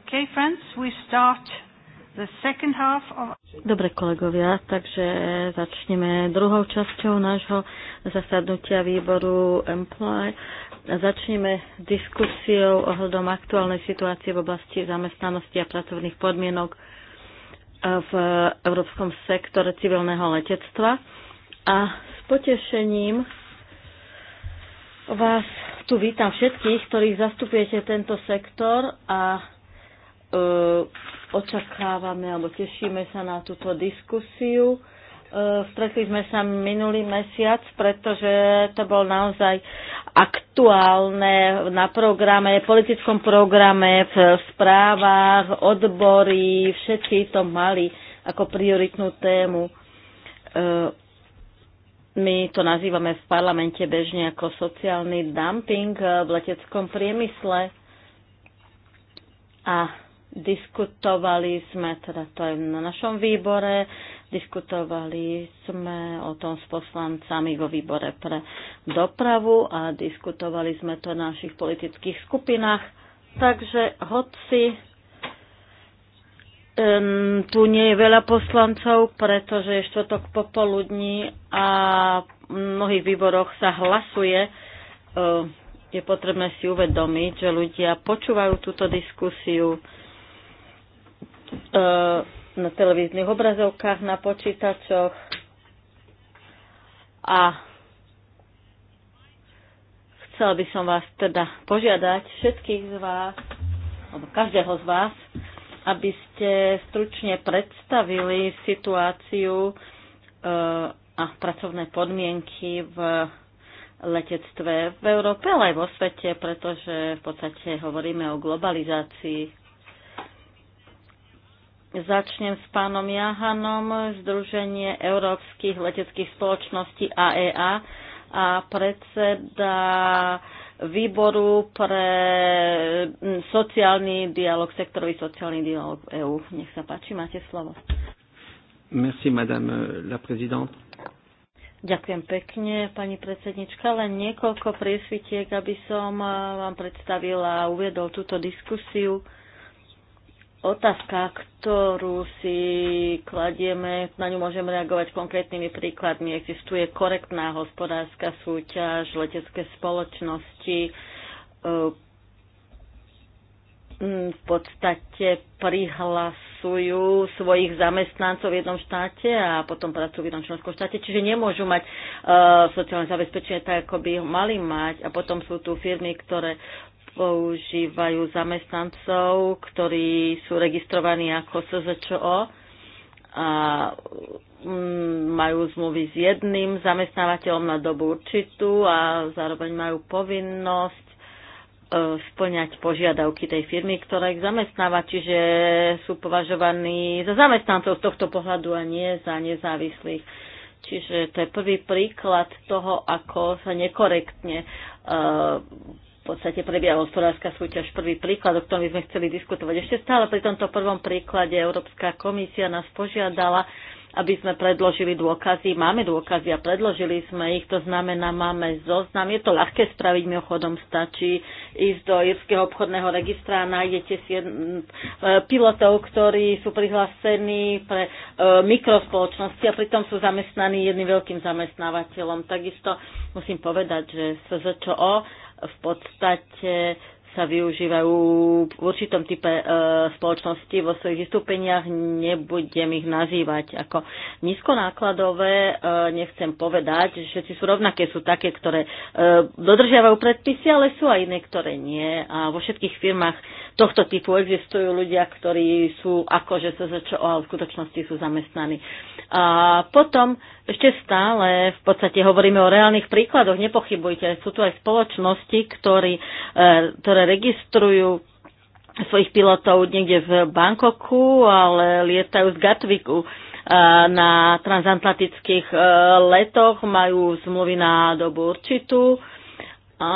Okay, friends, we start the second half of... Dobre kolegovia, takže začneme druhou časťou nášho zasadnutia výboru Employ. Začneme diskusiou ohľadom aktuálnej situácie v oblasti zamestnanosti a pracovných podmienok e, v európskom sektore civilného letectva. A s potešením vás tu vítam všetkých, ktorých zastupujete tento sektor a E, očakávame alebo tešíme sa na túto diskusiu. E, stretli sme sa minulý mesiac, pretože to bol naozaj aktuálne na programe, politickom programe, v správach, odbory, všetci to mali ako prioritnú tému. E, my to nazývame v parlamente bežne ako sociálny dumping v leteckom priemysle. A Diskutovali sme, teda to je na našom výbore, diskutovali sme o tom s poslancami vo výbore pre dopravu a diskutovali sme to na našich politických skupinách. Takže hoci um, tu nie je veľa poslancov, pretože je štvrtok popoludní a v mnohých výboroch sa hlasuje, um, je potrebné si uvedomiť, že ľudia počúvajú túto diskusiu, E, na televíznych obrazovkách, na počítačoch a chcela by som vás teda požiadať všetkých z vás, alebo každého z vás, aby ste stručne predstavili situáciu e, a pracovné podmienky v letectve v Európe, ale aj vo svete, pretože v podstate hovoríme o globalizácii Začnem s pánom Jahanom, Združenie európskych leteckých spoločností AEA e a predseda výboru pre sociálny dialog, sektorový sociálny dialog EÚ. Nech sa páči, máte slovo. Merci, madame la présidente. Ďakujem pekne, pani predsednička. Len niekoľko priesvitiek, aby som vám predstavila a uviedol túto diskusiu otázka, ktorú si kladieme, na ňu môžeme reagovať konkrétnymi príkladmi. Existuje korektná hospodárska súťaž, letecké spoločnosti eh, v podstate prihlasujú svojich zamestnancov v jednom štáte a potom pracujú v jednom členskom štáte, čiže nemôžu mať uh, sociálne zabezpečenie tak, ako by ho mali mať. A potom sú tu firmy, ktoré používajú zamestnancov, ktorí sú registrovaní ako SZČO a mm, majú zmluvy s jedným zamestnávateľom na dobu určitú a zároveň majú povinnosť e, splňať požiadavky tej firmy, ktorá ich zamestnáva, čiže sú považovaní za zamestnancov z tohto pohľadu a nie za nezávislých. Čiže to je prvý príklad toho, ako sa nekorektne e, podstate prebieha hospodárska súťaž. Prvý príklad, o ktorom by sme chceli diskutovať. Ešte stále pri tomto prvom príklade Európska komisia nás požiadala, aby sme predložili dôkazy. Máme dôkazy a predložili sme ich, to znamená, máme zoznam. Je to ľahké spraviť, mimochodom stačí ísť do Irského obchodného registra a nájdete si e, pilotov, ktorí sú prihlásení pre e, mikrospoločnosti a pritom sú zamestnaní jedným veľkým zamestnávateľom. Takisto musím povedať, že SZČO v podstate sa využívajú v určitom type e, spoločnosti vo svojich vystúpeniach, nebudem ich nazývať ako nízkonákladové, e, nechcem povedať, že všetci sú rovnaké, sú také, ktoré e, dodržiavajú predpisy, ale sú aj iné, ktoré nie. A vo všetkých firmách tohto typu existujú ľudia, ktorí sú akože začo, ale v skutočnosti sú zamestnaní. A potom ešte stále v podstate hovoríme o reálnych príkladoch, nepochybujte, sú tu aj spoločnosti, ktorí, e, ktoré registrujú svojich pilotov niekde v Bangkoku, ale lietajú z Gatviku na transatlantických e, letoch, majú zmluvy na dobu určitú a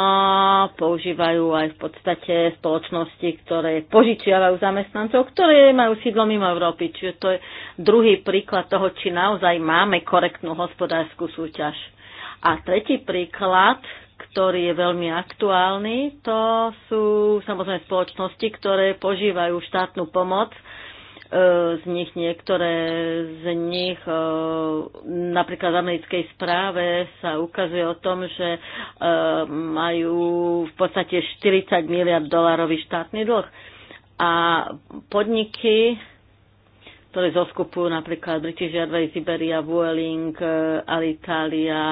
používajú aj v podstate spoločnosti, ktoré požičiavajú zamestnancov, ktoré majú sídlo mimo Európy. Čiže to je druhý príklad toho, či naozaj máme korektnú hospodárskú súťaž. A tretí príklad, ktorý je veľmi aktuálny. To sú samozrejme spoločnosti, ktoré požívajú štátnu pomoc. E, z nich niektoré z nich e, napríklad v americkej správe sa ukazuje o tom, že e, majú v podstate 40 miliard dolárový štátny dlh. A podniky ktoré zoskupujú napríklad British Airways, Iberia, Vueling, Alitalia,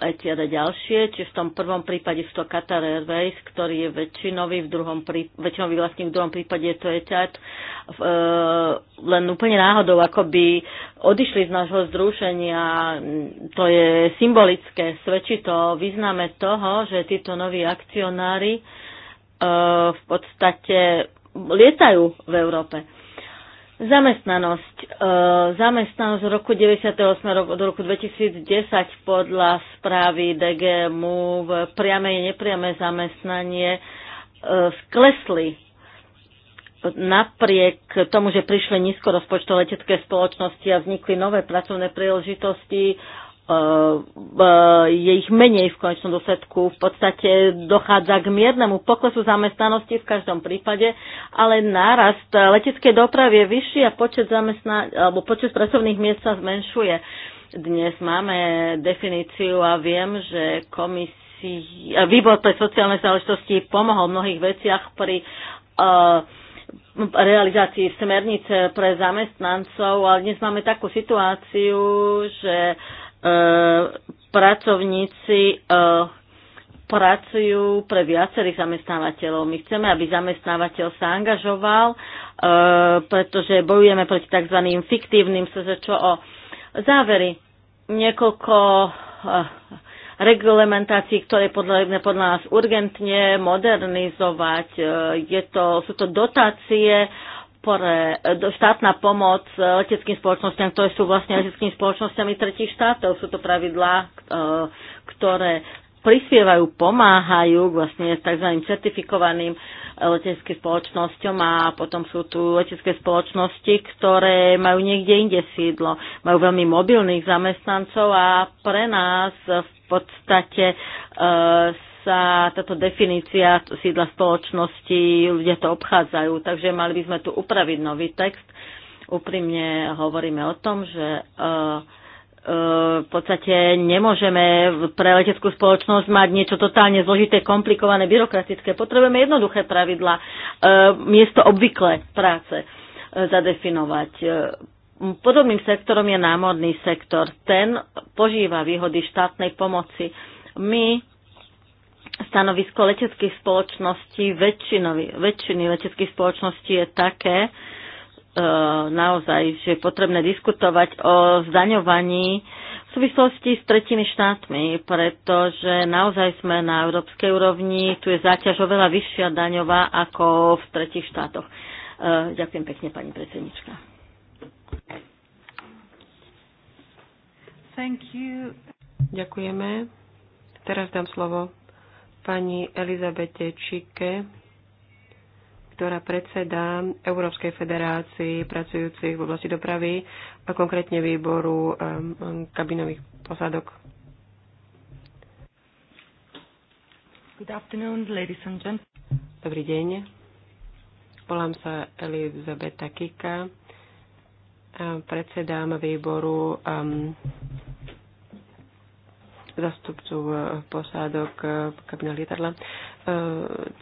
aj eh, tie ďalšie, či v tom prvom prípade sú to Qatar Airways, ktorý je väčšinový, v druhom prí, väčšinový vlastník, v druhom prípade je to Etihad. Uh, len úplne náhodou, ako by odišli z nášho združenia, to je symbolické, svedčí to o význame toho, že títo noví akcionári uh, v podstate lietajú v Európe Zamestnanosť. E, zamestnanosť v roku 1998, do roku 2010 podľa správy DGMU v priame a nepriame zamestnanie e, sklesli napriek tomu, že prišli nízko rozpočtové letecké spoločnosti a vznikli nové pracovné príležitosti, Eh, eh, je ich menej v konečnom dôsledku. V podstate dochádza k miernemu poklesu zamestnanosti v každom prípade, ale nárast leteckej dopravy je vyšší a počet, zamestná, alebo počet pracovných miest sa zmenšuje. Dnes máme definíciu a viem, že komisia, výbor pre sociálne záležitosti pomohol v mnohých veciach pri eh, realizácii smernice pre zamestnancov, ale dnes máme takú situáciu, že uh, E, pracovníci e, pracujú pre viacerých zamestnávateľov. My chceme, aby zamestnávateľ sa angažoval, e, pretože bojujeme proti tzv. fiktívnym SZČO. Závery. Niekoľko reglementácií, ktoré podľa, podľa nás urgentne modernizovať. Je to, sú to dotácie podpore, e, štátna pomoc e, leteckým spoločnosťam, ktoré sú vlastne leteckými spoločnosťami tretich štátov. Sú to pravidlá, e, ktoré prispievajú, pomáhajú vlastne tzv. certifikovaným leteckým spoločnosťom a potom sú tu letecké spoločnosti, ktoré majú niekde inde sídlo. Majú veľmi mobilných zamestnancov a pre nás v podstate e, sa táto definícia sídla spoločnosti, ľudia to obchádzajú, takže mali by sme tu upraviť nový text. Úprimne hovoríme o tom, že e, e, v podstate nemôžeme pre leteckú spoločnosť mať niečo totálne zložité, komplikované, byrokratické. Potrebujeme jednoduché pravidla, e, miesto obvykle práce zadefinovať. Podobným sektorom je námorný sektor. Ten požíva výhody štátnej pomoci. My stanovisko leteckých spoločností, väčšinovi, väčšiny leteckých spoločností je také, e, naozaj, že je potrebné diskutovať o zdaňovaní v súvislosti s tretimi štátmi, pretože naozaj sme na európskej úrovni, tu je záťaž oveľa vyššia daňová ako v tretich štátoch. E, ďakujem pekne, pani predsednička. Thank you. Ďakujeme. Teraz dám slovo pani Elizabete Čike, ktorá predsedá Európskej federácii pracujúcich v oblasti dopravy a konkrétne výboru kabinových posádok. Good afternoon, ladies and gentlemen. Dobrý deň. Volám sa Elizabeta Kika. Predsedám výboru um, zastupcov e, posádok e, kabina lietadla. E,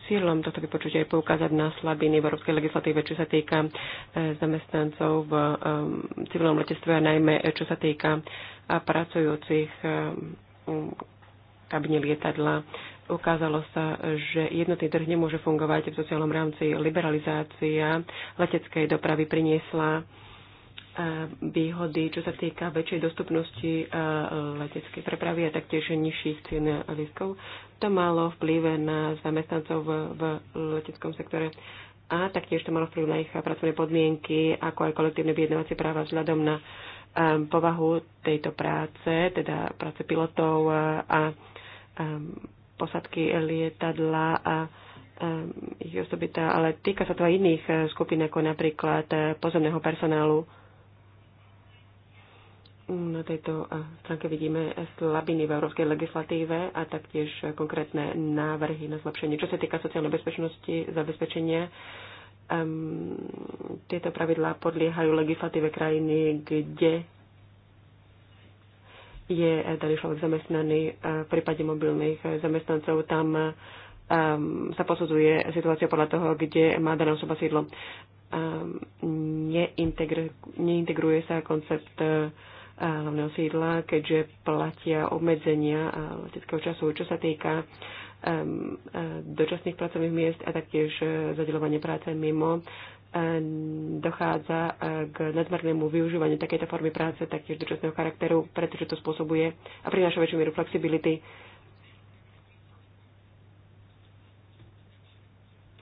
cieľom tohto vypočutia je poukázať na slabiny v európskej legislatíve, čo sa týka zamestnancov v civilnom letectve a najmä čo sa týka pracujúcich kabine lietadla. Ukázalo sa, že jednotný trh nemôže fungovať v sociálnom rámci. Liberalizácia leteckej dopravy priniesla výhody, čo sa týka väčšej dostupnosti eh, leteckej prepravy a taktiež nižších cien lístkov. To malo vplyv na zamestnancov v leteckom sektore a taktiež to malo vplyv na ich pracovné podmienky, ako aj kolektívne vyjednávacie práva vzhľadom na eh, povahu tejto práce, teda práce pilotov eh, a posadky lietadla a ich osobita, ale týka sa to aj iných skupín, ako napríklad pozemného personálu. Na tejto eh, stránke vidíme slabiny v európskej legislatíve a taktiež konkrétne návrhy na zlepšenie. Čo sa týka sociálnej bezpečnosti, zabezpečenia, um, tieto pravidlá podliehajú legislatíve krajiny, kde je daný človek zamestnaný. V prípade mobilných zamestnancov tam um, sa posudzuje situácia podľa toho, kde má daná osoba sídlo. Um, neintegruje, neintegruje sa koncept uh, hlavného sídla, keďže platia obmedzenia leteckého času, čo sa týka e, dočasných pracovných miest a taktiež e, zadelovanie práce mimo e, dochádza k nadmernému využívaniu takejto formy práce, taktiež dočasného charakteru, pretože to spôsobuje a prináša väčšiu mieru flexibility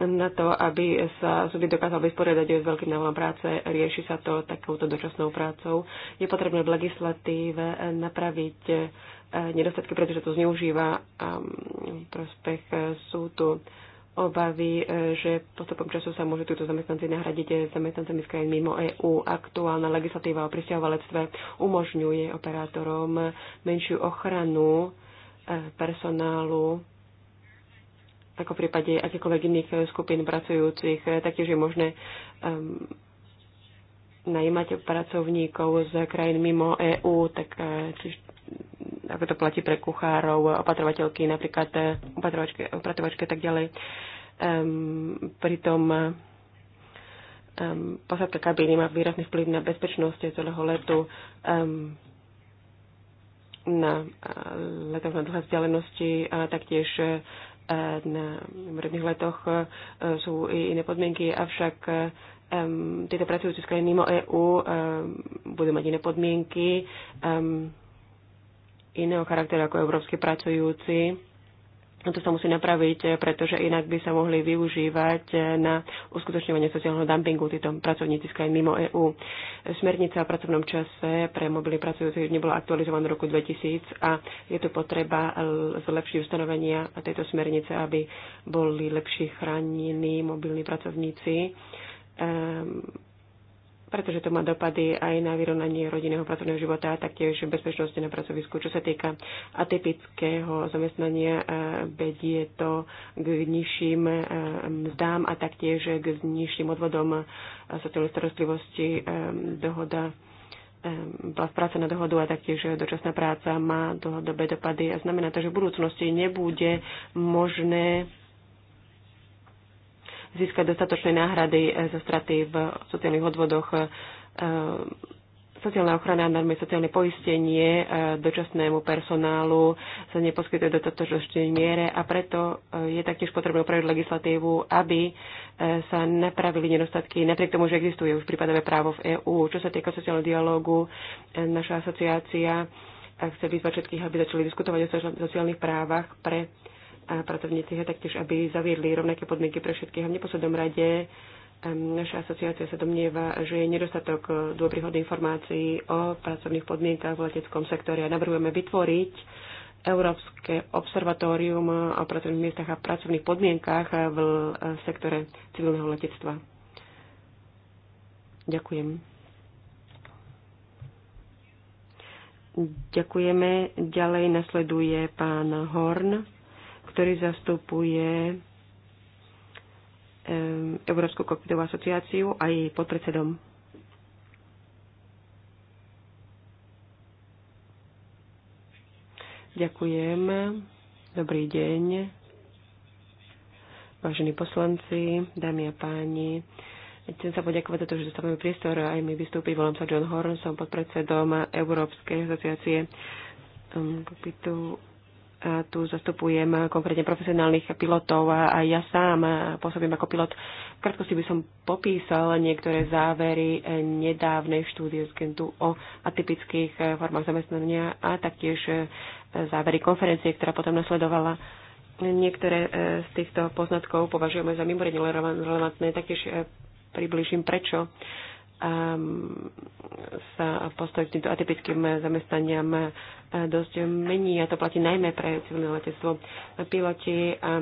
na to, aby sa súdy dokázal vysporiadať s veľkým návom práce, rieši sa to takouto dočasnou prácou. Je potrebné v legislatíve napraviť eh, nedostatky, pretože to zneužíva ehm, prospech eh, súdu obavy, eh, že postupom času sa môžu títo zamestnanci nahradiť zamestnancami z krajín mimo EÚ. Aktuálna legislatíva o pristahovalectve umožňuje operátorom menšiu ochranu personálu ako v prípade akýchkoľvek iných eh, skupín pracujúcich. Eh, taktiež je možné um, najímať pracovníkov z krajín mimo EÚ, tak eh, tiež ako to platí pre kuchárov, opatrovateľky, napríklad opatrovačky, a tak ďalej. Um, pritom um, posadka kabíny má výrazný vplyv na bezpečnosť celého letu, um, na letov na dlhé vzdialenosti a taktiež na úradných letoch e, sú iné podmienky, avšak um, e, títo pracujúci z krajín mimo EÚ um, e, budú mať iné podmienky um, iného charakteru ako európsky pracujúci to sa musí napraviť, eh, pretože inak by sa mohli využívať eh, na uskutočňovanie sociálneho dumpingu títo pracovníci skraj mimo EÚ. Smernica o pracovnom čase pre mobily pracujúcich nebola aktualizovaná v roku 2000 a je tu potreba zlepšiť ustanovenia tejto smernice, aby boli lepšie chránení mobilní pracovníci. Ehm, pretože to má dopady aj na vyrovnanie rodinného pracovného života a taktiež bezpečnosti na pracovisku. Čo sa týka atypického zamestnania, eh, vedie to k nižším eh, mzdám a taktiež k nižším odvodom eh, sociálnej starostlivosti dohoda práca na dohodu a taktiež dočasná práca má dlhodobé dopady a znamená to, že v budúcnosti nebude možné získať dostatočné náhrady e, za straty v sociálnych odvodoch. E, sociálna ochrana, normy sociálne poistenie e, dočasnému personálu sa neposkytuje do dostatočnej miere a preto je taktiež potrebné upraviť legislatívu, aby sa napravili nedostatky, napriek tomu, že existuje už prípadové právo v EÚ. Čo sa týka sociálneho dialógu, naša asociácia chce vyzvať všetkých, aby začali diskutovať o sociálnych právach pre pracovníci a taktiež, aby zaviedli rovnaké podmienky pre všetkých. A v neposlednom rade naša asociácia sa domnieva, že je nedostatok eh, dobrých informácií o pracovných podmienkach v leteckom sektore a navrhujeme vytvoriť Európske observatórium o pracovných miestach a pracovných podmienkach v eh, sektore civilného letectva. Ďakujem. Ďakujeme. Ďalej nasleduje pán Horn ktorý zastupuje Európsku kokpitovú asociáciu a podpredsedom. Ďakujem. Dobrý deň. Vážení poslanci, dámy a páni, chcem sa poďakovať za to, že dostávame priestor aj my vystúpiť. Volám sa John Horn, som podpredsedom Európskej asociácie kokpitu tu zastupujem konkrétne profesionálnych pilotov a aj ja sám pôsobím ako pilot. V krátkosti by som popísal niektoré závery nedávnej štúdie z Gentu o atypických formách zamestnania a taktiež e, závery konferencie, ktorá potom nasledovala. Niektoré e, z týchto poznatkov považujeme za mimoriadne relevantné, taktiež e, približím prečo. Mm, sa postoj k týmto atypickým zamestnaniam e, dosť mení a to platí najmä pre civilné letectvo. Piloti a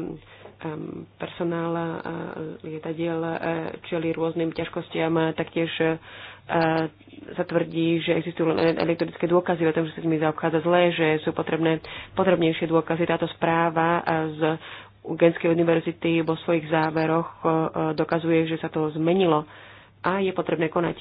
personál e, lietadiel e, čeli rôznym ťažkostiam, taktiež sa tvrdí, že existujú len elektronické dôkazy o tom, že sa s nimi zaobchádza zle, že sú potrebné podrobnejšie dôkazy. Táto správa z Ugenskej univerzity vo svojich záveroch dokazuje, že sa to zmenilo a je potrebné konať.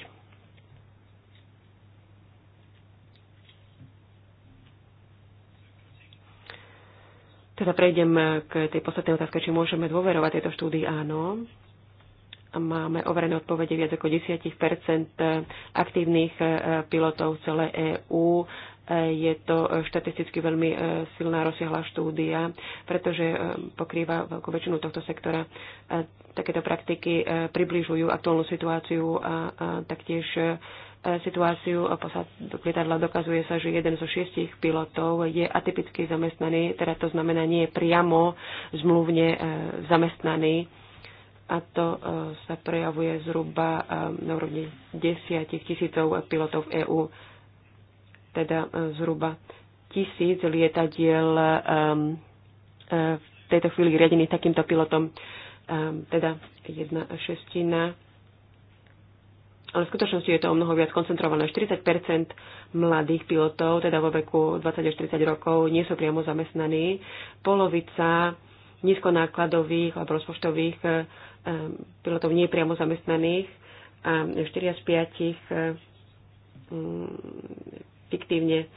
Teda prejdem k tej poslednej otázke, či môžeme dôverovať tejto štúdii. Áno. Máme overené odpovede viac ako 10 aktívnych eh, pilotov celé EÚ je to e, štatisticky veľmi e, silná rozsiahla štúdia, pretože e, pokrýva veľkú väčšinu tohto sektora. Takéto praktiky približujú aktuálnu situáciu a taktiež situáciu posádok lietadla dokazuje sa, že jeden zo šiestich pilotov je atypicky zamestnaný, teda to znamená nie je priamo zmluvne zamestnaný a to sa prejavuje zhruba na úrovni desiatich tisícov pilotov EÚ teda e, zhruba tisíc lietadiel e, e, v tejto chvíli riadených takýmto pilotom, teda jedna šestina. Ale v skutočnosti je to o mnoho viac koncentrované. 40 mladých pilotov, teda vo veku 20 až 30 rokov, nie sú priamo zamestnaní. Polovica nízkonákladových alebo rozpočtových pilotov nie je priamo zamestnaných a 4 z 5 fiktívne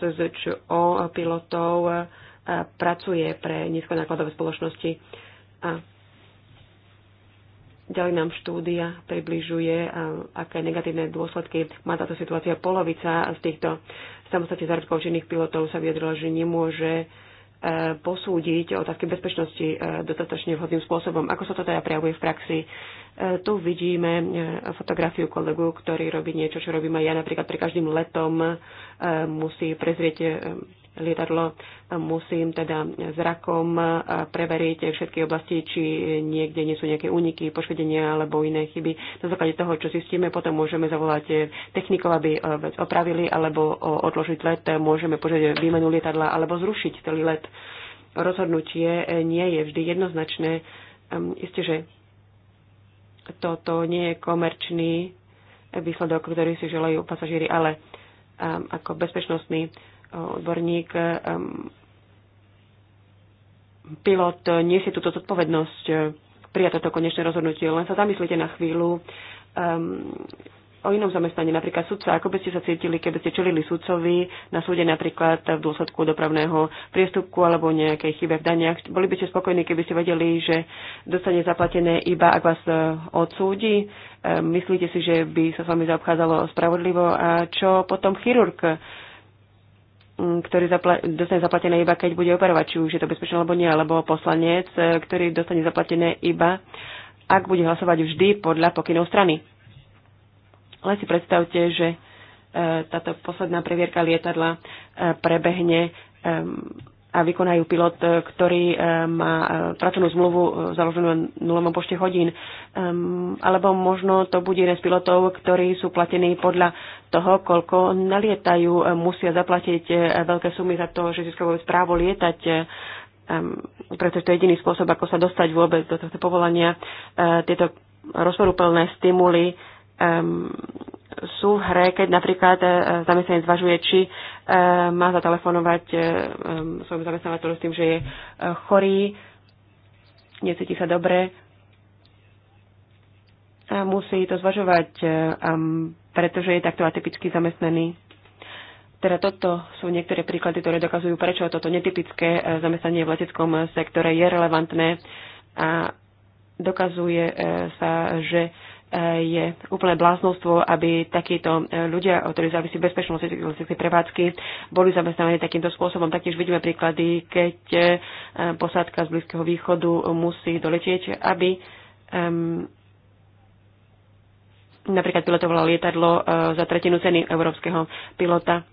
SZČO pilotov e, pracuje pre nízkonákladové spoločnosti. A ďalej nám štúdia približuje, e, aké negatívne dôsledky má táto situácia. Polovica z týchto samostatne zárodkov pilotov sa vyjadrila, že nemôže E, posúdiť otázky bezpečnosti e, dostatočne vhodným spôsobom. Ako sa to teda prejavuje v praxi? E, tu vidíme fotografiu kolegu, ktorý robí niečo, čo robím aj ja napríklad pri každým letom. Musí prezrieť lietadlo. Musím teda zrakom eh, preveriť všetky oblasti, či niekde nie sú nejaké úniky, poškodenia alebo iné chyby. Na základe toho, čo zistíme, potom môžeme zavolať eh, technikov, aby eh, vec opravili alebo odložiť let. Môžeme požiadať výmenu lietadla alebo zrušiť celý let. Rozhodnutie nie je vždy jednoznačné. Ehm, isté, že toto nie je komerčný výsledok, ktorý si želajú pasažíri, ale ehm, ako bezpečnostný odborník, pilot niesie túto zodpovednosť eh, prijať toto konečné rozhodnutie. Len sa zamyslite na chvíľu o inom zamestnaní, napríklad sudca. Ako by ste sa cítili, keby ste čelili sudcovi na súde napríklad v dôsledku dopravného priestupku alebo nejakej chybe v daniach? Boli by ste spokojní, keby ste vedeli, že dostane zaplatené iba, ak vás eh, odsúdi? Myslíte si, že by sa s vami zaobchádzalo spravodlivo? A čo potom chirurg? ktorý zapla- dostane zaplatené iba keď bude operovať, či už je to bezpečné alebo nie, alebo poslanec, e, ktorý dostane zaplatené iba ak bude hlasovať vždy podľa pokynov strany. Ale si predstavte, že e, táto posledná previerka lietadla e, prebehne a vykonajú pilot, e, ktorý e, má e, pracovnú zmluvu založenú na nulovom počte hodín. Ehm, alebo možno to bude jeden z pilotov, ktorí sú platení podľa toho, koľko nalietajú. Musia zaplatiť veľké sumy za to, že získajú právo lietať ehm, pretože to je jediný spôsob, ako sa dostať vôbec do tohto povolania. Tieto rozporúplné stimuly ehm, sú v hre, keď napríklad e, zamestnanec zvažuje, či e, má zatelefonovať e, svojmu zamestnávateľu s tým, že je chorý, necíti sa dobre. A musí to zvažovať, pretože je takto atypicky zamestnaný. Teda toto sú niektoré príklady, ktoré dokazujú, prečo toto netypické zamestnanie v leteckom sektore je relevantné a dokazuje sa, že je úplné bláznostvo, aby takíto e, ľudia, o ktorých závisí bezpečnosť cyklistické prevádzky, boli zamestnaní takýmto spôsobom. Taktiež vidíme príklady, keď e, posádka z Blízkeho východu musí doletieť, aby um, napríklad pilotovalo lietadlo e, za tretinu ceny európskeho pilota.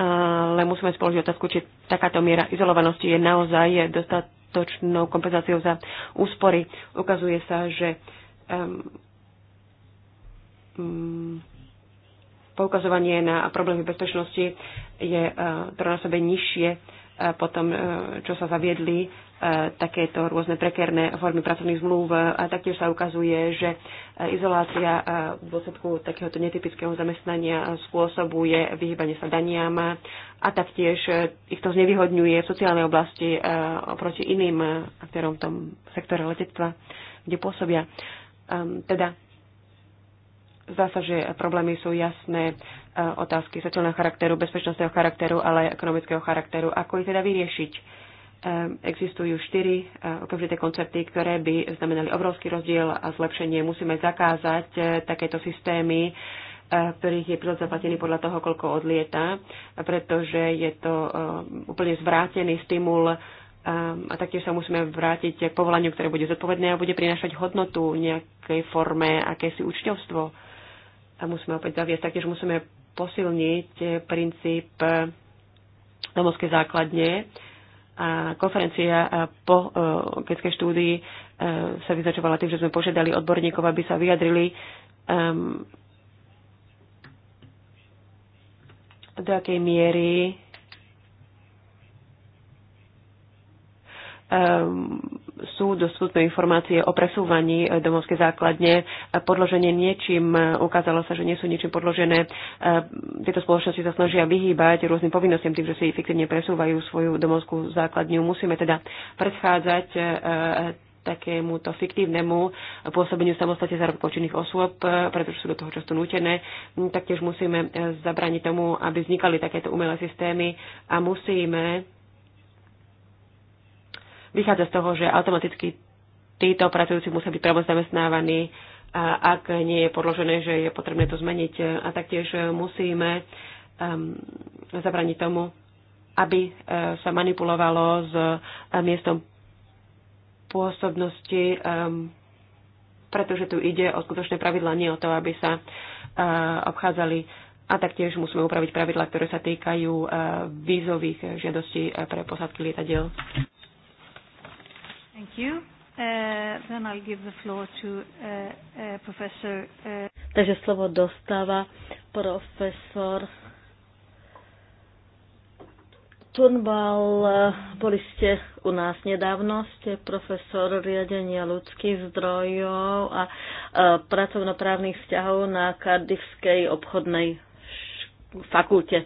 Ale musíme spoložiť otázku, či takáto miera izolovanosti je naozaj dostatočná dostatočnou kompenzáciou za úspory. Ukazuje sa, že um, poukazovanie na problémy bezpečnosti je uh, trojnásobne nižšie uh, potom, uh, čo sa zaviedli takéto rôzne prekerné formy pracovných zmluv a taktiež sa ukazuje, že izolácia v dôsledku takéhoto netypického zamestnania spôsobuje vyhýbanie sa daniam a taktiež ich to znevýhodňuje v sociálnej oblasti e, oproti iným aktérom v tom sektore letectva, kde pôsobia. Ehm, teda zdá sa, že problémy sú jasné, e, otázky sociálneho charakteru, bezpečnostného charakteru, ale aj ekonomického charakteru. Ako ich teda vyriešiť? Ehm, existujú štyri eh, okamžité koncepty, ktoré by znamenali obrovský rozdiel a zlepšenie. Musíme zakázať eh, takéto systémy, eh, ktorých je pilot zaplatený podľa toho, koľko odlieta, pretože je to úplne zvrátený stimul ehm, a taktiež sa musíme vrátiť k povolaniu, ktoré bude zodpovedné a bude prinášať hodnotu nejakej forme, akési účťovstvo. A musíme opäť zaviesť. Taktiež musíme posilniť princíp domovskej základne, a konferencia po keďskej štúdii e, sa vyznačovala tým, že sme požiadali odborníkov, aby sa vyjadrili ehm, do akej miery um, sú dostupné informácie o presúvaní e, domovskej základne e, podloženie niečím. E, ukázalo sa, že nie sú niečím podložené. Tieto spoločnosti sa snažia vyhýbať rôznym povinnostiam tým, že si fiktívne presúvajú svoju domovskú základňu. Musíme teda predchádzať takémuto fiktívnemu pôsobeniu samostate zárobkov činných osôb, pretože sú do toho často nútené. Mm, taktiež musíme zabrániť tomu, aby vznikali takéto umelé systémy a musíme vychádza z toho, že automaticky títo pracujúci musia byť priamo zamestnávaní, a ak nie je podložené, že je potrebné to zmeniť. A taktiež musíme um, zabraniť tomu, aby uh, sa manipulovalo s uh, miestom pôsobnosti, um, pretože tu ide o skutočné pravidla, nie o to, aby sa uh, obchádzali a taktiež musíme upraviť pravidlá, ktoré sa týkajú uh, vízových žiadostí pre posádky lietadiel. Thank you. Uh, then I'll give the floor to uh, uh, professor. Uh... Takže slovo dostáva profesor Turnbal, boli ste u nás nedávno, ste profesor riadenia ľudských zdrojov a e, pracovnoprávnych vzťahov na Kardivskej obchodnej fakulte.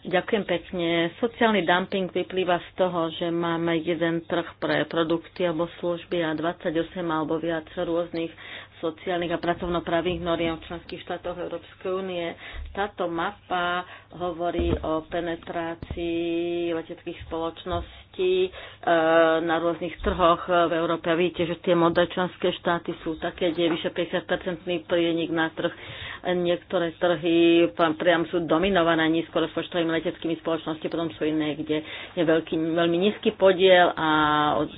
Ďakujem pekne. Sociálny dumping vyplýva z toho, že máme jeden trh pre produkty alebo služby a 28 alebo viac rôznych sociálnych a pracovnopravých noriem v členských štátoch Európskej únie. Táto mapa hovorí o penetrácii leteckých spoločností e, na rôznych trhoch v Európe. A vidíte, že tie modré členské štáty sú také, kde je vyše 50-percentný prienik na trh. Niektoré trhy priam sú dominované nízko rozpočtovými leteckými spoločnosti, potom sú iné, kde je veľký, veľmi nízky podiel a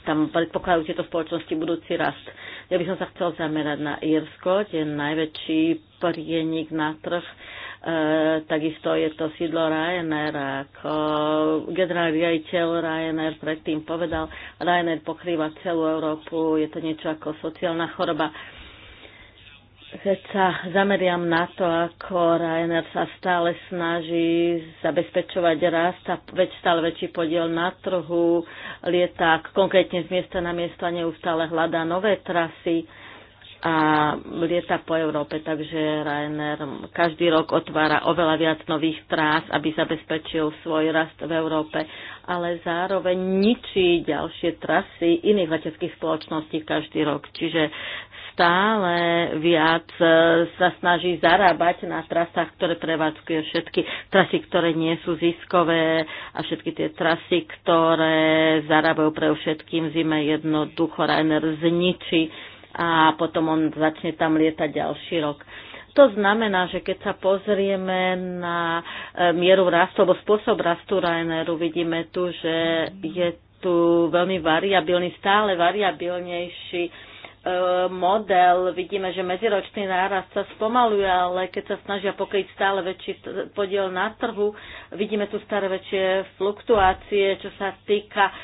tam predpokladajú tieto spoločnosti budúci rast. Ja by som sa chcel zamerať na Írsko, kde je najväčší prienik na trh E, takisto je to sídlo Ryanair, ako generálny riaditeľ Ryanair predtým povedal, Ryanair pokrýva celú Európu, je to niečo ako sociálna choroba keď sa zameriam na to, ako Ryanair sa stále snaží zabezpečovať rast a väč, stále väčší podiel na trhu, lietak konkrétne z miesta na miesto neustále hľadá nové trasy, a lieta po Európe, takže Ryanair každý rok otvára oveľa viac nových trás, aby zabezpečil svoj rast v Európe, ale zároveň ničí ďalšie trasy iných leteckých spoločností každý rok. Čiže stále viac e, sa snaží zarábať na trasách, ktoré prevádzkujú všetky trasy, ktoré nie sú ziskové a všetky tie trasy, ktoré zarábajú pre všetkým zime jednoducho Rainer zničí a potom on začne tam lietať ďalší rok. To znamená, že keď sa pozrieme na e, mieru rastu alebo spôsob rastu Raineru, vidíme tu, že je tu veľmi variabilný, stále variabilnejší model. Vidíme, že medziročný nárast sa spomaluje, ale keď sa snažia pokryť stále väčší podiel na trhu, vidíme tu stále väčšie fluktuácie, čo sa týka e,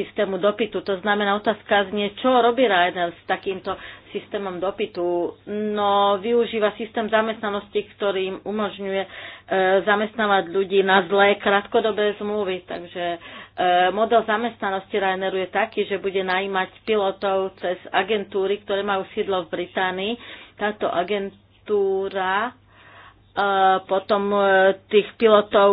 systému dopytu. To znamená, otázka znie, čo robí Ryanair s takýmto systémom dopytu. No, využíva systém zamestnanosti, ktorý im umožňuje e, zamestnávať ľudí na zlé krátkodobé zmluvy. Takže Eh, model zamestnanosti Raineru je taký, že bude najímať pilotov cez agentúry, ktoré majú sídlo v Británii. Táto agentúra eh, potom eh, tých pilotov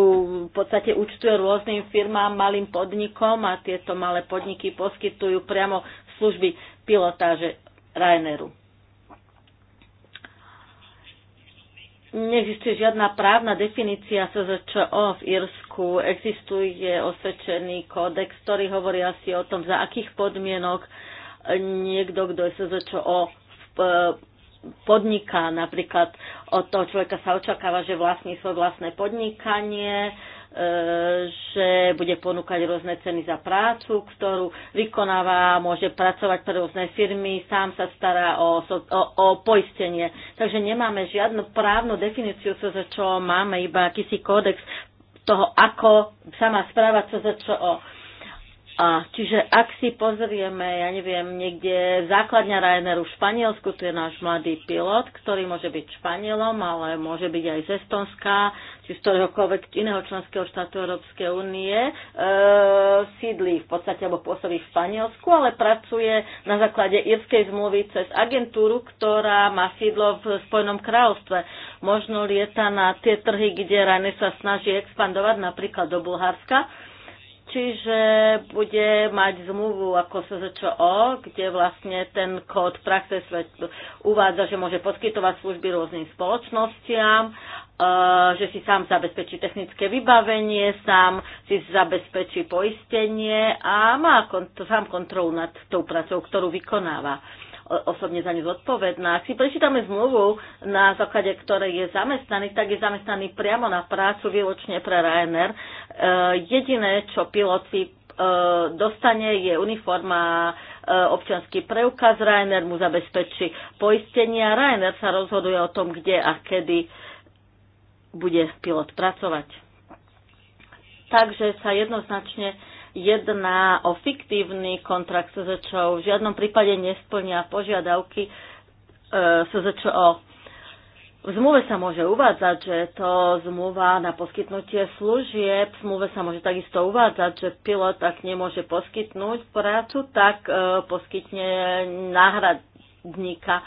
v podstate účtuje rôznym firmám, malým podnikom a tieto malé podniky poskytujú priamo služby pilotáže Raineru. Neexistuje žiadna právna definícia SZČO v Írsku. Existuje osvedčený kódex, ktorý hovorí asi o tom, za akých podmienok niekto, kto je SZČO, e, podniká. Napríklad od toho človeka sa očakáva, že vlastní svoje vlastné podnikanie, že bude ponúkať rôzne ceny za prácu, ktorú vykonáva, môže pracovať pre rôzne firmy, sám sa stará o, o, o poistenie. Takže nemáme žiadnu právnu definíciu, čo máme iba akýsi kódex toho, ako sa má správať O, a čiže ak si pozrieme, ja neviem, niekde základňa Ryanairu v Španielsku, tu je náš mladý pilot, ktorý môže byť Španielom, ale môže byť aj z Estonska, či z ktoréhokoľvek iného členského štátu Európskej únie, e, sídli v podstate alebo pôsobí v Španielsku, ale pracuje na základe írskej zmluvy cez agentúru, ktorá má sídlo v Spojenom kráľovstve. Možno lieta na tie trhy, kde Ryanair sa snaží expandovať, napríklad do Bulharska, Čiže bude mať zmluvu ako SZČO, kde vlastne ten kód praxe svet uvádza, že môže poskytovať služby rôznym spoločnostiam, e, že si sám zabezpečí technické vybavenie, sám si zabezpečí poistenie a má sám kontrolu nad tou pracou, ktorú vykonáva osobne za ňu zodpovedná. Ak si prečítame zmluvu, na základe ktorej je zamestnaný, tak je zamestnaný priamo na prácu výločne pre Ryanair. E, jediné, čo pilot e, dostane, je uniforma, e, občanský preukaz, Ryanair mu zabezpečí poistenia. Ryanair sa rozhoduje o tom, kde a kedy bude pilot pracovať. Takže sa jednoznačne jedná o fiktívny kontrakt SZČO, v žiadnom prípade nesplňa požiadavky e, SZČO. V zmluve sa môže uvádzať, že je to zmluva na poskytnutie služieb, v zmluve sa môže takisto uvádzať, že pilot, ak nemôže poskytnúť prácu, tak e, poskytne náhradníka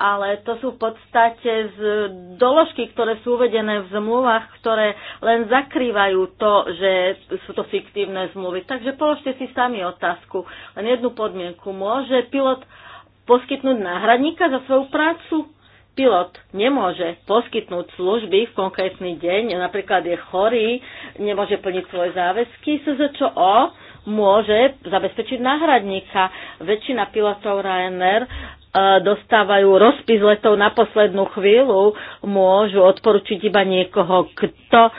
ale to sú v podstate z doložky, ktoré sú uvedené v zmluvách, ktoré len zakrývajú to, že sú to fiktívne zmluvy. Takže položte si sami otázku. Len jednu podmienku. Môže pilot poskytnúť náhradníka za svoju prácu? Pilot nemôže poskytnúť služby v konkrétny deň, napríklad je chorý, nemôže plniť svoje záväzky, SZČO môže zabezpečiť náhradníka. Väčšina pilotov Ryanair E, dostávajú rozpis letov na poslednú chvíľu, môžu odporučiť iba niekoho, kto e,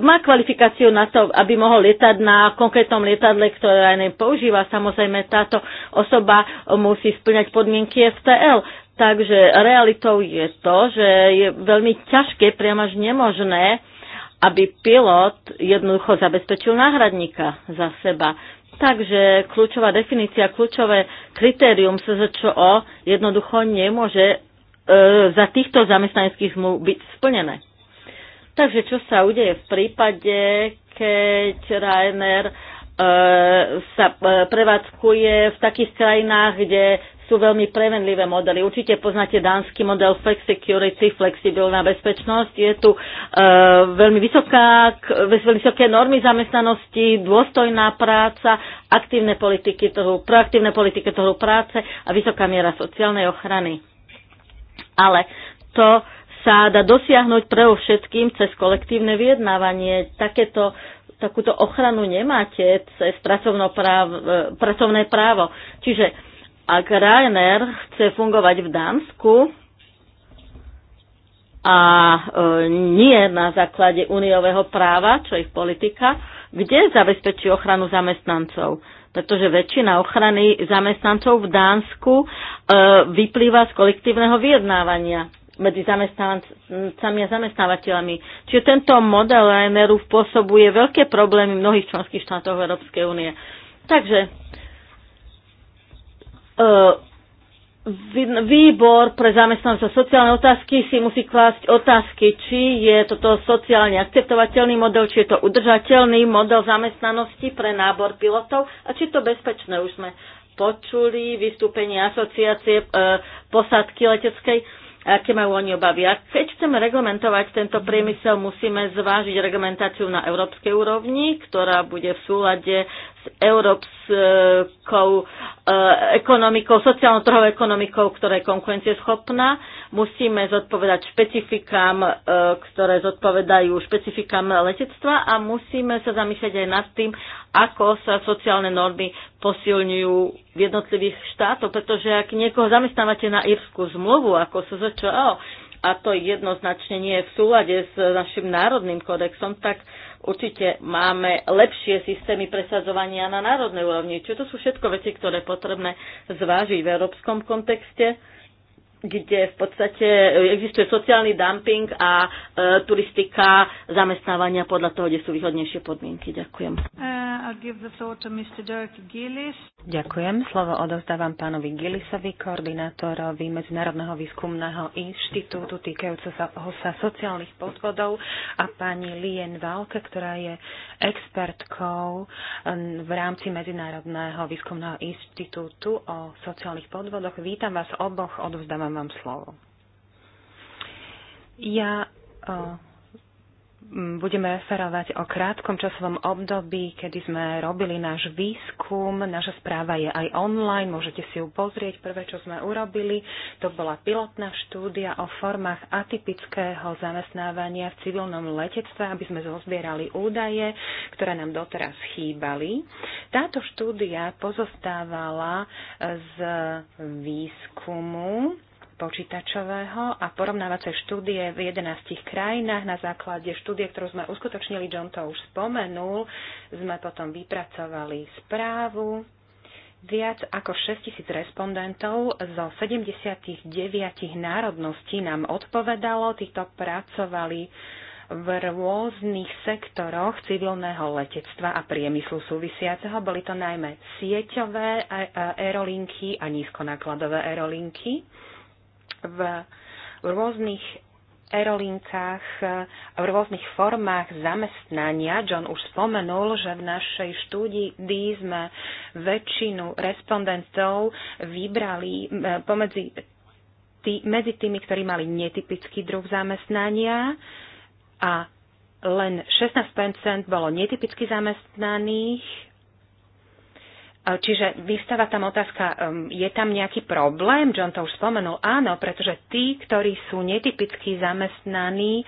má kvalifikáciu na to, aby mohol lietať na konkrétnom lietadle, ktoré aj používa. Samozrejme, táto osoba musí splňať podmienky FTL. Takže realitou je to, že je veľmi ťažké, priam až nemožné, aby pilot jednoducho zabezpečil náhradníka za seba tak, že kľúčová definícia, kľúčové kritérium SZČO jednoducho nemôže e, za týchto zamestnaneckých zmluv byť splnené. Takže čo sa udeje v prípade, keď Rainer e, sa e, prevádzkuje v takých krajinách, kde sú veľmi prevenlivé modely. Určite poznáte dánsky model Flex Security, flexibilná bezpečnosť. Je tu e, veľmi vysoká, vysoké normy zamestnanosti, dôstojná práca, aktívne politiky toho, proaktívne politiky toho práce a vysoká miera sociálnej ochrany. Ale to sa dá dosiahnuť pre všetkým cez kolektívne vyjednávanie. Takéto takúto ochranu nemáte cez e, pracovné právo. Čiže ak Ryanair chce fungovať v Dánsku a e, nie na základe uniového práva, čo ich politika, kde zabezpečí ochranu zamestnancov? pretože väčšina ochrany zamestnancov v Dánsku e, vyplýva z kolektívneho vyjednávania medzi zamestnancami a zamestnávateľmi. Čiže tento model Ryanairu spôsobuje veľké problémy v mnohých členských štátoch Európskej únie. Takže E, výbor pre zamestnanosť a sociálne otázky si musí klásť otázky, či je toto sociálne akceptovateľný model, či je to udržateľný model zamestnanosti pre nábor pilotov a či je to bezpečné. Už sme počuli vystúpenie asociácie e, posádky leteckej, aké majú oni obavy. A keď chceme reglementovať tento priemysel, musíme zvážiť reglementáciu na európskej úrovni, ktorá bude v súlade s európskou eh, ekonomikou, sociálno-trhovou ekonomikou, ktorá je konkurencieschopná. Musíme zodpovedať špecifikám, eh, ktoré zodpovedajú špecifikám letectva a musíme sa zamyslieť aj nad tým, ako sa sociálne normy posilňujú v jednotlivých štátoch, pretože ak niekoho zamestnávate na írskú zmluvu, ako začalo, a to jednoznačne nie je v súlade s našim národným kodexom, tak Určite máme lepšie systémy presadzovania na národnej úrovni. Čiže to sú všetko veci, ktoré potrebné zvážiť v európskom kontexte kde v podstate eh, existuje sociálny dumping a e, turistika zamestnávania podľa toho, kde sú výhodnejšie podmienky. Ďakujem. Uh, Ďakujem. Slovo odozdávam pánovi Gillisovi, koordinátorovi Medzinárodného výskumného inštitútu týkajúceho sa, sa sociálnych podvodov a pani Lien Valke, ktorá je expertkou v rámci Medzinárodného výskumného inštitútu o sociálnych podvodoch. Vítam vás oboch, odovzdávam vám slovo. Ja o, budeme referovať o krátkom časovom období, kedy sme robili náš výskum. Naša správa je aj online, môžete si ju pozrieť. Prvé, čo sme urobili, to bola pilotná štúdia o formách atypického zamestnávania v civilnom letectve, aby sme zozbierali údaje, ktoré nám doteraz chýbali. Táto štúdia pozostávala e, z výskumu počítačového a porovnávacie štúdie v 11 krajinách. Na základe štúdie, ktorú sme uskutočnili, John to už spomenul, sme potom vypracovali správu. Viac ako 6000 respondentov zo 79 národností nám odpovedalo. Títo pracovali v rôznych sektoroch civilného letectva a priemyslu súvisiaceho. Boli to najmä sieťové aerolinky a nízkonákladové aerolinky v rôznych aerolinkách, v rôznych formách zamestnania. John už spomenul, že v našej štúdii sme väčšinu respondentov vybrali eh, pomedzi tý, medzi tými, ktorí mali netypický druh zamestnania a len 16% bolo netypicky zamestnaných Eh, čiže vystáva tam otázka, je tam nejaký problém? John to už spomenul. Áno, pretože tí, ktorí sú netypicky zamestnaní, eh,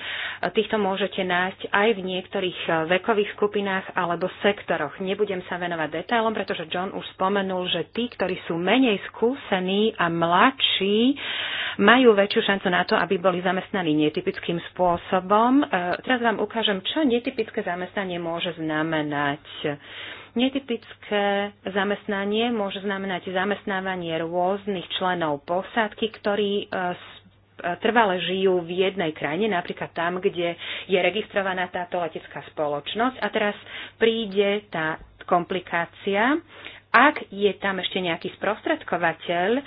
týchto môžete nájsť aj v niektorých eh, vekových skupinách alebo sektoroch. Nebudem sa venovať detailom, pretože John už spomenul, že tí, ktorí sú menej skúsení a mladší, majú väčšiu šancu na to, aby boli zamestnaní netypickým spôsobom. Teraz vám ukážem, čo netypické zamestnanie môže znamenať. Netypické zamestnanie môže znamenať zamestnávanie rôznych členov posádky, ktorí e, e, trvale žijú v jednej krajine, napríklad tam, kde je registrovaná táto letecká spoločnosť. A teraz príde tá komplikácia, ak je tam ešte nejaký sprostredkovateľ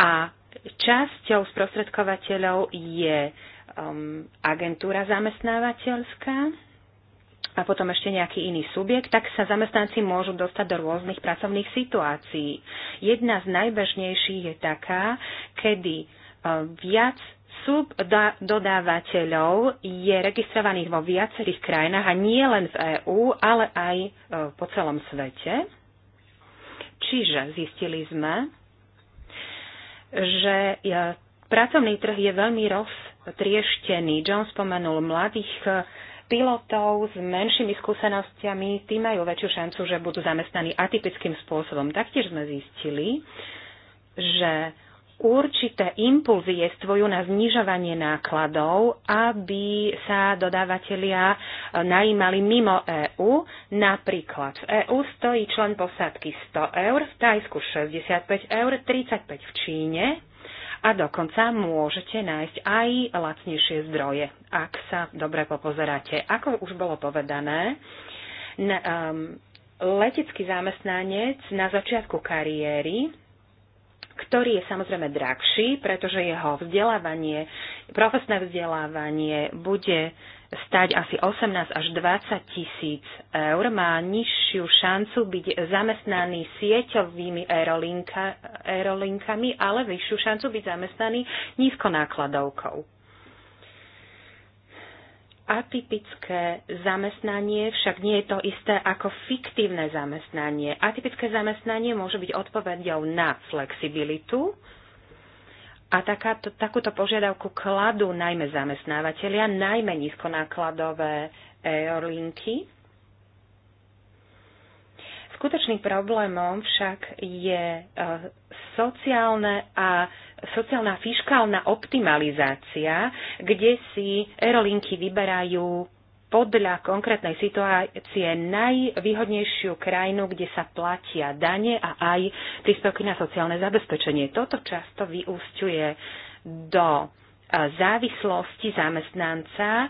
a časťou sprostredkovateľov je um, agentúra zamestnávateľská, a potom ešte nejaký iný subjekt, tak sa zamestnanci môžu dostať do rôznych pracovných situácií. Jedna z najbežnejších je taká, kedy e, viac subdodávateľov je registrovaných vo viacerých krajinách a nie len v EÚ, ale aj e, po celom svete. Čiže zistili sme, že e, pracovný trh je veľmi roztrieštený. John spomenul mladých pilotov s menšími skúsenostiami, tí majú väčšiu šancu, že budú zamestnaní atypickým spôsobom. Taktiež sme zistili, že určité impulzy jestvujú na znižovanie nákladov, aby sa dodávateľia najímali mimo EÚ. Napríklad v EÚ stojí člen posádky 100 eur, v Tajsku 65 eur, 35 v Číne a dokonca môžete nájsť aj lacnejšie zdroje, ak sa dobre popozeráte. Ako už bolo povedané, na, um, letecký zamestnanec na začiatku kariéry ktorý je samozrejme drahší, pretože jeho vzdelávanie, profesné vzdelávanie bude stať asi 18 až 20 tisíc eur, má nižšiu šancu byť zamestnaný sieťovými aerolinka, aerolinkami, ale vyššiu šancu byť zamestnaný nízkonákladovkou. Atypické zamestnanie však nie je to isté ako fiktívne zamestnanie. Atypické zamestnanie môže byť odpovedou na flexibilitu, a taká, takúto požiadavku kladú najmä zamestnávateľia, najmä nízkonákladové aerolinky. Skutočným problémom však je e, sociálne a sociálna fiskálna optimalizácia, kde si aerolinky vyberajú podľa konkrétnej situácie najvýhodnejšiu krajinu, kde sa platia dane a aj príspevky na sociálne zabezpečenie. Toto často vyústiuje do e, závislosti zamestnanca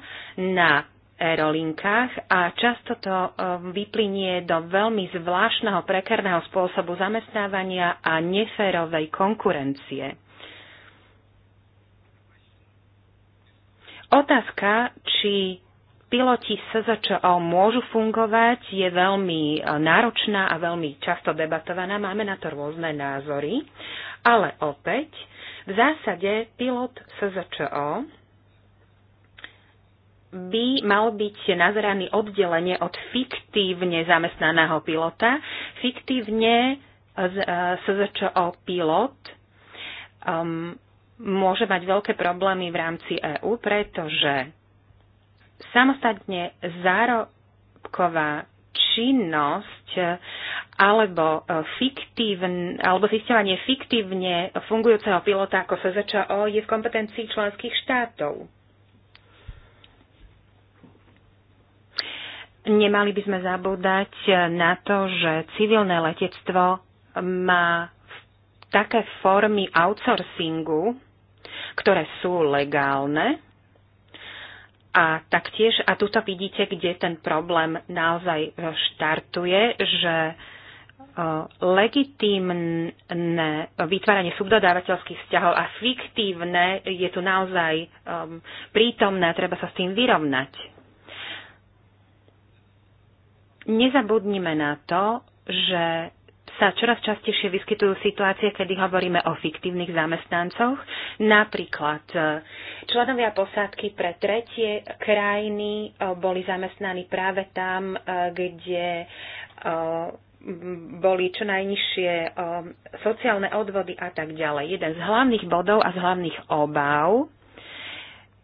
na aerolinkách a často to e, vyplynie do veľmi zvláštneho prekerného spôsobu zamestnávania a neférovej konkurencie. Otázka, či piloti SZČO môžu fungovať, je veľmi e, náročná a veľmi často debatovaná, máme na to rôzne názory, ale opäť v zásade pilot SZČO by mal byť nazeraný oddelenie od fiktívne zamestnaného pilota. Fiktívne e, e, SZČO pilot um, môže mať veľké problémy v rámci EÚ, pretože samostatne zárobková činnosť eh, alebo, eh, fiktívn, alebo zistovanie fiktívne fungujúceho pilota ako SZČO je v kompetencii členských štátov. Nemali by sme zabúdať eh, na to, že civilné letectvo má také formy outsourcingu, ktoré sú legálne a taktiež, a tu vidíte, kde ten problém naozaj e, štartuje, že e, legitímne vytváranie subdodávateľských vzťahov a fiktívne je tu naozaj um, prítomné, treba sa s tým vyrovnať. Nezabudnime na to, že sa čoraz častejšie vyskytujú situácie, kedy hovoríme o fiktívnych zamestnancoch. Napríklad e, členovia posádky pre tretie krajiny e, boli zamestnaní práve tam, e, kde boli čo najnižšie sociálne odvody a tak ďalej. Jeden z hlavných bodov a z hlavných obáv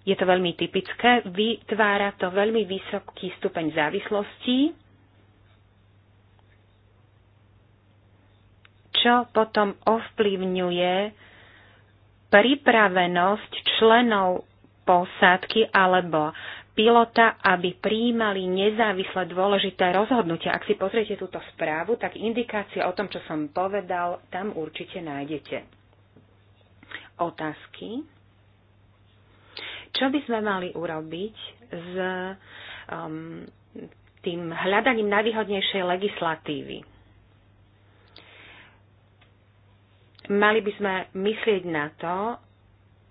je to veľmi typické, vytvára to veľmi vysoký stupeň závislosti čo potom ovplyvňuje pripravenosť členov posádky alebo pilota, aby príjmali nezávisle dôležité rozhodnutia. Ak si pozriete túto správu, tak indikácie o tom, čo som povedal, tam určite nájdete. Otázky? Čo by sme mali urobiť s um, tým hľadaním najvýhodnejšej legislatívy? mali by sme myslieť na to,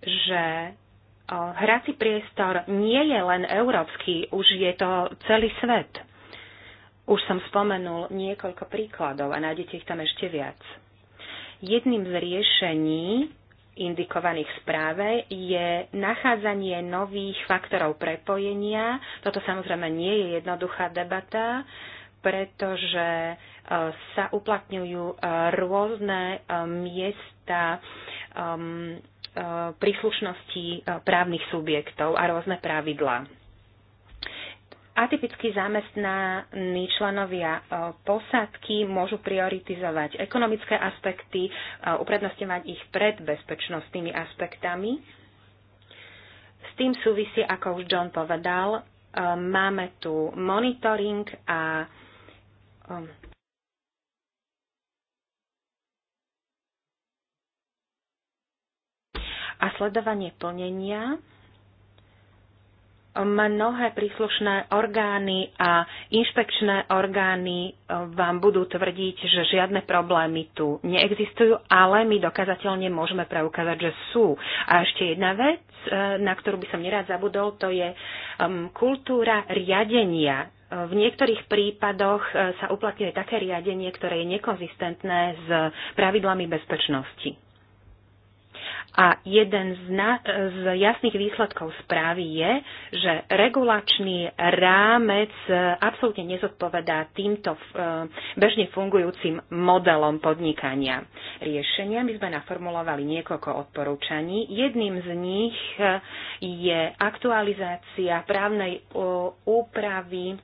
že hrací priestor nie je len európsky, už je to celý svet. Už som spomenul niekoľko príkladov a nájdete ich tam ešte viac. Jedným z riešení indikovaných v správe je nachádzanie nových faktorov prepojenia. Toto samozrejme nie je jednoduchá debata pretože e, sa uplatňujú e, rôzne e, miesta um, príslušnosti právnych subjektov a rôzne pravidlá. Atypicky zamestnaní členovia posádky môžu prioritizovať ekonomické aspekty, uprednostňovať ich pred bezpečnostnými aspektami. S tým súvisí, ako už John povedal, máme tu monitoring a Amen. A sledovanie plnenia mnohé príslušné orgány a inšpekčné orgány e, vám budú tvrdiť, že žiadne problémy tu neexistujú, ale my dokazateľne môžeme preukázať, že sú. A ešte jedna vec, e, na ktorú by som nerád zabudol, to je kultúra riadenia v niektorých prípadoch e, sa uplatňuje také riadenie, ktoré je nekonzistentné s pravidlami bezpečnosti. A jeden z, na, e, z jasných výsledkov správy je, že regulačný rámec e, absolútne nezodpovedá týmto bežne fungujúcim modelom podnikania. Riešenia my sme naformulovali niekoľko odporúčaní. Jedným z nich je aktualizácia právnej úpravy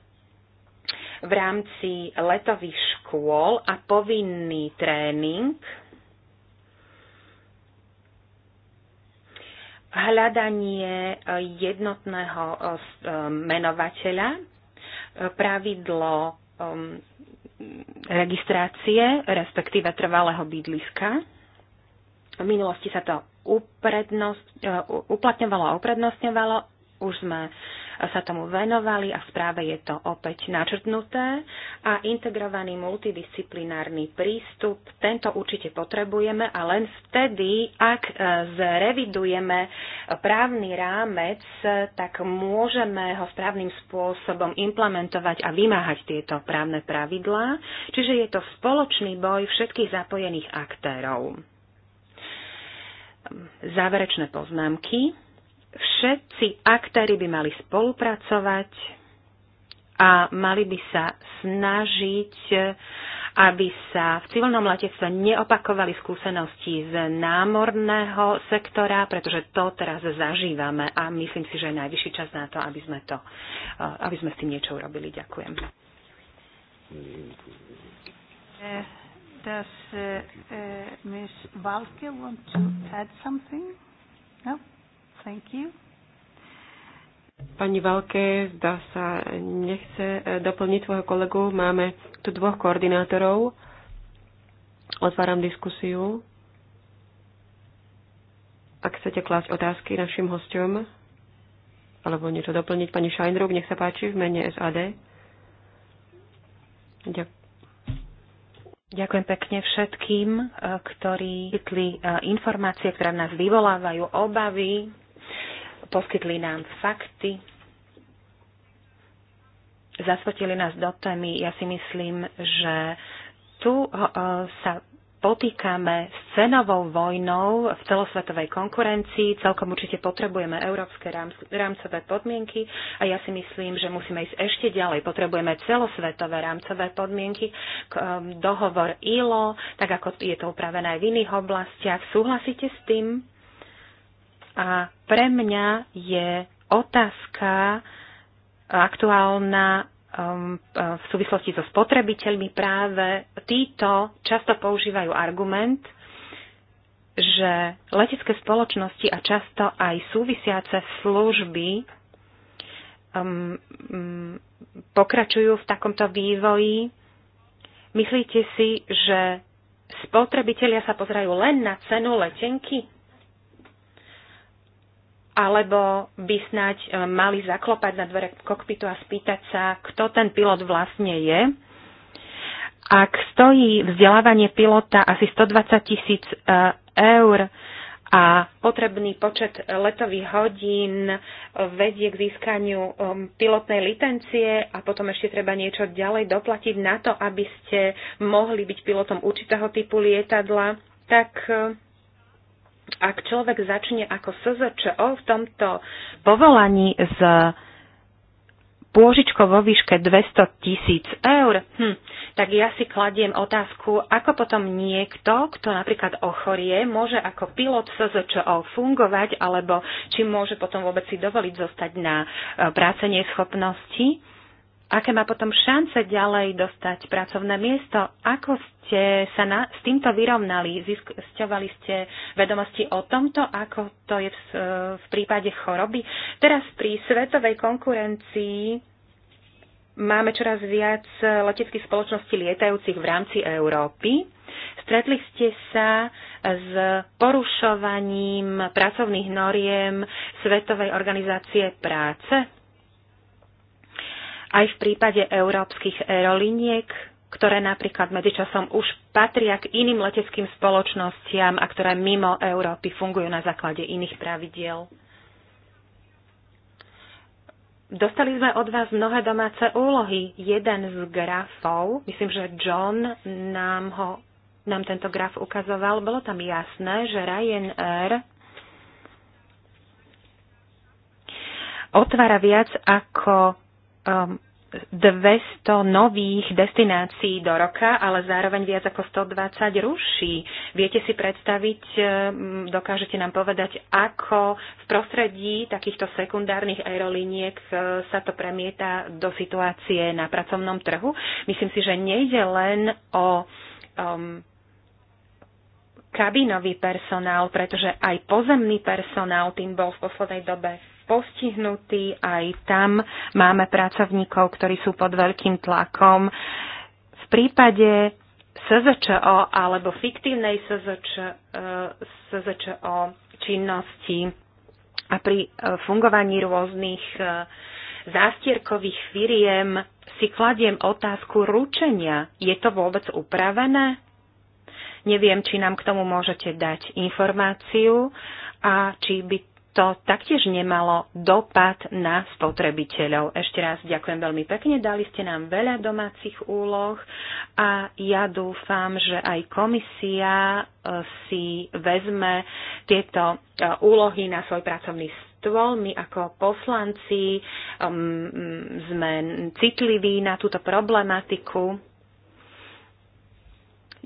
v rámci letových škôl a povinný tréning hľadanie e, jednotného e, e, menovateľa, pravidlo registrácie, respektíve trvalého bydliska. V minulosti sa to uplatňovalo a uprednostňovalo. Už sme sa tomu venovali a v správe je to opäť načrtnuté. A integrovaný multidisciplinárny prístup, tento určite potrebujeme a len vtedy, ak e, zrevidujeme právny rámec, tak môžeme ho správnym spôsobom implementovať a vymáhať tieto právne pravidlá. Čiže je to spoločný boj všetkých zapojených aktérov záverečné poznámky. Všetci aktéry by mali spolupracovať a mali by sa snažiť, aby sa v civilnom letectve neopakovali skúsenosti z námorného sektora, pretože to teraz zažívame a myslím si, že je najvyšší čas na to, aby sme, to, eh, aby sme s tým niečo urobili. Ďakujem. Eh, does uh, eh, uh, Ms. Valke want to add something? No? Thank you. Pani Valke, zdá sa, nechce e, doplniť svojho kolegu. Máme tu dvoch koordinátorov. Otváram diskusiu. Ak chcete klásť otázky našim hostom alebo niečo doplniť, pani Šajnruk, nech sa páči v mene SAD. Ďakujem. Ďakujem pekne všetkým, e, ktorí vytli e, informácie, ktoré nás vyvolávajú obavy poskytli nám fakty, zasvetili nás do témy. Ja si myslím, že tu eh, sa potýkame s cenovou vojnou v celosvetovej konkurencii. Celkom určite potrebujeme európske rámcové podmienky a ja si myslím, že musíme ísť ešte ďalej. Potrebujeme celosvetové rámcové podmienky, eh, dohovor ILO, tak ako je to upravené aj v iných oblastiach. Súhlasíte s tým? A pre mňa je otázka aktuálna um, v súvislosti so spotrebiteľmi práve títo často používajú argument, že letecké spoločnosti a často aj súvisiace služby um, um, pokračujú v takomto vývoji. Myslíte si, že spotrebitelia sa pozerajú len na cenu letenky? alebo by snať e, mali zaklopať na dvere kokpitu a spýtať sa, kto ten pilot vlastne je. Ak stojí vzdelávanie pilota asi 120 tisíc e, eur a potrebný počet letových hodín vedie k získaniu e, pilotnej licencie a potom ešte treba niečo ďalej doplatiť na to, aby ste mohli byť pilotom určitého typu lietadla, tak ak človek začne ako SZČO v tomto povolaní s pôžičko vo výške 200 tisíc eur, hm, tak ja si kladiem otázku, ako potom niekto, kto napríklad ochorie, môže ako pilot SZČO fungovať, alebo či môže potom vôbec si dovoliť zostať na e, práce neschopnosti aké má potom šance ďalej dostať pracovné miesto, ako ste sa na, s týmto vyrovnali, zisťovali ste vedomosti o tomto, ako to je v, v prípade choroby. Teraz pri svetovej konkurencii máme čoraz viac leteckých spoločností lietajúcich v rámci Európy. Stretli ste sa s porušovaním pracovných noriem Svetovej organizácie práce? aj v prípade európskych aerolíniek, ktoré napríklad medzičasom už patria k iným leteckým spoločnostiam a ktoré mimo Európy fungujú na základe iných pravidiel. Dostali sme od vás mnohé domáce úlohy. Jeden z grafov, myslím, že John nám, ho, nám tento graf ukazoval, bolo tam jasné, že Ryanair otvára viac ako 200 um, nových destinácií do roka, ale zároveň viac ako 120 ruší. Viete si predstaviť, um, dokážete nám povedať, ako v prostredí takýchto sekundárnych aerolíniek uh, sa to premieta do situácie na pracovnom trhu? Myslím si, že nejde len o um, kabinový personál, pretože aj pozemný personál tým bol v poslednej dobe postihnutí, aj tam máme pracovníkov, ktorí sú pod veľkým tlakom. V prípade SZČO alebo fiktívnej SZČ, eh, SZČO činnosti a pri eh, fungovaní rôznych eh, zástierkových firiem si kladiem otázku ručenia. Je to vôbec upravené? Neviem, či nám k tomu môžete dať informáciu a či by to taktiež nemalo dopad na spotrebiteľov. Ešte raz ďakujem veľmi pekne, dali ste nám veľa domácich úloh a ja dúfam, že aj komisia e, si vezme tieto e, úlohy na svoj pracovný stôl. My ako poslanci um, sme citliví na túto problematiku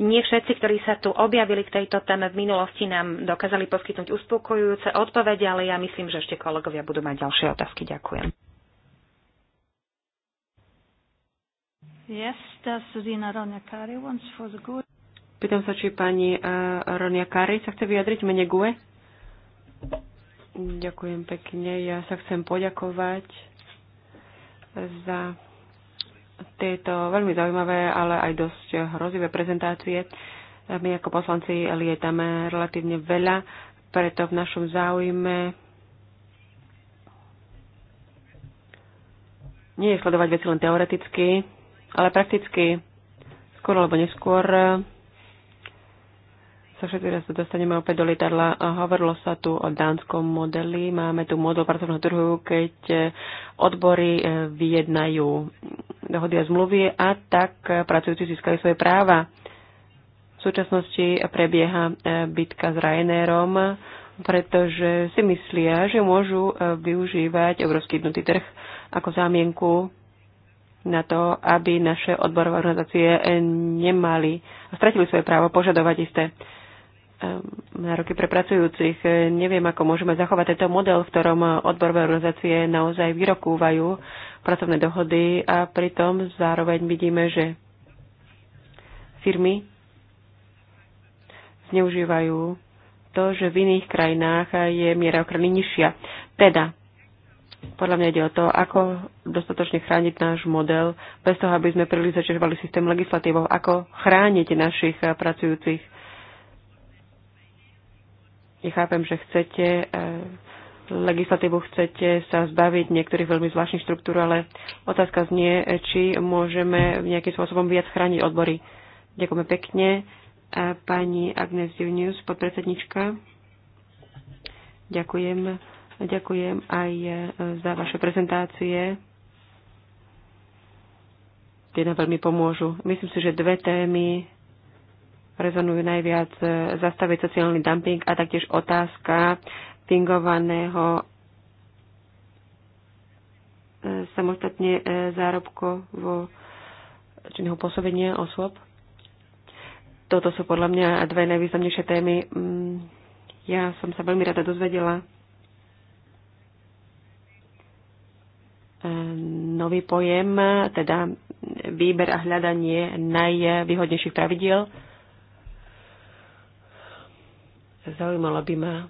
nie všetci, ktorí sa tu objavili k tejto téme v minulosti, nám dokázali poskytnúť uspokojujúce odpovede, ale ja myslím, že ešte kolegovia budú mať ďalšie otázky. Ďakujem. Yes, Kari wants for the good? E? Pýtam sa, či pani uh, Ronia Kari sa chce vyjadriť mene GUE. Ďakujem pekne. Ja sa chcem poďakovať za tieto veľmi zaujímavé, ale aj dosť hrozivé prezentácie. My ako poslanci lietame relatívne veľa, preto v našom záujme nie je sledovať veci len teoreticky, ale prakticky skôr alebo neskôr Takže teraz sa dostaneme opäť do lietadla. Hovorilo sa tu o dánskom modeli. Máme tu model pracovného trhu, keď e, odbory e, vyjednajú dohody a zmluvy a tak pracujúci získajú svoje práva. V súčasnosti prebieha e, bitka s Ryanairom, pretože si myslia, že môžu využívať európsky jednotý trh ako zámienku na to, aby naše odborové organizácie nemali a stratili svoje právo požadovať isté nároky pre pracujúcich. Neviem, ako môžeme zachovať tento model, v ktorom odborové organizácie naozaj vyrokúvajú pracovné dohody a pritom zároveň vidíme, že firmy zneužívajú to, že v iných krajinách je miera ochrany nižšia. Teda, podľa mňa ide o to, ako dostatočne chrániť náš model, bez toho, aby sme príliš začervali systém legislatívou, ako chrániť našich pracujúcich ja chápem, že chcete e, legislatívu chcete sa zbaviť niektorých veľmi zvláštnych štruktúr, ale otázka znie, či môžeme nejakým spôsobom viac chrániť odbory. Ďakujeme pekne. pani Agnes Junius, podpredsednička. Ďakujem. Ďakujem aj e, za vaše prezentácie. Tie nám veľmi pomôžu. Myslím si, že dve témy rezonujú najviac e, zastaviť sociálny dumping a taktiež otázka fingovaného e, samostatne e, vo činného pôsobenia osôb. Toto sú podľa mňa dve najvýznamnejšie témy. Mm, ja som sa veľmi rada dozvedela nový pojem, teda výber a hľadanie najvýhodnejších pravidiel. Zaujímalo by ma,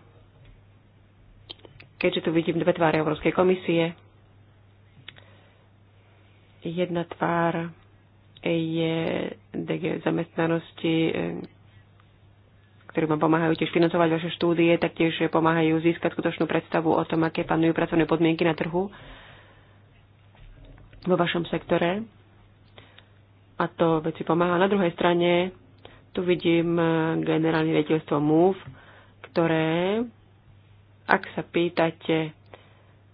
keďže tu vidím dve tváre Európskej komisie, jedna tvár je DG zamestnanosti, ktorí vám pomáhajú tiež financovať vaše štúdie, taktiež pomáhajú získať skutočnú predstavu o tom, aké panujú pracovné podmienky na trhu vo vašom sektore. A to veci pomáha. Na druhej strane tu vidím generálne riaditeľstvo MOVE, ktoré, ak sa pýtate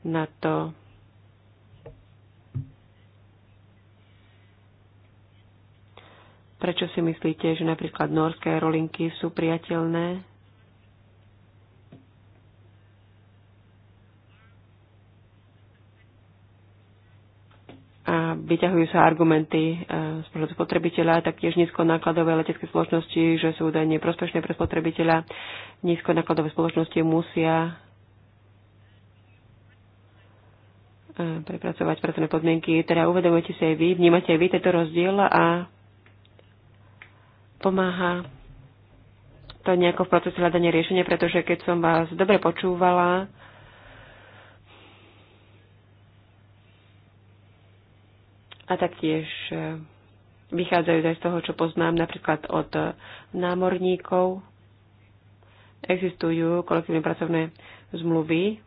na to, prečo si myslíte, že napríklad norské rolinky sú priateľné a vyťahujú sa argumenty e, z pohľadu spotrebiteľa, taktiež nízkonákladové letecké spoločnosti, že sú údajne prospešné pre spotrebiteľa. Nízkonákladové spoločnosti musia e, prepracovať pracovné podmienky. Teda uvedomujete si aj vy, vnímate aj vy tento rozdiel a pomáha to nejako v procese hľadania riešenia, pretože keď som vás dobre počúvala, a taktiež e, vychádzajú aj z toho, čo poznám napríklad od námorníkov. Existujú kolektívne pracovné zmluvy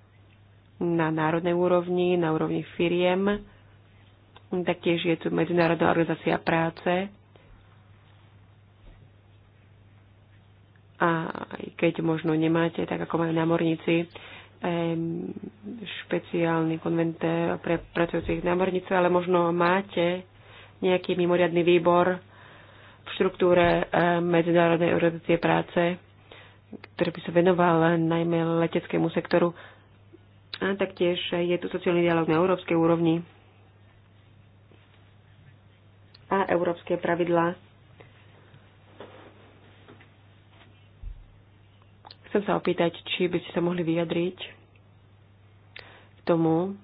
na národnej úrovni, na úrovni firiem. Taktiež je tu Medzinárodná organizácia práce. A keď možno nemáte, tak ako majú námorníci, špeciálny konvent eh, pre pracujúcich námorníctve, ale možno máte nejaký mimoriadný výbor v štruktúre eh, Medzinárodnej organizácie práce, ktorý by sa venoval najmä leteckému sektoru. A taktiež je tu sociálny dialog na európskej úrovni a európske pravidlá Chcem sa opýtať, či by ste sa mohli vyjadriť k tomu,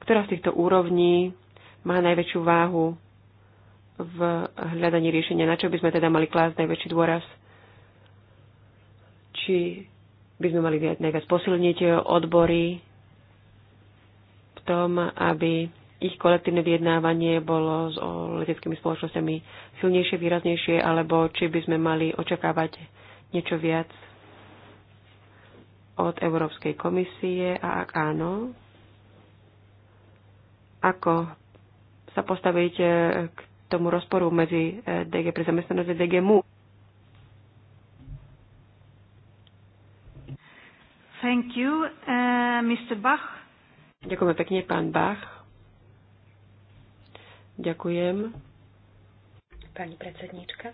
ktorá z týchto úrovní má najväčšiu váhu v hľadaní riešenia, na čo by sme teda mali klásť najväčší dôraz, či by sme mali najviac posilniť odbory v tom, aby ich kolektívne vyjednávanie bolo s leteckými spoločnosťami silnejšie, výraznejšie, alebo či by sme mali očakávať niečo viac od Európskej komisie a ak áno, ako sa postaviť e, k tomu rozporu medzi e, DG pre zamestnanosť a DG MU. Thank you, uh, Mr. Bach. Ďakujeme pekne, pán Bach. Ďakujem. Pani predsednička,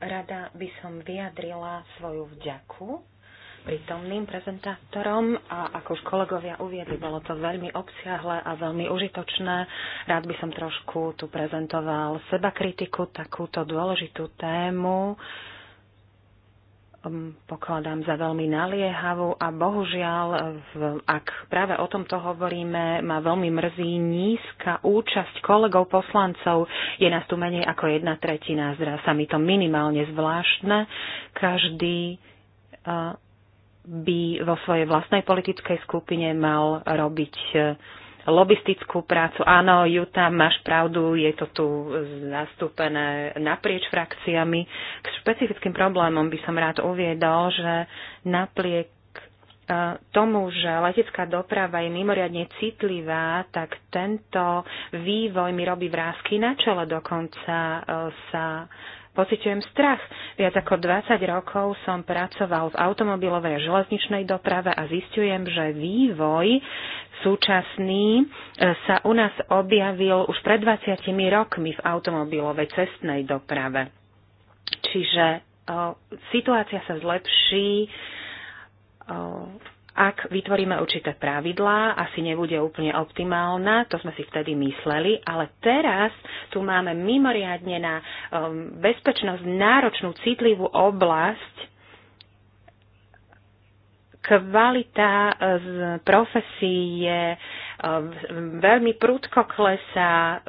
rada by som vyjadrila svoju vďaku prítomným prezentátorom a ako už kolegovia uviedli, bolo to veľmi obsiahle a veľmi užitočné. Rád by som trošku tu prezentoval seba kritiku, takúto dôležitú tému Hm, pokladám za veľmi naliehavú a bohužiaľ, ak práve o tomto hovoríme, ma veľmi mrzí nízka účasť kolegov poslancov. Je nás tu menej ako jedna tretina, zdá sa mi to minimálne zvláštne. Každý eh, by vo svojej vlastnej politickej skupine mal robiť eh, lobistickú prácu. Áno, Juta, máš pravdu, je to tu zastúpené naprieč frakciami. K špecifickým problémom by som rád uviedol, že napriek e, tomu, že letecká doprava je mimoriadne citlivá, tak tento vývoj mi robí vrázky na čele dokonca e, sa pociťujem strach. Viac ako 20 rokov som pracoval v automobilovej a železničnej doprave a zistujem, že vývoj súčasný e, sa u nás objavil už pred 20 rokmi v automobilovej cestnej doprave. Čiže o, e, situácia sa zlepší o, e, ak vytvoríme určité pravidlá, asi nebude úplne optimálna, to sme si vtedy mysleli, ale teraz tu máme mimoriadne na um, bezpečnosť náročnú, citlivú oblasť, kvalita eh, z profesí je eh, veľmi prudko klesá,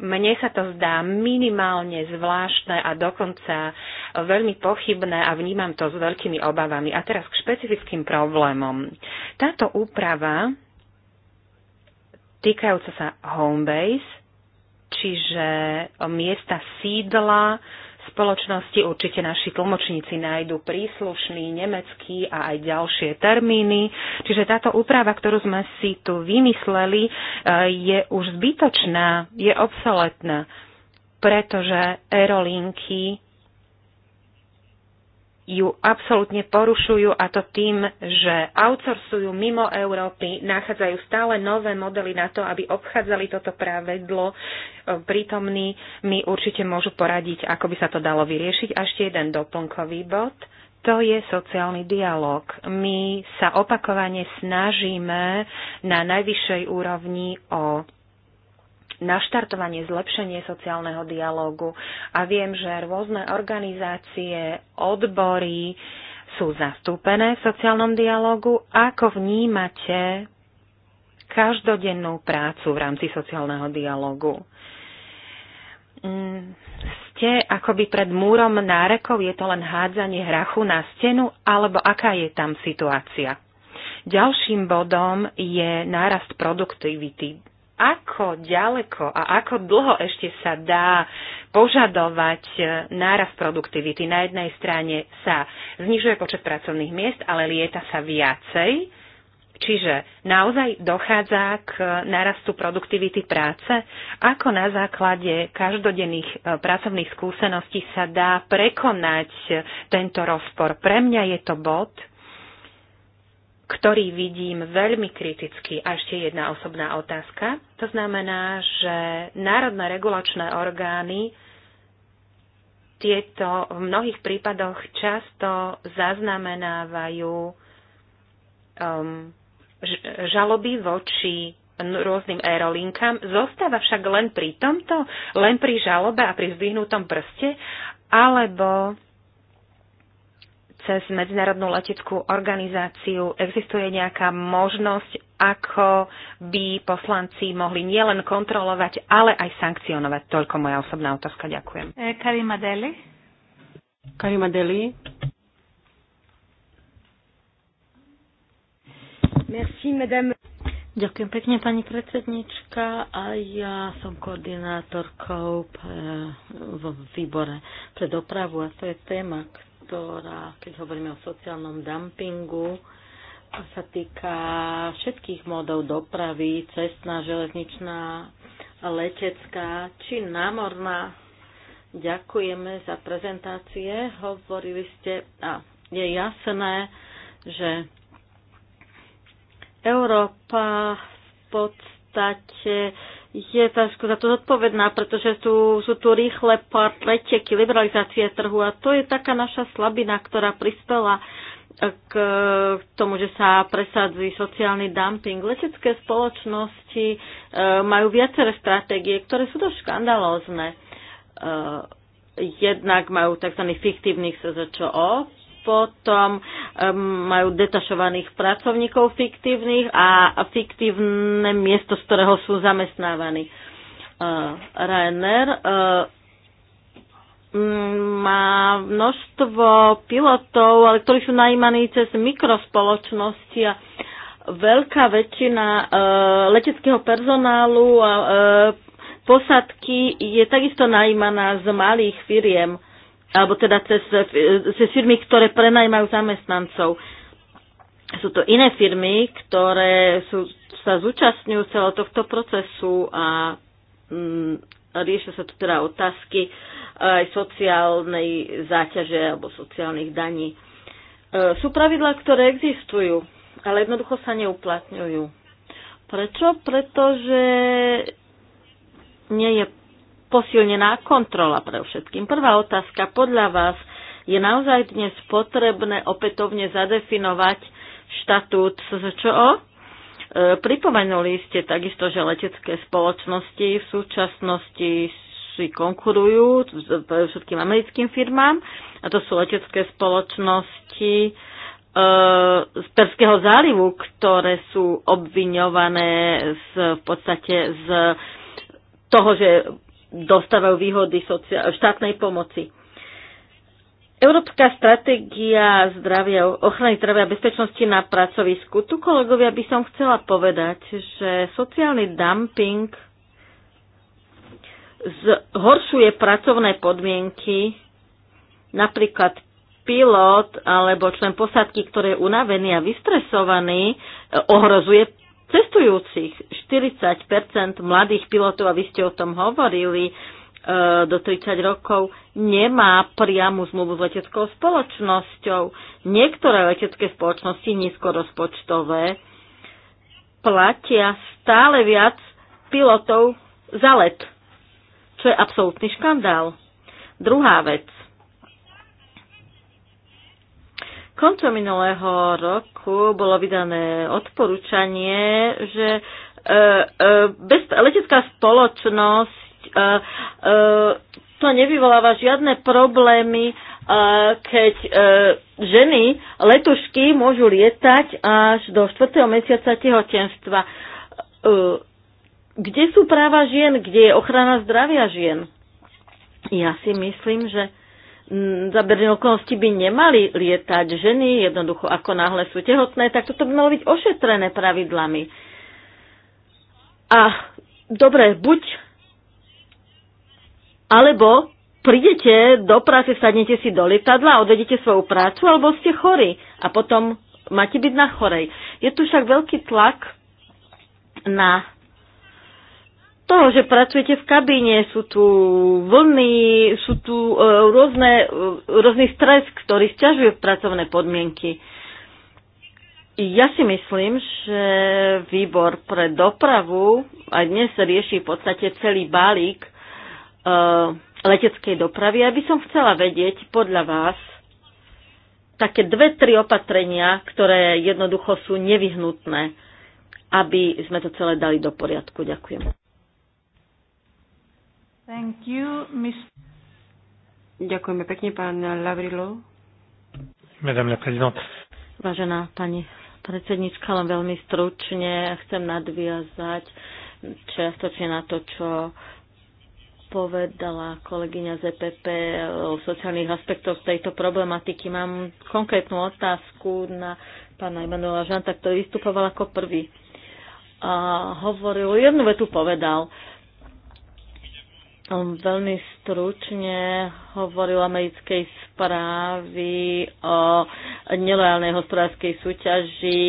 mne sa to zdá minimálne zvláštne a dokonca veľmi pochybné a vnímam to s veľkými obavami. A teraz k špecifickým problémom. Táto úprava týkajúca sa homebase, čiže miesta sídla, spoločnosti. Určite naši tlmočníci nájdu príslušný nemecký a aj ďalšie termíny. Čiže táto úprava, ktorú sme si tu vymysleli, e, je už zbytočná, je obsoletná, pretože aerolinky ju absolútne porušujú a to tým, že outsourcujú mimo Európy, nachádzajú stále nové modely na to, aby obchádzali toto pravidlo. E, prítomní mi určite môžu poradiť, ako by sa to dalo vyriešiť. A ešte jeden doplnkový bod. To je sociálny dialog. My sa opakovane snažíme na najvyššej úrovni o naštartovanie, zlepšenie sociálneho dialógu. A viem, že rôzne organizácie, odbory sú zastúpené v sociálnom dialógu. Ako vnímate každodennú prácu v rámci sociálneho dialógu? Mm, ste akoby pred múrom nárekov, je to len hádzanie hrachu na stenu, alebo aká je tam situácia? Ďalším bodom je nárast produktivity ako ďaleko a ako dlho ešte sa dá požadovať e, náraz produktivity. Na jednej strane sa znižuje počet pracovných miest, ale lieta sa viacej, čiže naozaj dochádza k narastu produktivity práce, ako na základe každodenných e, pracovných skúseností sa dá prekonať e, tento rozpor. Pre mňa je to bod, ktorý vidím veľmi kriticky. A ešte jedna osobná otázka. To znamená, že národné regulačné orgány tieto v mnohých prípadoch často zaznamenávajú um, žaloby voči rôznym aerolinkám. Zostáva však len pri tomto, len pri žalobe a pri zdvihnutom prste, alebo cez Medzinárodnú leteckú organizáciu existuje nejaká možnosť, ako by poslanci mohli nielen kontrolovať, ale aj sankcionovať. Toľko moja osobná otázka. Ďakujem. E, Karima Deli. Karima Deli. Merci, madame. Ďakujem pekne, pani predsednička. A ja som koordinátorkou e, vo výbore pre dopravu a to je téma, ktorá, keď hovoríme o sociálnom dumpingu, sa týka všetkých módov dopravy, cestná, železničná, letecká či námorná. Ďakujeme za prezentácie. Hovorili ste, a je jasné, že Európa v podstate podstate je trošku za to zodpovedná, pretože tu, sú tu rýchle preteky liberalizácie trhu a to je taká naša slabina, ktorá prispela k tomu, že sa presadzí sociálny dumping. Letecké spoločnosti e, majú viaceré stratégie, ktoré sú dosť škandalózne. E, jednak majú tzv. fiktívnych SZČO, potom majú detašovaných pracovníkov fiktívnych a fiktívne miesto, z ktorého sú zamestnávaní. E, Rainer e, mm, má množstvo pilotov, ale ktorí sú najímaní cez mikrospoločnosti a veľká väčšina e, leteckého personálu a posadky je takisto najímaná z malých firiem alebo teda cez, e, cez firmy, ktoré prenajmajú zamestnancov. Sú to iné firmy, ktoré sú, sa zúčastňujú celého tohto procesu a mm, riešia sa tu teda otázky e, aj sociálnej záťaže alebo sociálnych daní. E, sú pravidlá, ktoré existujú, ale jednoducho sa neuplatňujú. Prečo? Pretože nie je posilnená kontrola pre všetkým. Prvá otázka. Podľa vás je naozaj dnes potrebné opätovne zadefinovať štatút SZČO? E, pripomenuli ste takisto, že letecké spoločnosti v súčasnosti si konkurujú všetkým americkým firmám a to sú letecké spoločnosti e, z Perského zálivu, ktoré sú obviňované z, v podstate z toho, že dostávajú výhody štátnej pomoci. Európska stratégia zdravia, ochrany zdravia a bezpečnosti na pracovisku. Tu, kolegovia, by som chcela povedať, že sociálny dumping zhoršuje pracovné podmienky, napríklad pilot alebo člen posádky, ktorý je unavený a vystresovaný, ohrozuje cestujúcich. 40 mladých pilotov, a vy ste o tom hovorili, e, do 30 rokov nemá priamu zmluvu s leteckou spoločnosťou. Niektoré letecké spoločnosti nízkorozpočtové platia stále viac pilotov za let, čo je absolútny škandál. Druhá vec – Koncom minulého roku bolo vydané odporúčanie, že e, e, bez, letecká spoločnosť e, to nevyvoláva žiadne problémy, keď ženy letušky môžu lietať až do 4. mesiaca tehotenstva. Kde sú práva žien? Kde je ochrana zdravia žien? Ja si myslím, že za okolnosti by nemali lietať ženy, jednoducho ako náhle sú tehotné, tak toto by malo byť ošetrené pravidlami. A dobre, buď alebo prídete do práce, sadnete si do lietadla, odvedete svoju prácu, alebo ste chorí a potom máte byť na chorej. Je tu však veľký tlak na toho, že pracujete v kabíne, sú tu vlny, sú tu e, rôzne, e, rôzny stres, ktorý sťažuje pracovné podmienky. Ja si myslím, že výbor pre dopravu a dnes rieši v podstate celý balík uh, leteckej dopravy. Ja by som chcela vedieť podľa vás také dve, tri opatrenia, ktoré jednoducho sú nevyhnutné, aby sme to celé dali do poriadku. Ďakujem. Thank you, Ms. Ďakujeme pekne, pán Lavrilo. Madame la présidente. Vážená pani predsednička, len veľmi stručne chcem nadviazať čiastočne na to, čo povedala kolegyňa z EPP o sociálnych aspektoch tejto problematiky. Mám konkrétnu otázku na pána Emanuela Žanta, ktorý vystupoval ako prvý. A hovoril, jednu vetu povedal, veľmi stručne hovoril americkej správy o nelojálnej hospodárskej súťaži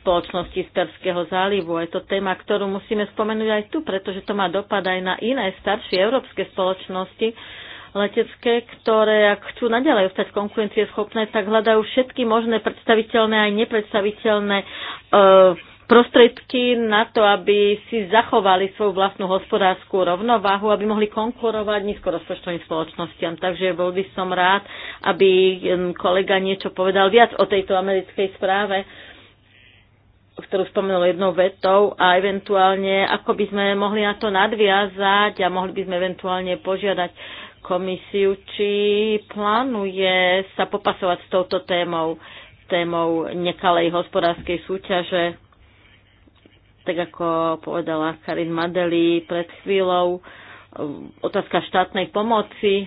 spoločnosti z Perského zálivu. Je to téma, ktorú musíme spomenúť aj tu, pretože to má dopad aj na iné staršie európske spoločnosti letecké, ktoré ak chcú naďalej ostať konkurencieschopné, tak hľadajú všetky možné predstaviteľné aj nepredstaviteľné uh, prostriedky na to, aby si zachovali svoju vlastnú hospodárskú rovnováhu, aby mohli konkurovať nízkorozpočtovým spoločnostiam. Takže bol by som rád, aby kolega niečo povedal viac o tejto americkej správe ktorú spomenul jednou vetou a eventuálne, ako by sme mohli na to nadviazať a mohli by sme eventuálne požiadať komisiu, či plánuje sa popasovať s touto témou, témou nekalej hospodárskej súťaže tak ako povedala Karin Madeli pred chvíľou, otázka štátnej pomoci e,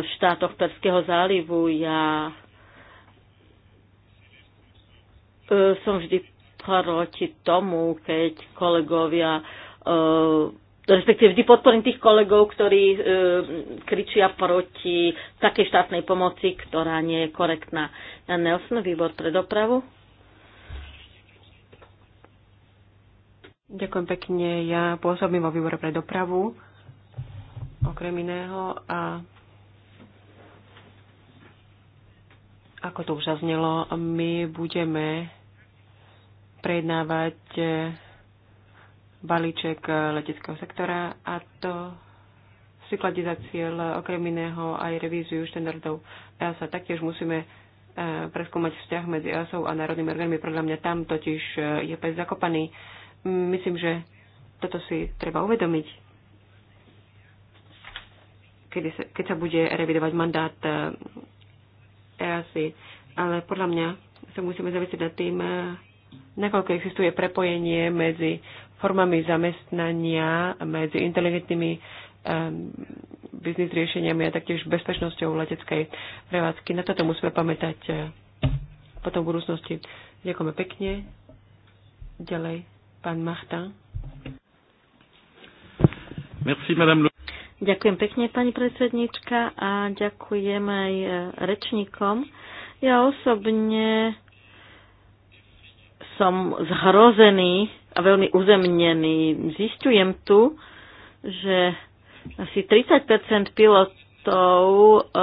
v štátoch Perského zálivu. Ja e, som vždy proti tomu, keď kolegovia e, respektíve vždy podporím tých kolegov, ktorí e, kričia proti takej štátnej pomoci, ktorá nie je korektná. Jan Nelson, výbor pre dopravu. Ďakujem pekne. Ja pôsobím vo výbore pre dopravu, okrem iného. A ako to už zaznelo, my budeme prejednávať e, balíček e, leteckého sektora a to si kladie za cieľ okrem iného aj revíziu štandardov EASA. Taktiež musíme e, preskúmať vzťah medzi EASA a národnými orgánmi. Podľa mňa tam totiž je pes zakopaný. Myslím, že toto si treba uvedomiť, keď sa, keď sa bude revidovať mandát eh, EASI. Ale podľa mňa sa musíme zavesiť nad tým, eh, nakoľko existuje prepojenie medzi formami zamestnania, medzi inteligentnými um, biznis riešeniami a taktiež bezpečnosťou leteckej prevádzky. Na toto musíme pamätať eh, potom v budúcnosti. Ďakujeme pekne. Ďalej Pán Machta. Merci, madame. Ďakujem pekne, pani predsednička, a ďakujem aj e, rečníkom. Ja osobne som zhrozený a veľmi uzemnený. Zistujem tu, že asi 30 pilotov e,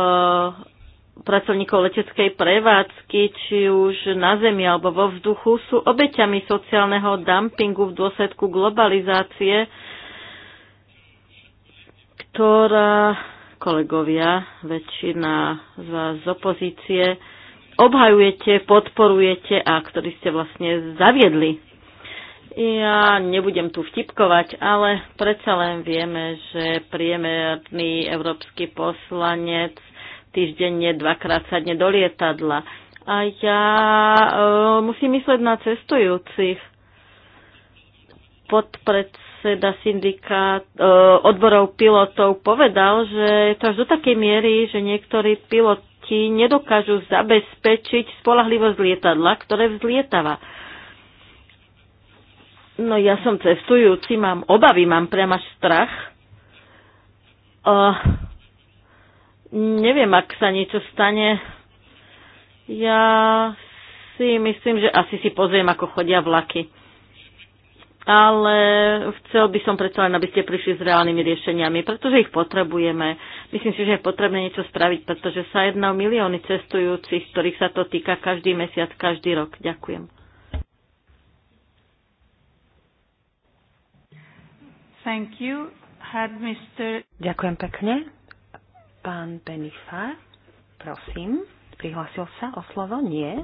pracovníkov leteckej prevádzky, či už na zemi alebo vo vzduchu, sú obeťami sociálneho dumpingu v dôsledku globalizácie, ktorá kolegovia, väčšina z vás z opozície, obhajujete, podporujete a ktorí ste vlastne zaviedli. Ja nebudem tu vtipkovať, ale predsa len vieme, že priemerný európsky poslanec týždenne, dvakrát sadne do lietadla. A ja e, musím mysleť na cestujúcich. Podpredseda syndikát e, odborov pilotov povedal, že je to až do takej miery, že niektorí piloti nedokážu zabezpečiť spolahlivosť lietadla, ktoré vzlietava. No ja som cestujúci, mám obavy, mám priam až strach. Uh, neviem, ak sa niečo stane. Ja si myslím, že asi si pozriem, ako chodia vlaky. Ale chcel by som predsa len, aby ste prišli s reálnymi riešeniami, pretože ich potrebujeme. Myslím si, že je potrebné niečo spraviť, pretože sa jedná o milióny cestujúcich, ktorých sa to týka každý mesiac, každý rok. Ďakujem. Thank you. Had Mr... Ďakujem pekne. Pán Benifa, prosím, prihlásil sa o slovo? Nie.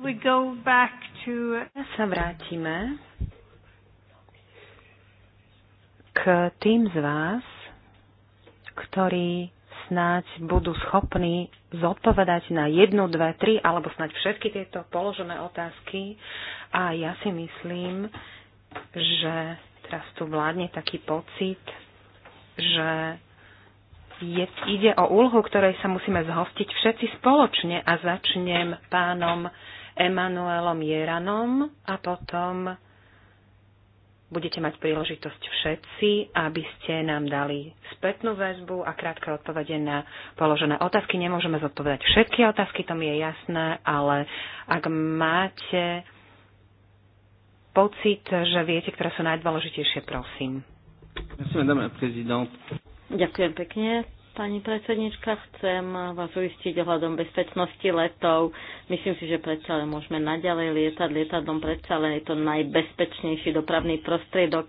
We go back to... Ja sa vrátime k tým z vás, ktorí snáď budú schopní zodpovedať na jednu, dve, tri alebo snáď všetky tieto položené otázky. A ja si myslím, že Teraz tu vládne taký pocit, že je, ide o úlohu, ktorej sa musíme zhostiť všetci spoločne a začnem pánom Emanuelom Jeranom a potom budete mať príležitosť všetci, aby ste nám dali spätnú väzbu a krátke odpovede na položené otázky. Nemôžeme zodpovedať všetky otázky, to mi je jasné, ale ak máte pocit, že viete, ktoré sú najdôležitejšie, prosím. Ďakujem pekne. Pani predsednička, chcem vás uistiť ohľadom bezpečnosti letov. Myslím si, že predsa len môžeme naďalej lietať. Lietadlom predsa len je to najbezpečnejší dopravný prostriedok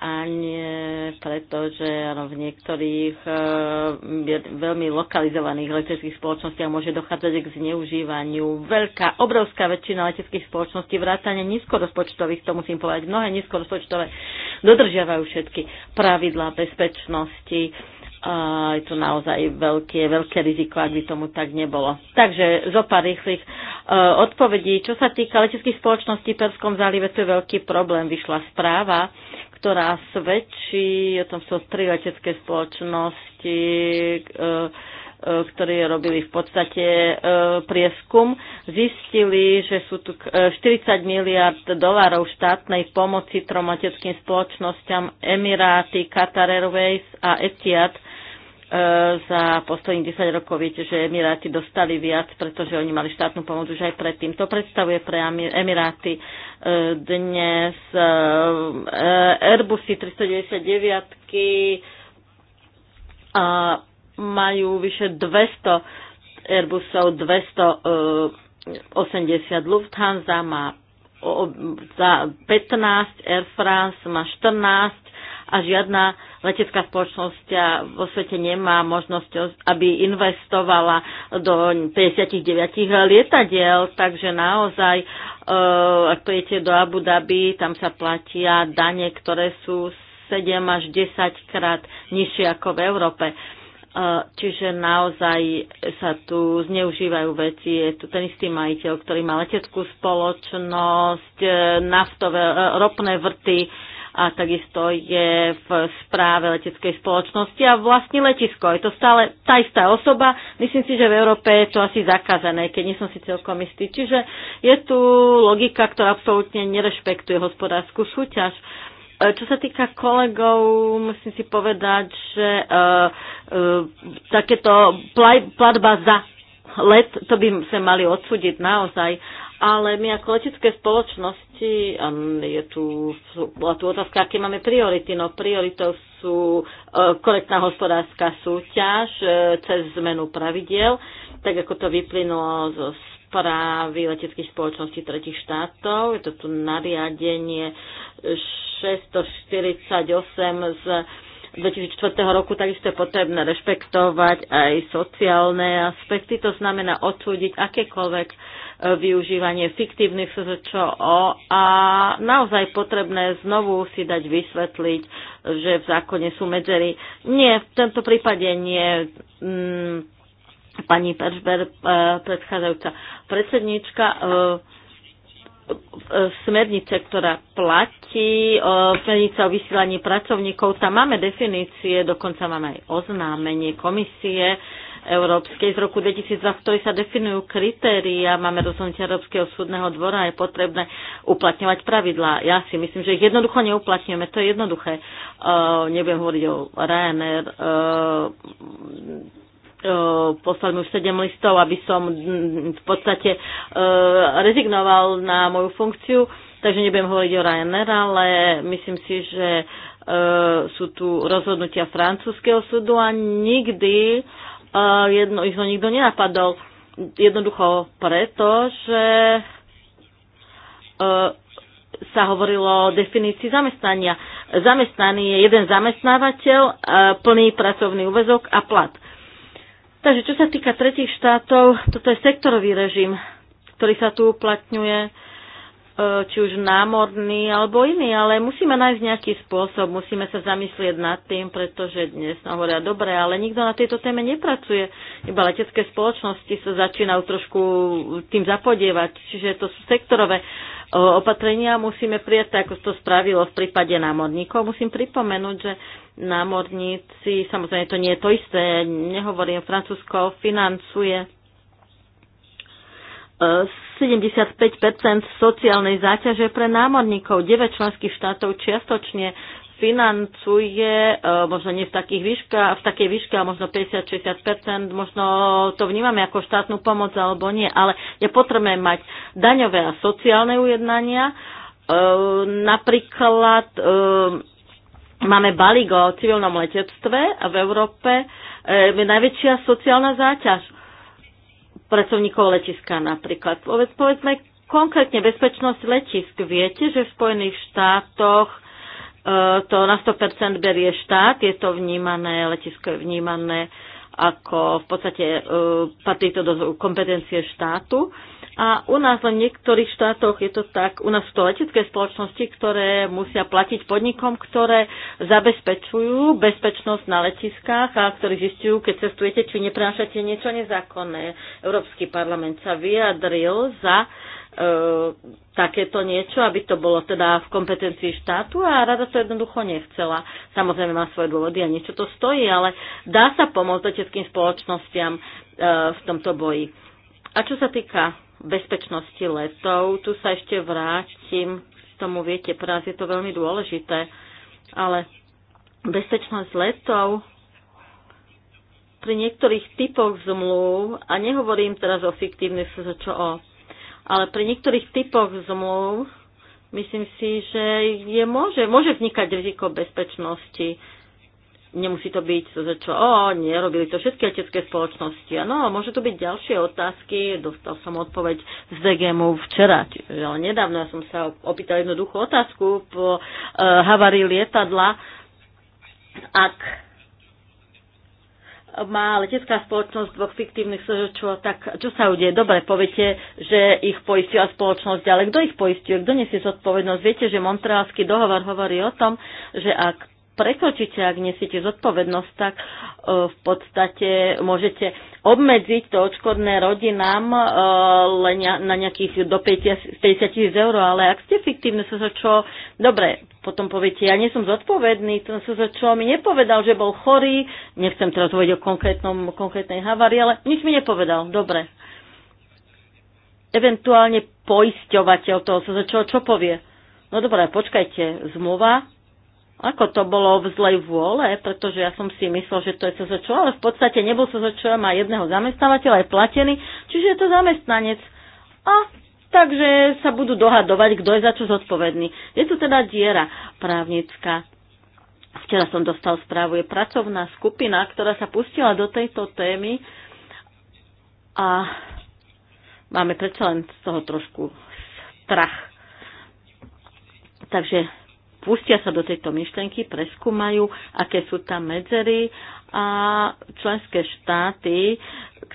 a nie preto, že ano, v niektorých e, veľmi lokalizovaných leteckých spoločnostiach môže dochádzať k zneužívaniu. Veľká, obrovská väčšina leteckých spoločností vrátane nízkorozpočtových, to musím povedať, mnohé nízkorozpočtové dodržiavajú všetky pravidlá bezpečnosti a je tu naozaj veľké, veľké riziko, ak by tomu tak nebolo. Takže zo pár rýchlych uh, odpovedí. Čo sa týka leteckých spoločností v Perskom zálive, to je veľký problém. Vyšla správa, ktorá svedčí, o tom sú tri letecké spoločnosti, uh, eh, eh, ktorí robili v podstate prieskum, zistili, že sú tu 40 miliard dolárov štátnej pomoci trom leteckým spoločnosťam Emiráty, Qatar Airways a Etihad E, za posledných 10 rokov viete, že Emiráty dostali viac, pretože oni mali štátnu pomoc už aj predtým. To predstavuje pre Emiráty e, dnes e, Airbusy 399 a majú vyše 200 Airbusov, 280 Lufthansa má za 15, Air France má 14, a žiadna letecká spoločnosť vo svete nemá možnosť, aby investovala do 59 lietadiel, takže naozaj, e, ak pojete do Abu Dhabi, tam sa platia dane, ktoré sú 7 až 10 krát nižšie ako v Európe. E, čiže naozaj sa tu zneužívajú veci. Je tu ten istý majiteľ, ktorý má leteckú spoločnosť, e, naftové, ropné vrty, a takisto je v správe leteckej spoločnosti a vlastní letisko. Je to stále tá istá osoba. Myslím si, že v Európe je to asi zakázané, keď nie som si celkom istý. Čiže je tu logika, ktorá absolútne nerešpektuje hospodárskú súťaž. E, čo sa týka kolegov, musím si povedať, že uh, uh, takéto platba za let, to by sa mali odsúdiť naozaj ale my ako letecké spoločnosti, um, je tu, bola tu otázka, aké máme priority. No prioritou sú e, korektná hospodárska súťaž e, cez zmenu pravidiel, tak ako to vyplynulo zo správy leteckých spoločností tretich štátov. Je to tu nariadenie 648 z 2004 roku takisto je potrebné rešpektovať aj sociálne aspekty, to znamená odsúdiť akékoľvek využívanie fiktívnych SZČO a naozaj potrebné znovu si dať vysvetliť, že v zákone sú medzery. Nie, v tomto prípade nie. Mm, pani Peržber, e, predchádzajúca predsednička, e, e, smernice, ktorá platí, smernica o vysielaní pracovníkov, tam máme definície, dokonca máme aj oznámenie komisie, Európskej z roku 2002, v ktorej sa definujú kritéria, máme rozhodnutie Európskeho súdneho dvora, je potrebné uplatňovať pravidlá. Ja si myslím, že ich jednoducho neuplatňujeme, to je jednoduché. Uh, nebudem hovoriť o Ryanair, uh, poslal mi už sedem listov, aby som v podstate rezignoval na moju funkciu, takže nebudem hovoriť o Ryanair, ale myslím si, že sú tu rozhodnutia francúzského súdu a nikdy uh, jedno, ich ho nikto nenapadol. Jednoducho preto, že e, sa hovorilo o definícii zamestnania. Zamestnaný je jeden zamestnávateľ, e, plný pracovný úvezok a plat. Takže čo sa týka tretich štátov, toto je sektorový režim, ktorý sa tu uplatňuje E, či už námorný alebo iný, ale musíme nájsť nejaký spôsob, musíme sa zamyslieť nad tým, pretože dnes nám hovoria dobre, ale nikto na tejto téme nepracuje. Iba letecké spoločnosti sa začínajú trošku tým zapodievať, čiže to sú sektorové e, opatrenia musíme prijať, tak ako to spravilo v prípade námorníkov. Musím pripomenúť, že námorníci, samozrejme to nie je to isté, nehovorím, Francúzsko financuje e, 75 sociálnej záťaže pre námorníkov. 9 členských štátov čiastočne financuje, e, možno nie v, takých výška, v takej výške, ale možno 50-60%, možno to vnímame ako štátnu pomoc alebo nie, ale je potrebné mať daňové a sociálne ujednania. E, napríklad e, máme balík o civilnom letectve v Európe je najväčšia sociálna záťaž pracovníkov letiska napríklad. Povedz, povedzme konkrétne bezpečnosť letisk. Viete, že v Spojených štátoch e, to na 100% berie štát, je to vnímané, letisko je vnímané ako v podstate e, patrí to do kompetencie štátu. A u nás len v niektorých štátoch je to tak, u nás sú to letecké spoločnosti, ktoré musia platiť podnikom, ktoré zabezpečujú bezpečnosť na letiskách a ktorí zistujú, keď cestujete, či neprenášate niečo nezákonné. Európsky parlament sa vyjadril za e, takéto niečo, aby to bolo teda v kompetencii štátu a rada to jednoducho nechcela. Samozrejme má svoje dôvody a niečo to stojí, ale dá sa pomôcť leteckým spoločnostiam e, v tomto boji. A čo sa týka bezpečnosti letov. Tu sa ešte vrátim, k tomu viete, pre nás je to veľmi dôležité, ale bezpečnosť letov pri niektorých typoch zmluv, a nehovorím teraz o fiktívnych SZČO, ale pri niektorých typoch zmluv myslím si, že je, môže, môže vznikať riziko bezpečnosti Nemusí to byť že čo, o nerobili to všetky letecké spoločnosti. Áno, môžu to byť ďalšie otázky. Dostal som odpoveď z DGMu včera, čiže, ale nedávno ja som sa opýtal jednoduchú otázku po e, havárii lietadla. Ak má letecká spoločnosť dvoch fiktívnych sožočov, tak čo sa udeje? Dobre, poviete, že ich poistila spoločnosť, ale kto ich poistil? Kto nesie zodpovednosť? Viete, že Montrealský dohovor hovorí o tom, že ak prekročíte, ak nesiete zodpovednosť, tak e, v podstate môžete obmedziť to odškodné rodinám e, len na nejakých do 50 tisíc eur, ale ak ste fiktívne sa čo, dobre, potom poviete, ja nie som zodpovedný, ten čo mi nepovedal, že bol chorý, nechcem teraz hovoriť o konkrétnom, konkrétnej havárii, ale nič mi nepovedal, dobre. Eventuálne poisťovateľ toho sa SZČO, čo povie? No dobré, počkajte, zmluva ako to bolo v zlej vôle, pretože ja som si myslel, že to je SZČO, ale v podstate nebol SZČO, má jedného zamestnávateľa, je platený, čiže je to zamestnanec. A takže sa budú dohadovať, kto je za čo zodpovedný. Je tu teda diera právnická. Včera som dostal správu, je pracovná skupina, ktorá sa pustila do tejto témy a máme predsa len z toho trošku strach. Takže pustia sa do tejto myšlienky, preskúmajú, aké sú tam medzery a členské štáty,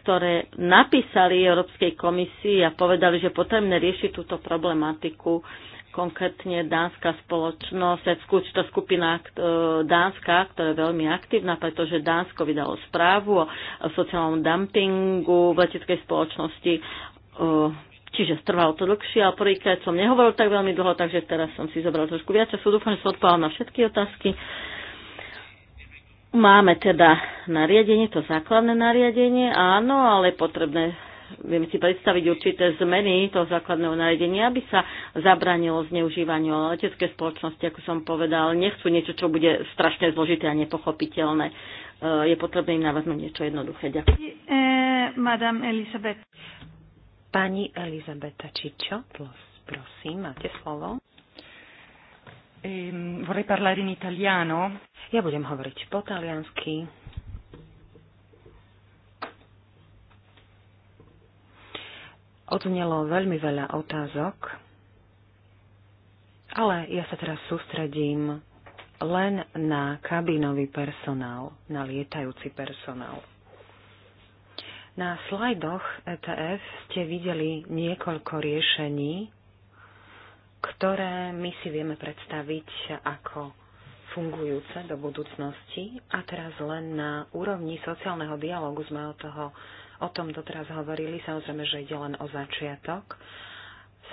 ktoré napísali Európskej komisii a povedali, že potrebné riešiť túto problematiku, konkrétne dánska spoločnosť, tá skupina e, Dánska, ktorá je veľmi aktívna, pretože Dánsko vydalo správu o sociálnom dumpingu v leteckej spoločnosti e, Čiže trvalo to dlhšie a prvýkrát som nehovoril tak veľmi dlho, takže teraz som si zobral trošku viac času. Dúfam, že som odpovedal na všetky otázky. Máme teda nariadenie, to základné nariadenie, áno, ale potrebné viem si predstaviť určité zmeny toho základného nariadenia, aby sa zabranilo zneužívaniu letecké spoločnosti, ako som povedal. Nechcú niečo, čo bude strašne zložité a nepochopiteľné. E, je potrebné im navrhnúť niečo jednoduché. Ďakujem. E, Madame Elizabeth. Pani Elizabeta Ciccio, prosím, máte slovo. Ehm, vorrei parlare in italiano. Ja budem hovoriť po taliansky. Odznelo veľmi veľa otázok, ale ja sa teraz sústredím len na kabinový personál, na lietajúci personál. Na slajdoch ETF ste videli niekoľko riešení, ktoré my si vieme predstaviť ako fungujúce do budúcnosti a teraz len na úrovni sociálneho dialogu sme o, toho, o tom doteraz hovorili, samozrejme, že ide len o začiatok.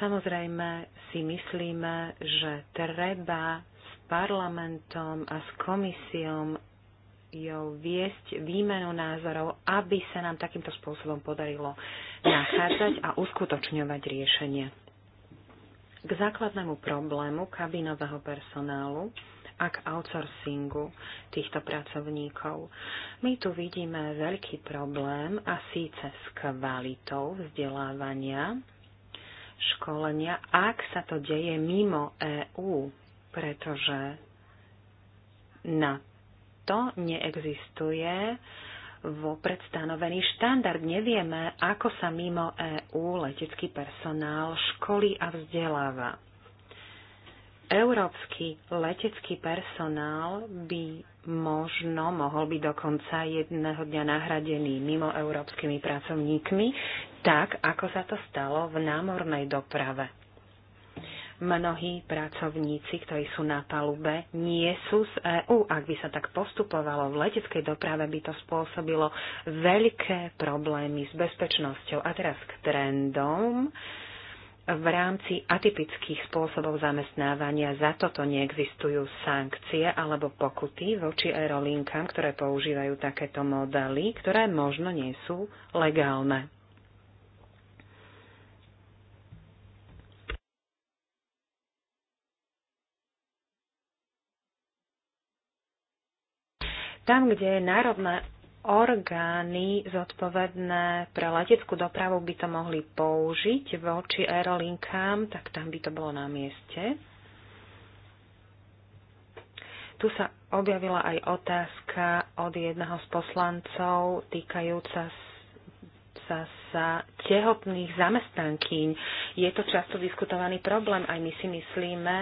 Samozrejme si myslíme, že treba s parlamentom a s komisiom jo viesť výmenu názorov, aby sa nám takýmto spôsobom podarilo nachádzať a uskutočňovať riešenie. K základnému problému kabinového personálu a k outsourcingu týchto pracovníkov. My tu vidíme veľký problém a síce s kvalitou vzdelávania, školenia, ak sa to deje mimo EÚ, pretože na to neexistuje vo predstanovený štandard. Nevieme, ako sa mimo EÚ letecký personál školí a vzdeláva. Európsky letecký personál by možno mohol byť dokonca jedného dňa nahradený mimo európskymi pracovníkmi, tak ako sa to stalo v námornej doprave mnohí pracovníci, ktorí sú na palube, nie sú z EÚ. Ak by sa tak postupovalo v leteckej doprave, by to spôsobilo veľké problémy s bezpečnosťou. A teraz k trendom v rámci atypických spôsobov zamestnávania za toto neexistujú sankcie alebo pokuty voči aerolinkám, ktoré používajú takéto modely, ktoré možno nie sú legálne. Tam, kde národné orgány zodpovedné pre leteckú dopravu by to mohli použiť voči aerolinkám, tak tam by to bolo na mieste. Tu sa objavila aj otázka od jedného z poslancov týkajúca sa, sa tehotných zamestnankyň. Je to často diskutovaný problém, aj my si myslíme,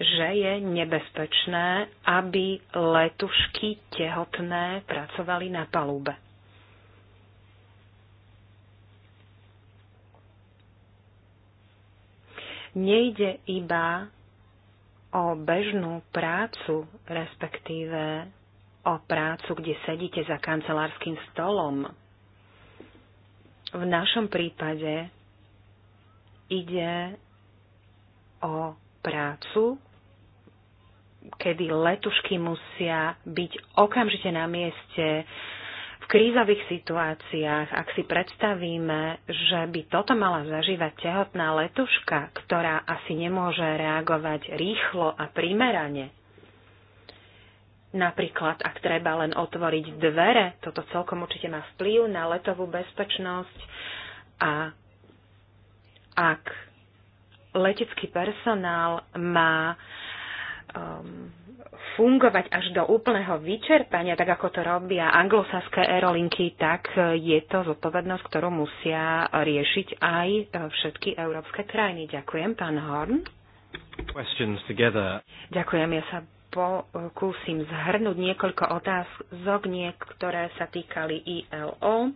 že je nebezpečné, aby letušky tehotné pracovali na palube. Nejde iba o bežnú prácu, respektíve o prácu, kde sedíte za kancelárským stolom. V našom prípade ide o prácu, kedy letušky musia byť okamžite na mieste v krízových situáciách. Ak si predstavíme, že by toto mala zažívať tehotná letuška, ktorá asi nemôže reagovať rýchlo a primerane, Napríklad, ak treba len otvoriť dvere, toto celkom určite má vplyv na letovú bezpečnosť a ak letecký personál má um, fungovať až do úplného vyčerpania, tak ako to robia anglosaské aerolinky, tak je to zodpovednosť, ktorú musia riešiť aj e, všetky európske krajiny. Ďakujem, pán Horn. Ďakujem, ja sa pokúsim zhrnúť niekoľko otázok, niektoré sa týkali ILO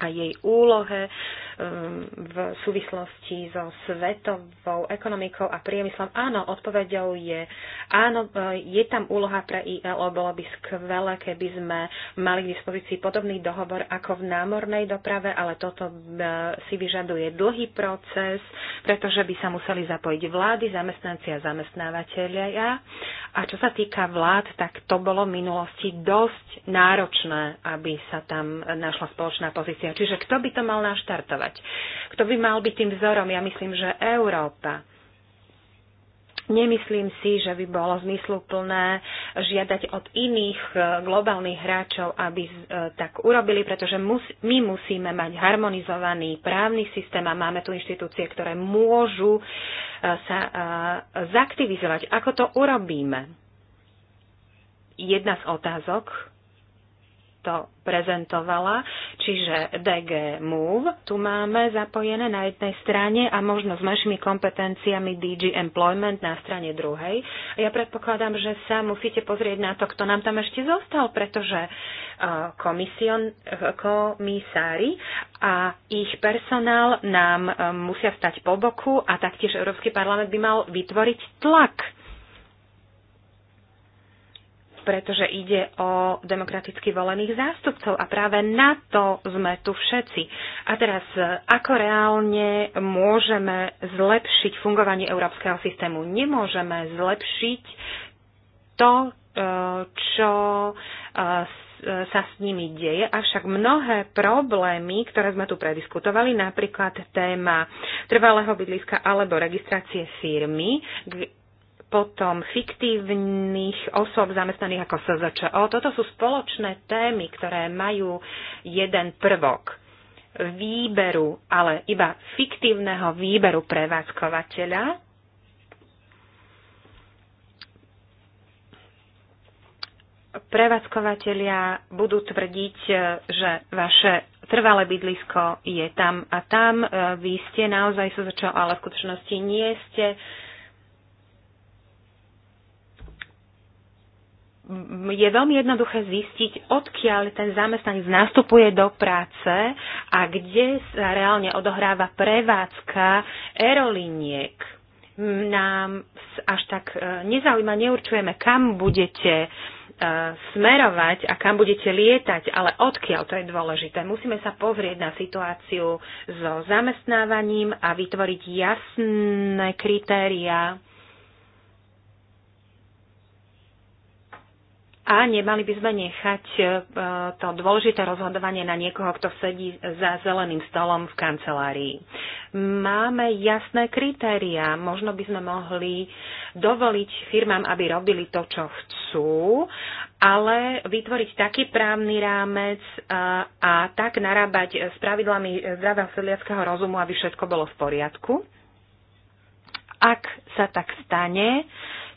a jej úlohe um, v súvislosti so svetovou ekonomikou a priemyslom. Áno, odpovedou je, áno, e, je tam úloha pre ILO, bolo by skvelé, keby sme mali k dispozícii podobný dohovor ako v námornej doprave, ale toto e, si vyžaduje dlhý proces, pretože by sa museli zapojiť vlády, zamestnanci a zamestnávateľia. A čo sa týka vlád, tak to bolo v minulosti dosť náročné, aby sa tam našla spoločná pozícia stratégia. Čiže kto by to mal naštartovať? Kto by mal byť tým vzorom? Ja myslím, že Európa. Nemyslím si, že by bolo zmysluplné žiadať od iných e, globálnych hráčov, aby e, tak urobili, pretože my musíme mať harmonizovaný právny systém a máme tu inštitúcie, ktoré môžu e, sa zaktivizovať. Ako to urobíme? Jedna z otázok, to prezentovala, čiže DG Move. Tu máme zapojené na jednej strane a možno s našimi kompetenciami DG Employment na strane druhej. ja predpokladám, že sa musíte pozrieť na to, kto nám tam ešte zostal, pretože e, komision, komisári a ich personál nám e, musia stať po boku a taktiež Európsky parlament by mal vytvoriť tlak pretože ide o demokraticky volených zástupcov a práve na to sme tu všetci. A teraz, ako reálne môžeme zlepšiť fungovanie európskeho systému? Nemôžeme zlepšiť to, e, čo e, sa s nimi deje, avšak mnohé problémy, ktoré sme tu prediskutovali, napríklad téma trvalého bydliska alebo registrácie firmy, potom fiktívnych osob zamestnaných ako SZČO. Toto sú spoločné témy, ktoré majú jeden prvok výberu, ale iba fiktívneho výberu prevádzkovateľa. Prevádzkovateľia budú tvrdiť, že vaše trvalé bydlisko je tam a tam. Vy ste naozaj začal, ale v skutočnosti nie ste je veľmi jednoduché zistiť, odkiaľ ten zamestnanec nastupuje do práce a kde sa reálne odohráva prevádzka aerolíniek. Nám až tak e, nezaujíma, neurčujeme, kam budete e, smerovať a kam budete lietať, ale odkiaľ to je dôležité. Musíme sa pozrieť na situáciu so zamestnávaním a vytvoriť jasné kritéria a nemali by sme nechať e, to dôležité rozhodovanie na niekoho, kto sedí za zeleným stolom v kancelárii. Máme jasné kritéria. Možno by sme mohli dovoliť firmám, aby robili to, čo chcú, ale vytvoriť taký právny rámec e, a tak narábať s pravidlami zdravého sedliackého rozumu, aby všetko bolo v poriadku. Ak sa tak stane,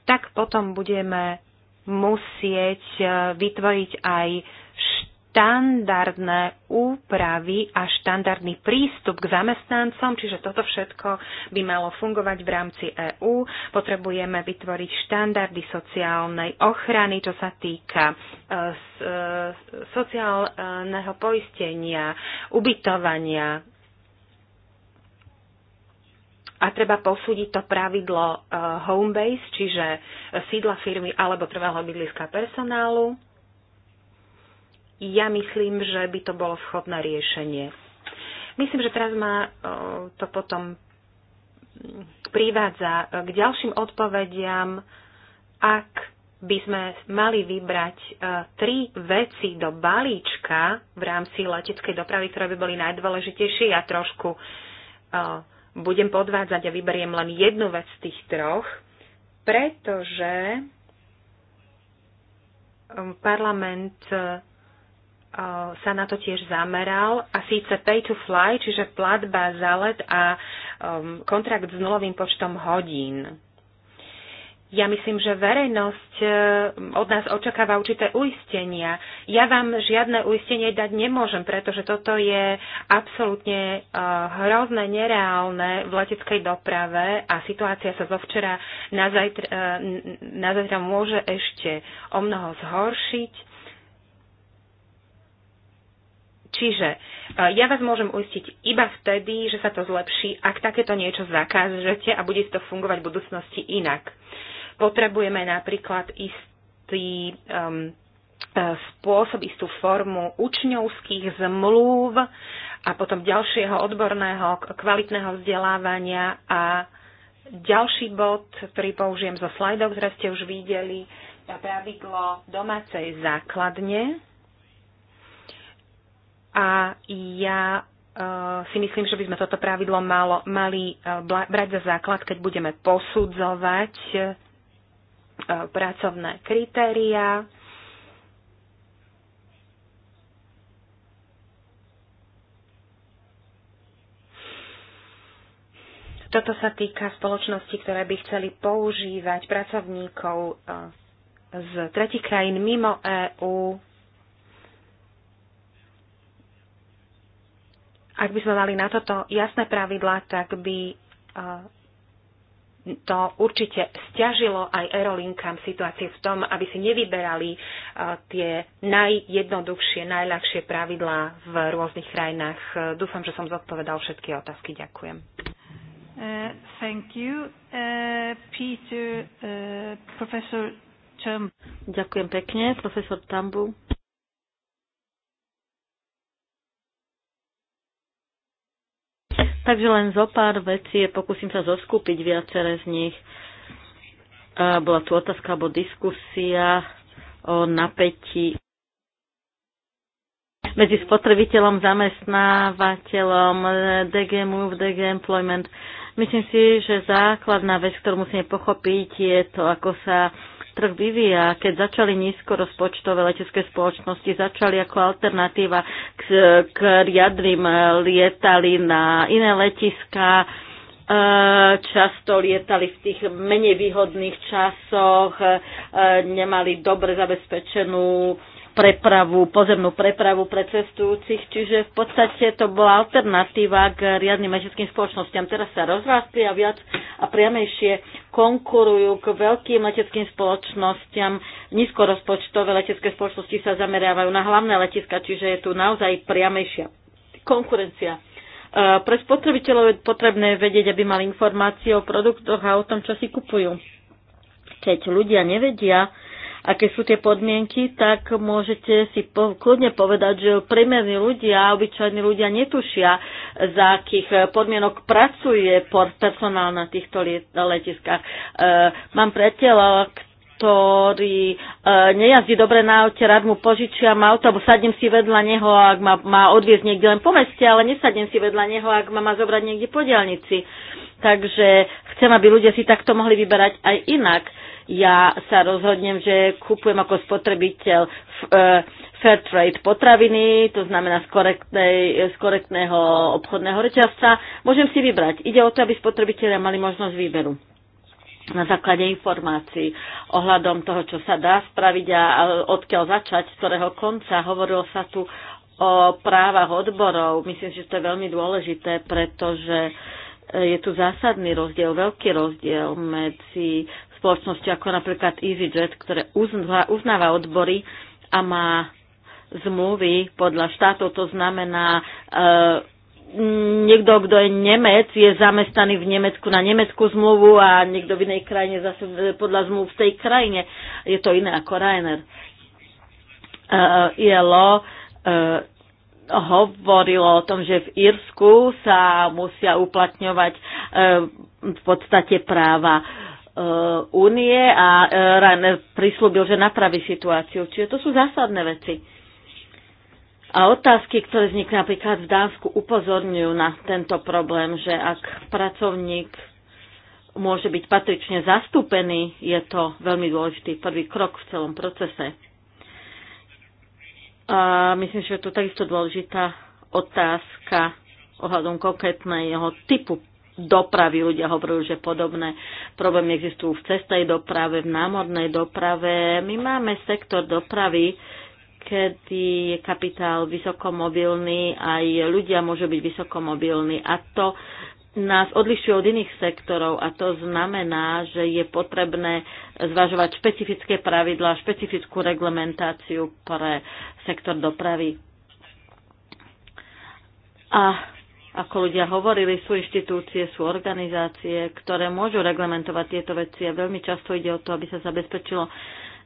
tak potom budeme musieť e, vytvoriť aj štandardné úpravy a štandardný prístup k zamestnancom, čiže toto všetko by malo fungovať v rámci EÚ. Potrebujeme vytvoriť štandardy sociálnej ochrany, čo sa týka e, e, sociálneho poistenia, ubytovania, a treba posúdiť to pravidlo eh, home base, čiže sídla firmy alebo trvalého bydliska personálu. Ja myslím, že by to bolo schopné riešenie. Myslím, že teraz ma eh, to potom privádza eh, k ďalším odpovediam, ak by sme mali vybrať tri veci do balíčka v rámci leteckej dopravy, ktoré by boli najdôležitejšie. Ja trošku budem podvádzať a vyberiem len jednu vec z tých troch, pretože um, parlament uh, sa na to tiež zameral a síce pay to fly, čiže platba za let a um, kontrakt s nulovým počtom hodín. Ja myslím, že verejnosť e, od nás očakáva určité uistenia. Ja vám žiadne uistenie dať nemôžem, pretože toto je absolútne e, hrozné, nereálne v leteckej doprave a situácia sa zo včera na zajtra, e, na zajtra môže ešte o mnoho zhoršiť. Čiže ja vás môžem uistiť iba vtedy, že sa to zlepší, ak takéto niečo zakážete a bude to fungovať v budúcnosti inak. Potrebujeme napríklad istý um, e, spôsob, istú formu učňovských zmluv a potom ďalšieho odborného kvalitného vzdelávania a ďalší bod, ktorý použijem zo slajdov, ktoré ste už videli, pravidlo domácej základne. A ja e, si myslím, že by sme toto pravidlo malo, mali e, brať za základ, keď budeme posudzovať pracovné kritériá. Toto sa týka spoločnosti, ktoré by chceli používať pracovníkov e, z tretich krajín mimo EÚ. Ak by sme mali na toto jasné pravidlá, tak by e, to určite stiažilo aj aerolinkám situácie v tom, aby si nevyberali e, tie najjednoduchšie, najľahšie pravidlá v rôznych krajinách. E, dúfam, že som zodpovedal všetky otázky. Ďakujem. Uh, thank you. Uh, Peter, uh, Ďakujem pekne, profesor Tambu. Takže len zo pár vecí, pokúsim sa zoskúpiť viaceré z nich. Bola tu otázka alebo diskusia o napätí medzi spotrebiteľom, zamestnávateľom, DGM, DG Employment. Myslím si, že základná vec, ktorú musíme pochopiť, je to, ako sa trh vyvíja. Keď začali nízko rozpočtové letecké spoločnosti, začali ako alternatíva k, k riadným lietali na iné letiska, e, často lietali v tých menej výhodných časoch, e, nemali dobre zabezpečenú prepravu, pozemnú prepravu pre cestujúcich, čiže v podstate to bola alternatíva k riadnym leteckým spoločnosťam. Teraz sa rozrastli a viac a priamejšie konkurujú k veľkým leteckým spoločnosťam. Nízkorozpočtové letecké spoločnosti sa zameriavajú na hlavné letiska, čiže je tu naozaj priamejšia konkurencia. E, pre spotrebiteľov je potrebné vedieť, aby mali informácie o produktoch a o tom, čo si kupujú. Keď ľudia nevedia, aké sú tie podmienky, tak môžete si po, kľudne povedať, že priemerní ľudia, obyčajní ľudia netušia, za akých eh, podmienok pracuje personál na týchto letiskách. Eh, mám priateľa, ktorý e, nejazdí dobre na aute, rád mu požičiam auto, alebo sadnem si vedľa neho, ak ma má odviezť niekde len po meste, ale nesadnem si vedľa neho, ak ma má zobrať niekde po diálnici. Takže chcem, aby ľudia si takto mohli vyberať aj inak. Ja sa rozhodnem, že kúpujem ako spotrebiteľ e, fair trade potraviny, to znamená z, korektnej, z korektného obchodného reťazca. Môžem si vybrať. Ide o to, aby spotrebitelia mali možnosť výberu na základe informácií ohľadom toho, čo sa dá spraviť a odkiaľ začať, z ktorého konca. Hovorilo sa tu o právach odborov. Myslím, že to je veľmi dôležité, pretože je tu zásadný rozdiel, veľký rozdiel medzi spoločnosti ako napríklad EasyJet, ktoré uznáva, uznáva odbory a má zmluvy podľa štátov, to znamená e, niekto, kto je Nemec, je zamestnaný v Nemecku na nemeckú zmluvu a niekto v inej krajine zase podľa zmluv v tej krajine. Je to iné ako Rainer. Uh, e, ILO uh, hovorilo o tom, že v Írsku sa musia uplatňovať uh, v podstate práva únie eh, a eh, prislúbil, že napraví situáciu. Čiže to sú zásadné veci. A otázky, ktoré vznikli napríklad v Dánsku, upozorňujú na tento problém, že ak pracovník môže byť patrične zastúpený, je to veľmi dôležitý prvý krok v celom procese. A myslím, že je to takisto dôležitá otázka ohľadom konkrétneho typu dopravy. Ľudia hovorujú, že podobné problémy existujú v cestnej doprave, v námornej doprave. My máme sektor dopravy, kedy je kapitál vysokomobilný, aj ľudia môžu byť vysokomobilní a to nás odlišuje od iných sektorov a to znamená, že je potrebné zvažovať špecifické pravidlá, špecifickú reglementáciu pre sektor dopravy. A ako ľudia hovorili, sú inštitúcie, sú organizácie, ktoré môžu reglementovať tieto veci a veľmi často ide o to, aby sa zabezpečilo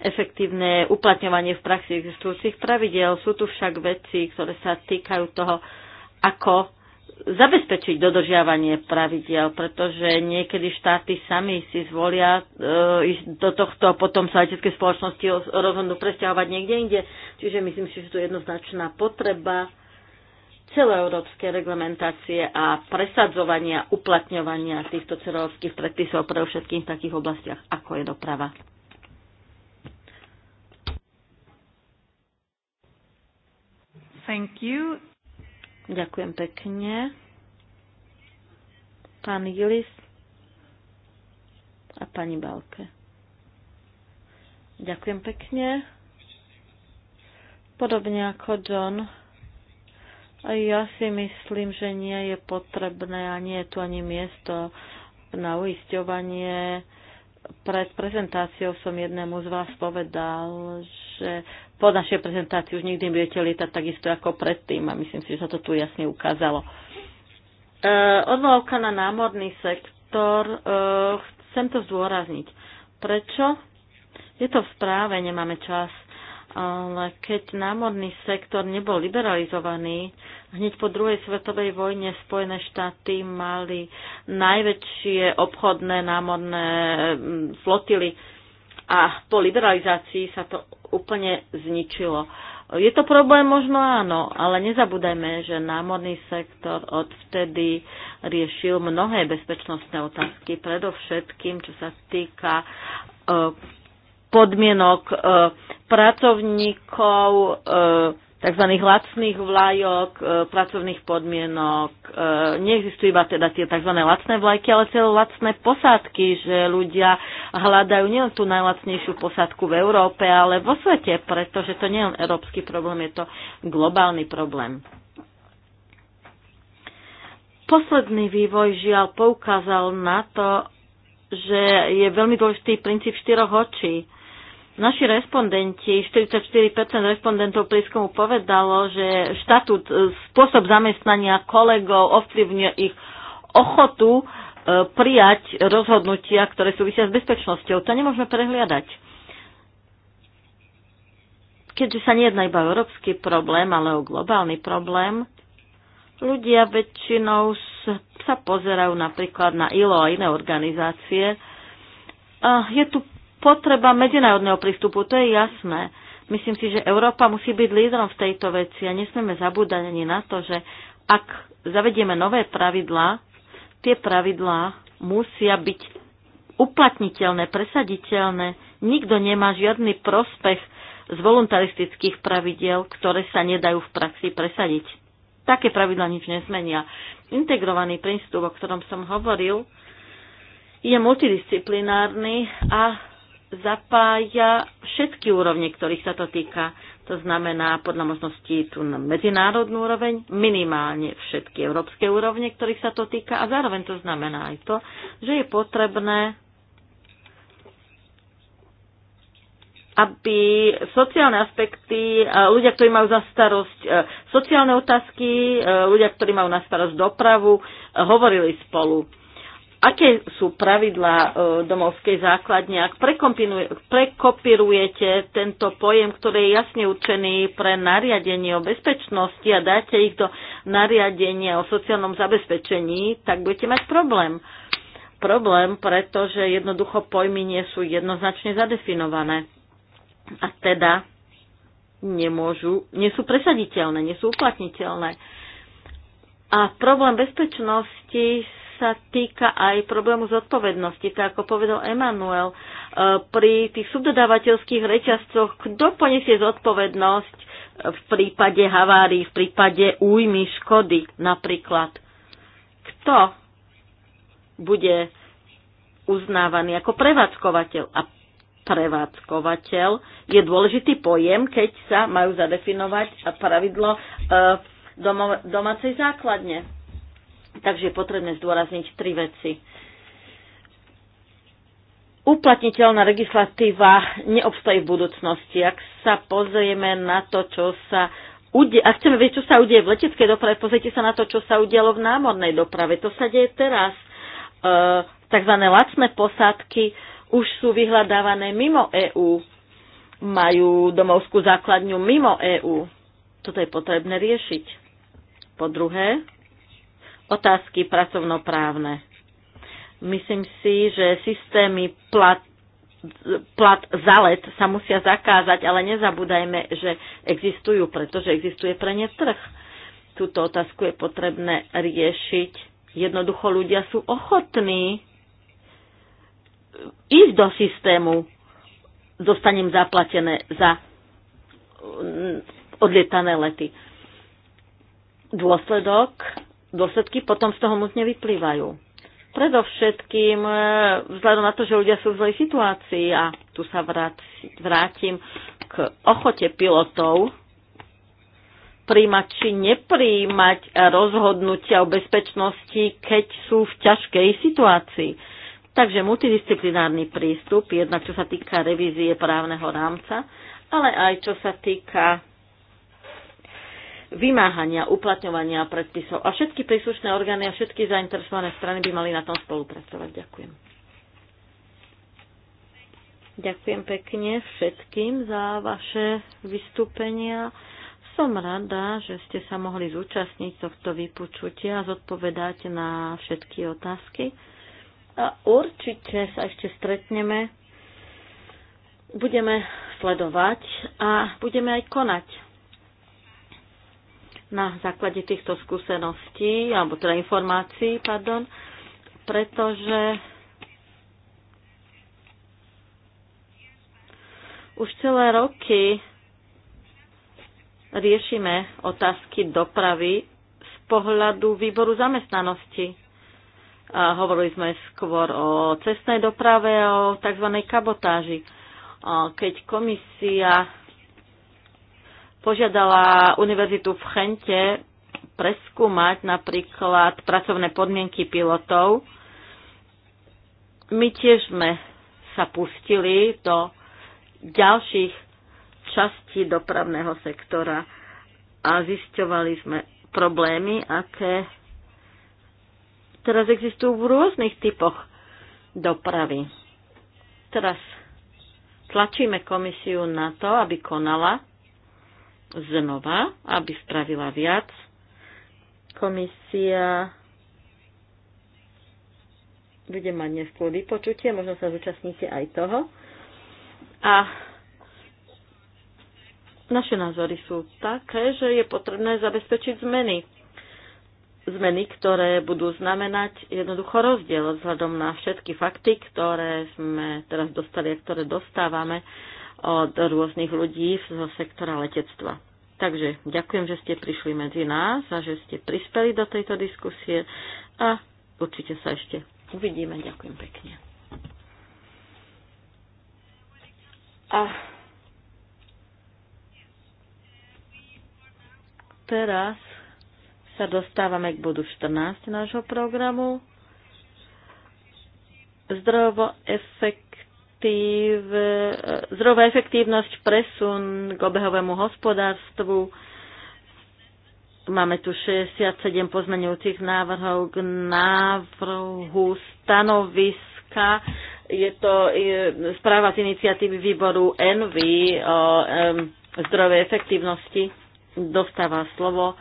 efektívne uplatňovanie v praxi existujúcich pravidel. Sú tu však veci, ktoré sa týkajú toho, ako zabezpečiť dodržiavanie pravidel, pretože niekedy štáty sami si zvolia e, ísť do tohto, potom sa letecké spoločnosti rozhodnú presťahovať niekde inde. Čiže myslím si, že tu je jednoznačná potreba celoeurópskej reglementácie a presadzovania, uplatňovania týchto celoeurópskych predpisov pre všetkých takých oblastiach, ako je doprava. Thank you. Ďakujem pekne. Pán Gilis a pani Balke. Ďakujem pekne. Podobne ako John, ja si myslím, že nie je potrebné a nie je tu ani miesto na uisťovanie. Pred prezentáciou som jednému z vás povedal, že po našej prezentácii už nikdy budete lietať takisto ako predtým a myslím si, že sa to tu jasne ukázalo. E, odvolávka na námorný sektor, e, chcem to zdôrazniť. Prečo? Je to v správe, nemáme čas ale keď námorný sektor nebol liberalizovaný, Hneď po druhej svetovej vojne Spojené štáty mali najväčšie obchodné námorné mm, flotily a po liberalizácii sa to úplne zničilo. Je to problém možno áno, ale nezabúdajme, že námorný sektor odvtedy riešil mnohé bezpečnostné otázky, predovšetkým čo sa týka e, podmienok e, pracovníkov, e, tzv. lacných vlajok, e, pracovných podmienok. E, neexistujú iba teda tie tzv. lacné vlajky, ale celé lacné posádky, že ľudia hľadajú nielen tú najlacnejšiu posádku v Európe, ale vo svete, pretože to nie je len európsky problém, je to globálny problém. Posledný vývoj žiaľ poukázal na to, že je veľmi dôležitý princíp štyroch očí Naši respondenti, 44% respondentov prískumu povedalo, že štatút, e, spôsob zamestnania kolegov ovplyvňuje ich ochotu e, prijať rozhodnutia, ktoré súvisia s bezpečnosťou. To nemôžeme prehliadať. Keďže sa nejedná iba o európsky problém, ale o globálny problém, ľudia väčšinou sa pozerajú napríklad na ILO a iné organizácie. Je tu potreba medzinárodného prístupu, to je jasné. Myslím si, že Európa musí byť lídrom v tejto veci a nesmieme zabúdať ani na to, že ak zavedieme nové pravidlá, tie pravidlá musia byť uplatniteľné, presaditeľné. Nikto nemá žiadny prospech z voluntaristických pravidiel, ktoré sa nedajú v praxi presadiť. Také pravidla nič nezmenia. Integrovaný prístup, o ktorom som hovoril, je multidisciplinárny a zapája všetky úrovne, ktorých sa to týka. To znamená podľa možností tú medzinárodnú úroveň, minimálne všetky európske úrovne, ktorých sa to týka a zároveň to znamená aj to, že je potrebné aby sociálne aspekty, eh, eh, eh, ľudia, ktorí majú na starosť sociálne otázky, ľudia, ktorí majú na starosť dopravu, hovorili spolu aké sú pravidlá e, domovskej základne, ak prekopirujete tento pojem, ktorý je jasne určený pre nariadenie o bezpečnosti a dáte ich do nariadenia o sociálnom zabezpečení, tak budete mať problém. Problém, pretože jednoducho pojmy nie sú jednoznačne zadefinované. A teda nemôžu, nie sú presaditeľné, nie sú uplatniteľné. A problém bezpečnosti sa týka aj problému zodpovednosti. Tak ako povedal Emanuel, eh, pri tých subdodávateľských reťazcoch, kto poniesie zodpovednosť v prípade havárií, v prípade újmy, škody napríklad? Kto bude uznávaný ako prevádzkovateľ? A prevádzkovateľ je dôležitý pojem, keď sa majú zadefinovať pravidlo eh, domácej základne Takže je potrebné zdôrazniť tri veci. Uplatniteľná legislatíva neobstojí v budúcnosti. Ak sa pozrieme na to, čo sa udie, ak chceme vedieť, čo sa udie v leteckej doprave, pozrite sa na to, čo sa udialo v námornej doprave. To sa deje teraz. E, takzvané lacné posádky už sú vyhľadávané mimo EÚ. Majú domovskú základňu mimo EÚ. Toto je potrebné riešiť. Po druhé, otázky pracovnoprávne. Myslím si, že systémy plat, plat za let sa musia zakázať, ale nezabúdajme, že existujú, pretože existuje pre ne trh. Túto otázku je potrebné riešiť. Jednoducho ľudia sú ochotní ísť do systému, dostanem zaplatené za mm, odlietané lety. Dôsledok dôsledky potom z toho nutne vyplývajú. Predovšetkým e, vzhľadom na to, že ľudia sú v zlej situácii a tu sa vrátim k ochote pilotov príjmať či nepríjmať rozhodnutia o bezpečnosti, keď sú v ťažkej situácii. Takže multidisciplinárny prístup, jednak čo sa týka revízie právneho rámca, ale aj čo sa týka vymáhania, uplatňovania predpisov. A všetky príslušné orgány a všetky zainteresované strany by mali na tom spolupracovať. Ďakujem. Ďakujem pekne všetkým za vaše vystúpenia. Som rada, že ste sa mohli zúčastniť tohto vypočutia a zodpovedať na všetky otázky. A určite sa ešte stretneme, budeme sledovať a budeme aj konať na základe týchto skúseností, alebo teda informácií, pardon, pretože už celé roky riešime otázky dopravy z pohľadu výboru zamestnanosti. A hovorili sme skôr o cestnej doprave a o tzv. kabotáži. A keď komisia požiadala univerzitu v Chente preskúmať napríklad pracovné podmienky pilotov. My tiež sme sa pustili do ďalších častí dopravného sektora a zisťovali sme problémy, aké teraz existujú v rôznych typoch dopravy. Teraz tlačíme komisiu na to, aby konala znova, aby spravila viac. Komisia bude mať neskôr vypočutie, možno sa zúčastníte aj toho. A naše názory sú také, že je potrebné zabezpečiť zmeny. Zmeny, ktoré budú znamenať jednoducho rozdiel vzhľadom na všetky fakty, ktoré sme teraz dostali a ktoré dostávame od rôznych ľudí zo sektora letectva. Takže ďakujem, že ste prišli medzi nás a že ste prispeli do tejto diskusie a určite sa ešte uvidíme. Ďakujem pekne. A teraz sa dostávame k bodu 14 nášho programu. Zdrovo efekt efektív, e, zdrojová efektívnosť, presun k obehovému hospodárstvu. Máme tu 67 pozmenujúcich návrhov k návrhu stanoviska. Je to e, správa z iniciatívy výboru Envy o e, zdrojovej efektívnosti. Dostáva slovo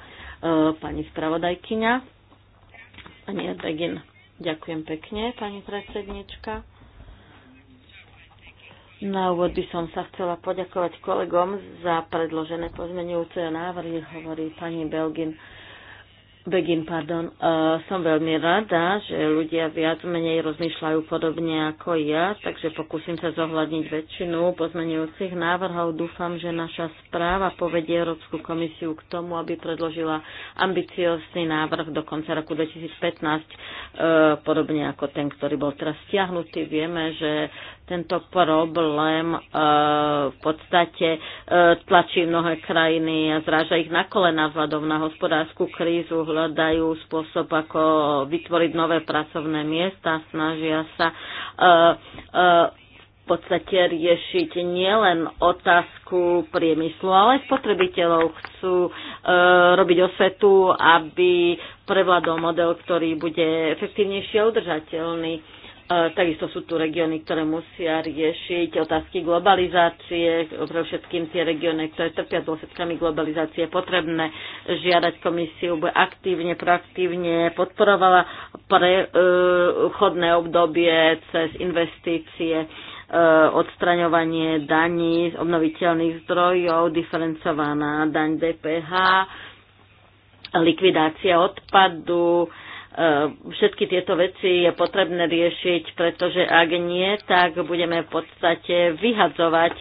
pani spravodajkyňa. Pani Edegin. Ďakujem pekne, pani predsednička. Na úvod by som sa chcela poďakovať kolegom za predložené pozmenujúce návrhy, hovorí pani Belgin. Begin, pardon. Uh, som veľmi rada, že ľudia viac menej rozmýšľajú podobne ako ja, takže pokúsim sa zohľadniť väčšinu pozmenujúcich návrhov. Dúfam, že naša správa povedie Európsku komisiu k tomu, aby predložila ambiciózny návrh do konca roku 2015, uh, e, podobne ako ten, ktorý bol teraz stiahnutý. Vieme, že tento problém e, v podstate e, tlačí mnohé krajiny a zráža ich na kolena vzhľadom na hospodárskú krízu, hľadajú spôsob, ako vytvoriť nové pracovné miesta, snažia sa e, e v podstate riešiť nielen otázku priemyslu, ale aj spotrebiteľov. Chcú e, robiť osvetu, aby prevladol model, ktorý bude efektívnejší a udržateľný E, takisto sú tu regióny, ktoré musia riešiť otázky globalizácie, pre všetkým tie regióny, ktoré trpia dôsledkami globalizácie, je potrebné žiadať komisiu, aby aktívne, proaktívne podporovala prechodné obdobie cez investície, e, odstraňovanie daní z obnoviteľných zdrojov, diferencovaná daň DPH, likvidácia odpadu, Ehm, všetky tieto veci je potrebné riešiť, pretože ak nie, tak budeme v podstate vyhadzovať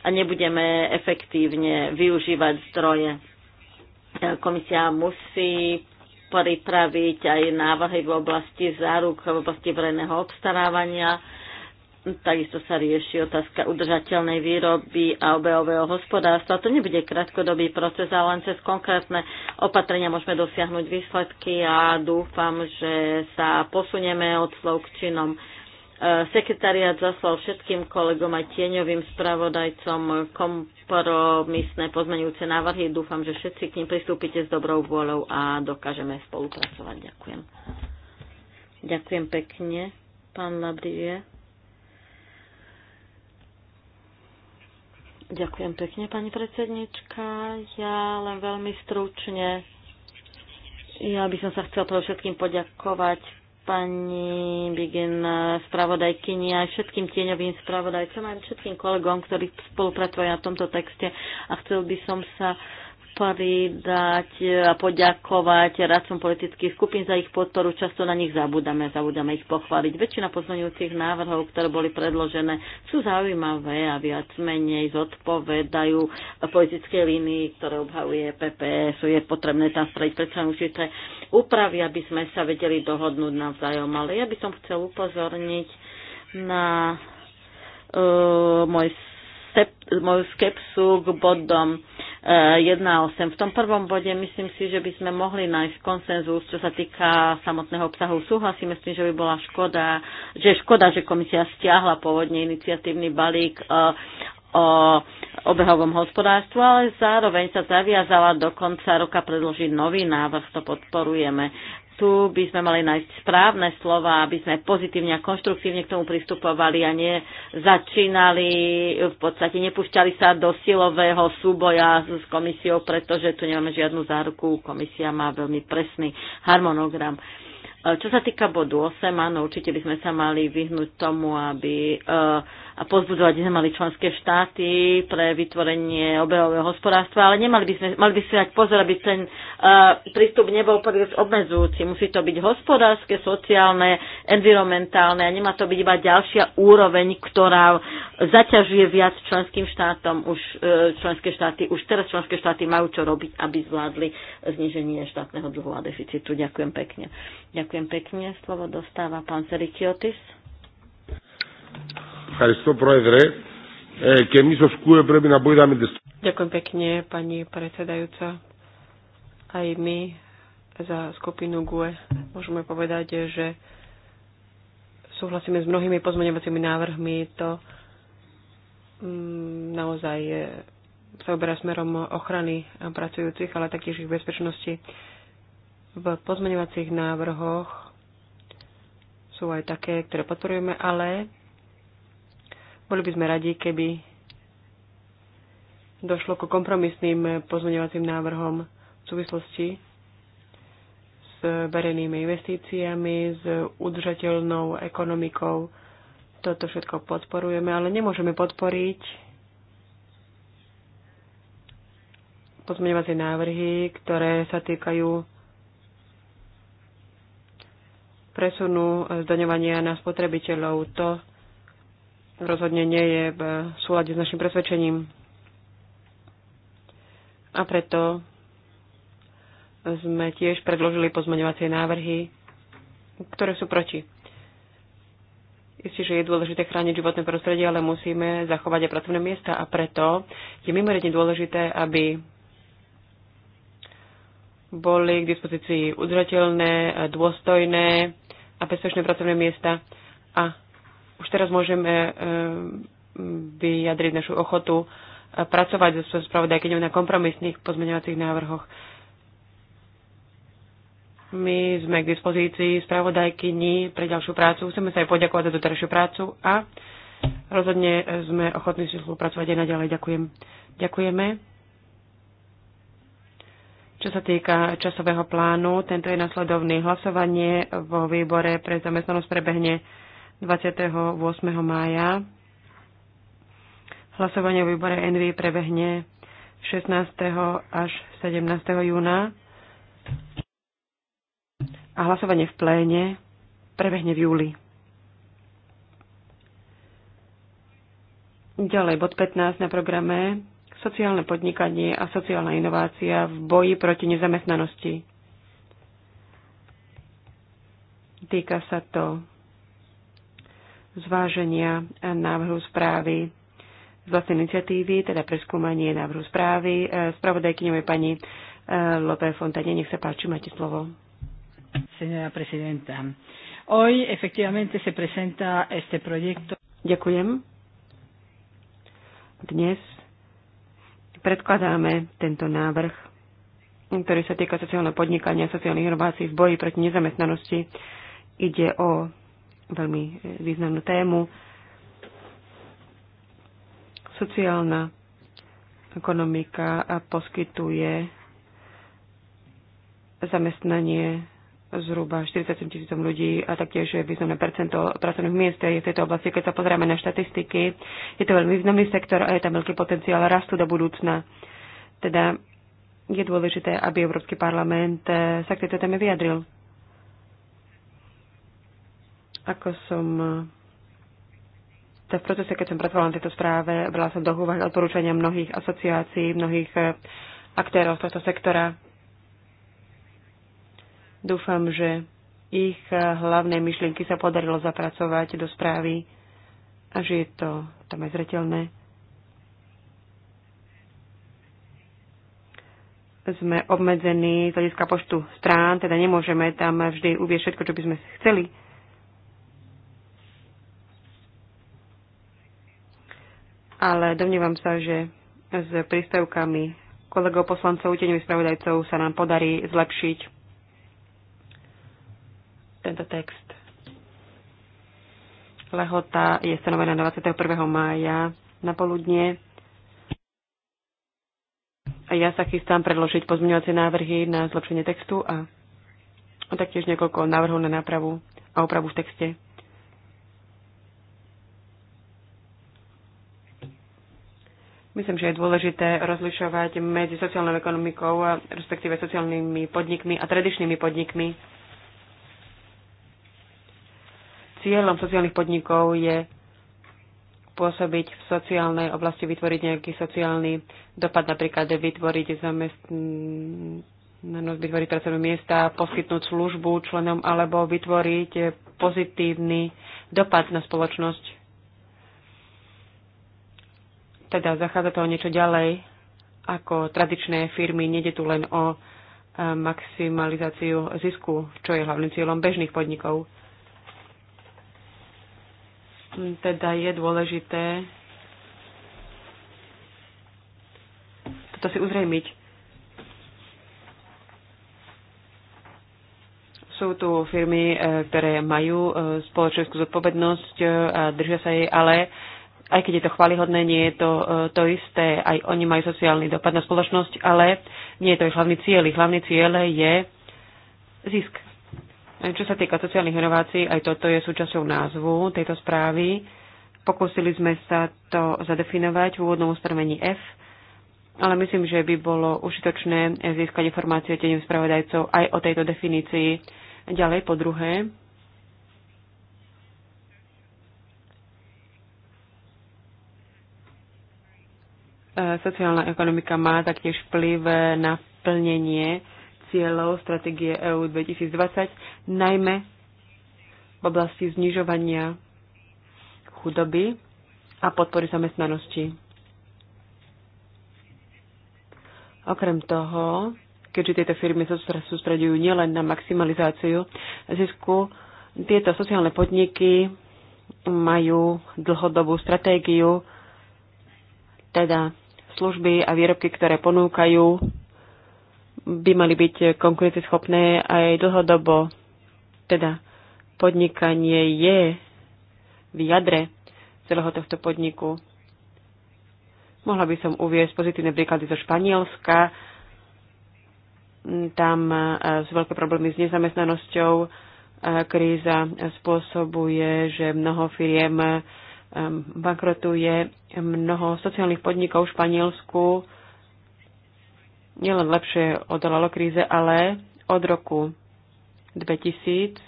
a nebudeme efektívne využívať zdroje. Ehm, komisia musí pripraviť aj návrhy v oblasti záruk, v oblasti verejného obstarávania, Takisto sa rieši otázka udržateľnej výroby a obehového hospodárstva. To nebude krátkodobý proces, ale len cez konkrétne opatrenia môžeme dosiahnuť výsledky a dúfam, že sa posunieme od slov k činom. E, sekretariat zaslal všetkým kolegom aj tieňovým spravodajcom kompromisné pozmenujúce návrhy. Dúfam, že všetci k ním pristúpite s dobrou vôľou a dokážeme spolupracovať. Ďakujem. Ďakujem pekne, pán Labrie. Ďakujem pekne, pani predsednička. Ja len veľmi stručne. Ja by som sa chcel pre všetkým poďakovať pani Bigin spravodajkyni aj všetkým tieňovým spravodajcom aj všetkým kolegom, ktorí spolupracujú na tomto texte a chcel by som sa uh, pridať e, a poďakovať radcom politických skupín za ich podporu. Často na nich zabudáme, zabudáme ich pochváliť. Väčšina pozmeňujúcich návrhov, ktoré boli predložené, sú zaujímavé a viac menej zodpovedajú politické línii, ktoré obhavuje PPS. Je potrebné tam spraviť predsa určité úpravy, aby sme sa vedeli dohodnúť navzájom. Ale ja by som chcel upozorniť na uh, môj, sep, moju skepsu k bodom 1.8. V tom prvom bode myslím si, že by sme mohli nájsť konsenzus, čo sa týka samotného obsahu. Súhlasíme s tým, že by bola škoda, že je škoda, že komisia stiahla pôvodne iniciatívny balík e, o obehovom hospodárstvu, ale zároveň sa zaviazala do konca roka predložiť nový návrh, to podporujeme tu by sme mali nájsť správne slova, aby sme pozitívne a konštruktívne k tomu pristupovali a ne začínali, v podstate nepúšťali sa do silového súboja s komisiou, pretože tu nemáme žiadnu záruku. Komisia má veľmi presný harmonogram. E, čo sa týka bodu 8, áno, určite by sme sa mali vyhnúť tomu, aby uh, a pozbudzovať by sme mali členské štáty pre vytvorenie obehového hospodárstva, ale nemali by sme, mali by sme dať pozor, aby ten uh, prístup nebol príliš obmedzujúci. Musí to byť hospodárske, sociálne, environmentálne a nemá to byť iba ďalšia úroveň, ktorá zaťažuje viac členským štátom. Už, uh, členské štáty, už teraz členské štáty majú čo robiť, aby zvládli zníženie štátneho dlhu a deficitu. Ďakujem pekne. Ďakujem pekne. Slovo dostáva pán Serikiotis. Ευχαριστώ, Πρόεδρε. Ε, και εμείς ως πρέπει να Ďakujem pekne, pani predsedajúca. Aj my za skupinu GUE môžeme povedať, že súhlasíme s mnohými pozmeňovacími návrhmi. To mm, naozaj e, sa oberá smerom ochrany pracujúcich, ale taktiež ich bezpečnosti. V pozmeňovacích návrhoch sú aj také, ktoré podporujeme, ale boli by sme radi, keby došlo ku kompromisným pozmeňovacím návrhom v súvislosti s verejnými investíciami, s udržateľnou ekonomikou. Toto všetko podporujeme, ale nemôžeme podporiť pozmeňovacie návrhy, ktoré sa týkajú presunu zdaňovania na spotrebiteľov. To rozhodne nie je v súlade s našim presvedčením. A preto sme tiež predložili pozmeňovacie návrhy, ktoré sú proti. Isté, že je dôležité chrániť životné prostredie, ale musíme zachovať aj pracovné miesta a preto je mimoriadne dôležité, aby boli k dispozícii udržateľné, dôstojné a bezpečné pracovné miesta a už teraz môžeme e, vyjadriť našu ochotu e, pracovať so spravodajkyňou na kompromisných pozmeňovacích návrhoch. My sme k dispozícii spravodajkyni pre ďalšiu prácu. Chceme sa aj poďakovať za doterajšiu prácu a rozhodne sme ochotní si spolupracovať aj naďalej. Ďakujem. Ďakujeme. Čo sa týka časového plánu, tento je nasledovný. Hlasovanie vo výbore pre zamestnanosť prebehne 28. mája. Hlasovanie o výbore NV prebehne 16. až 17. júna a hlasovanie v pléne prebehne v júli. Ďalej, bod 15 na programe sociálne podnikanie a sociálna inovácia v boji proti nezamestnanosti. Týka sa to zváženia návrhu správy z vlastnej iniciatívy, teda preskúmanie návrhu správy. Spravodajkyňou je pani eh, Lope Fontane. Nech sa páči, máte slovo. Senora prezidenta, hoj efektivamente se presenta este proyecto. Ďakujem. Dnes predkladáme tento návrh, ktorý sa týka sociálneho podnikania, sociálnych inovácií v boji proti nezamestnanosti. Ide o veľmi e, významnú tému. Sociálna ekonomika poskytuje zamestnanie zhruba 40 tisícom ľudí a taktiež je významné percento pracovných miest je v tejto oblasti. Keď sa pozrieme na štatistiky, je to veľmi významný sektor a je tam veľký potenciál rastu do budúcna. Teda je dôležité, aby Európsky parlament e, sa k tejto téme vyjadril. Ako som v procese, keď som pracovala na tejto správe, brala som do úvahy odporúčania mnohých asociácií, mnohých eh, aktérov tohto sektora. Dúfam, že ich eh, hlavné myšlienky sa podarilo zapracovať do správy a že je to tam aj zretelné. Sme obmedzení z hľadiska počtu strán, teda nemôžeme tam vždy uvieť všetko, čo by sme chceli ale domnievam sa, že s príspevkami kolegov poslancov, uteňových spravodajcov sa nám podarí zlepšiť tento text. Lehota je stanovená 21. mája na poludne. A ja sa chystám predložiť pozmeňovacie návrhy na zlepšenie textu a taktiež niekoľko návrhov na nápravu a opravu v texte. Myslím, že je dôležité rozlišovať medzi sociálnou ekonomikou, respektíve sociálnymi podnikmi a tradičnými podnikmi. Cieľom sociálnych podnikov je pôsobiť v sociálnej oblasti, vytvoriť nejaký sociálny dopad, napríklad vytvoriť zamestnanosť, vytvoriť pracovné miesta, poskytnúť službu členom alebo vytvoriť pozitívny dopad na spoločnosť teda zachádza to o niečo ďalej ako tradičné firmy. Nede tu len o eh, maximalizáciu zisku, čo je hlavným cieľom bežných podnikov. Teda je dôležité toto si uzrejmiť. Sú tu firmy, eh, ktoré majú eh, spoločenskú zodpovednosť a držia sa jej, ale aj keď je to chvalihodné, nie je to e, to isté, aj oni majú sociálny dopad na spoločnosť, ale nie je to ich hlavný cieľ. Ich hlavný cieľ je zisk. E, čo sa týka sociálnych inovácií, aj toto je súčasťou názvu tejto správy. Pokúsili sme sa to zadefinovať v úvodnom ustanovení F, ale myslím, že by bolo užitočné získať informácie o spravodajcov aj o tejto definícii. Ďalej po druhé, E, sociálna ekonomika má taktiež vplyv na plnenie cieľov stratégie EU 2020, najmä v oblasti znižovania chudoby a podpory zamestnanosti. Okrem toho, keďže tieto firmy sa sústredujú nielen na maximalizáciu zisku, tieto sociálne podniky majú dlhodobú stratégiu, teda služby a výrobky, ktoré ponúkajú, by mali byť konkurencieschopné aj dlhodobo. Teda podnikanie je v jadre celého tohto podniku. Mohla by som uviezť pozitívne príklady zo Španielska. Tam e, sú veľké problémy s nezamestnanosťou. E, kríza spôsobuje, že mnoho firiem bankrotuje mnoho sociálnych podnikov v Španielsku. Nielen lepšie odolalo kríze, ale od roku 2008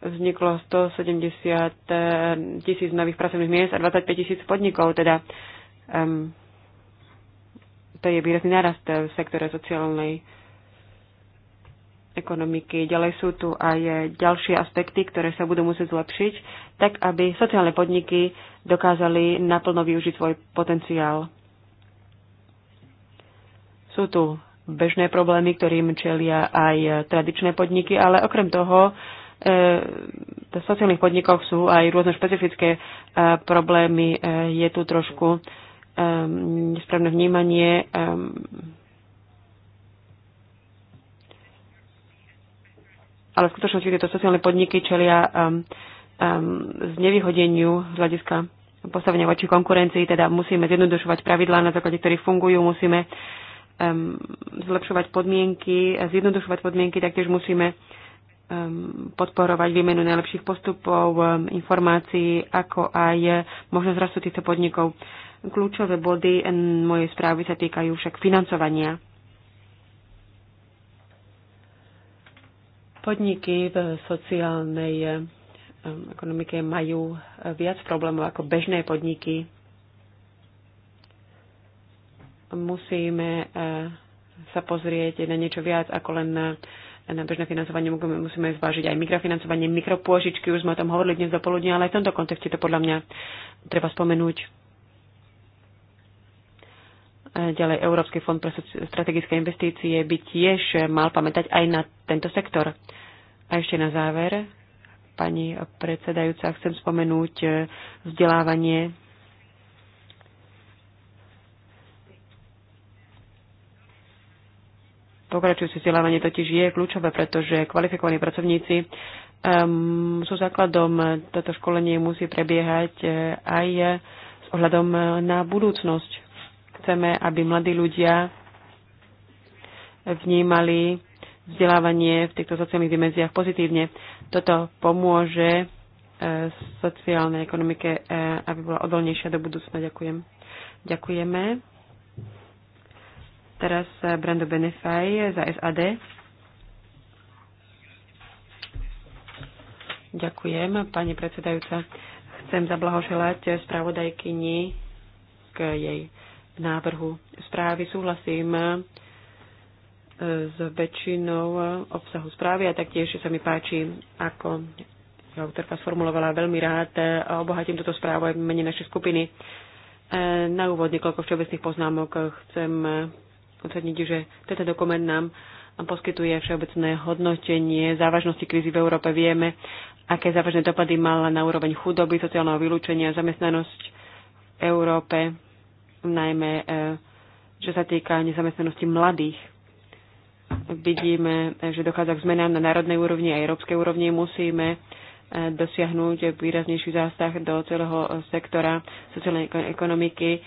vzniklo 170 tisíc nových pracovných miest a 25 tisíc podnikov, teda um, to je výrazný narast v sektore sociálnej ekonomiky. Ďalej sú tu aj ďalšie aspekty, ktoré sa budú musieť zlepšiť, tak aby sociálne podniky dokázali naplno využiť svoj potenciál. Sú tu bežné problémy, ktorým čelia aj tradičné podniky, ale okrem toho e, v sociálnych podnikoch sú aj rôzne špecifické e, problémy. E, je tu trošku nesprávne vnímanie ale v skutočnosti tieto sociálne podniky čelia um, um, znevýhodeniu z hľadiska postavenia voči konkurencii, teda musíme zjednodušovať pravidlá, na základe ktorých fungujú, musíme um, zlepšovať podmienky, zjednodušovať podmienky, taktiež musíme um, podporovať výmenu najlepších postupov, um, informácií, ako aj možnosť rastu týchto podnikov. Kľúčové body mojej správy sa týkajú však financovania Podniky v sociálnej eh, ekonomike majú eh, viac problémov ako bežné podniky. Musíme eh, sa pozrieť na niečo viac ako len na, na bežné financovanie. Musíme zvážiť aj mikrofinancovanie, mikropôžičky, už sme o tom hovorili dnes do poludnia, ale aj v tomto kontexte to podľa mňa treba spomenúť ďalej Európsky fond pre strategické investície by tiež mal pamätať aj na tento sektor. A ešte na záver, pani predsedajúca, chcem spomenúť e, vzdelávanie. Pokračujúce vzdelávanie totiž je kľúčové, pretože kvalifikovaní pracovníci ehm, sú základom. E, toto školenie musí prebiehať e, aj s ohľadom na budúcnosť Chceme, aby mladí ľudia vnímali vzdelávanie v týchto sociálnych dimenziách pozitívne. Toto pomôže e, sociálnej ekonomike, e, aby bola odolnejšia do budúcna. Ďakujem. Ďakujeme. Teraz e, Brando Benefaj za SAD. Ďakujem, pani predsedajúca. Chcem zablahoželať spravodajkyni k jej návrhu správy. Súhlasím e, s väčšinou obsahu správy a taktiež sa mi páči, ako autorka sformulovala veľmi rád e, a obohatím túto správu aj v mene našej skupiny. E, na úvod niekoľko všeobecných poznámok chcem oceniť, že tento dokument nám poskytuje všeobecné hodnotenie závažnosti krízy v Európe. Vieme, aké závažné dopady mala na úroveň chudoby, sociálneho vylúčenia, zamestnanosť v Európe najmä e, čo sa týka nezamestnanosti mladých. Vidíme, e, že dochádza k zmenám na národnej úrovni a európskej úrovni. Musíme e, dosiahnuť výraznejší zásah do celého sektora sociálnej ekonomiky.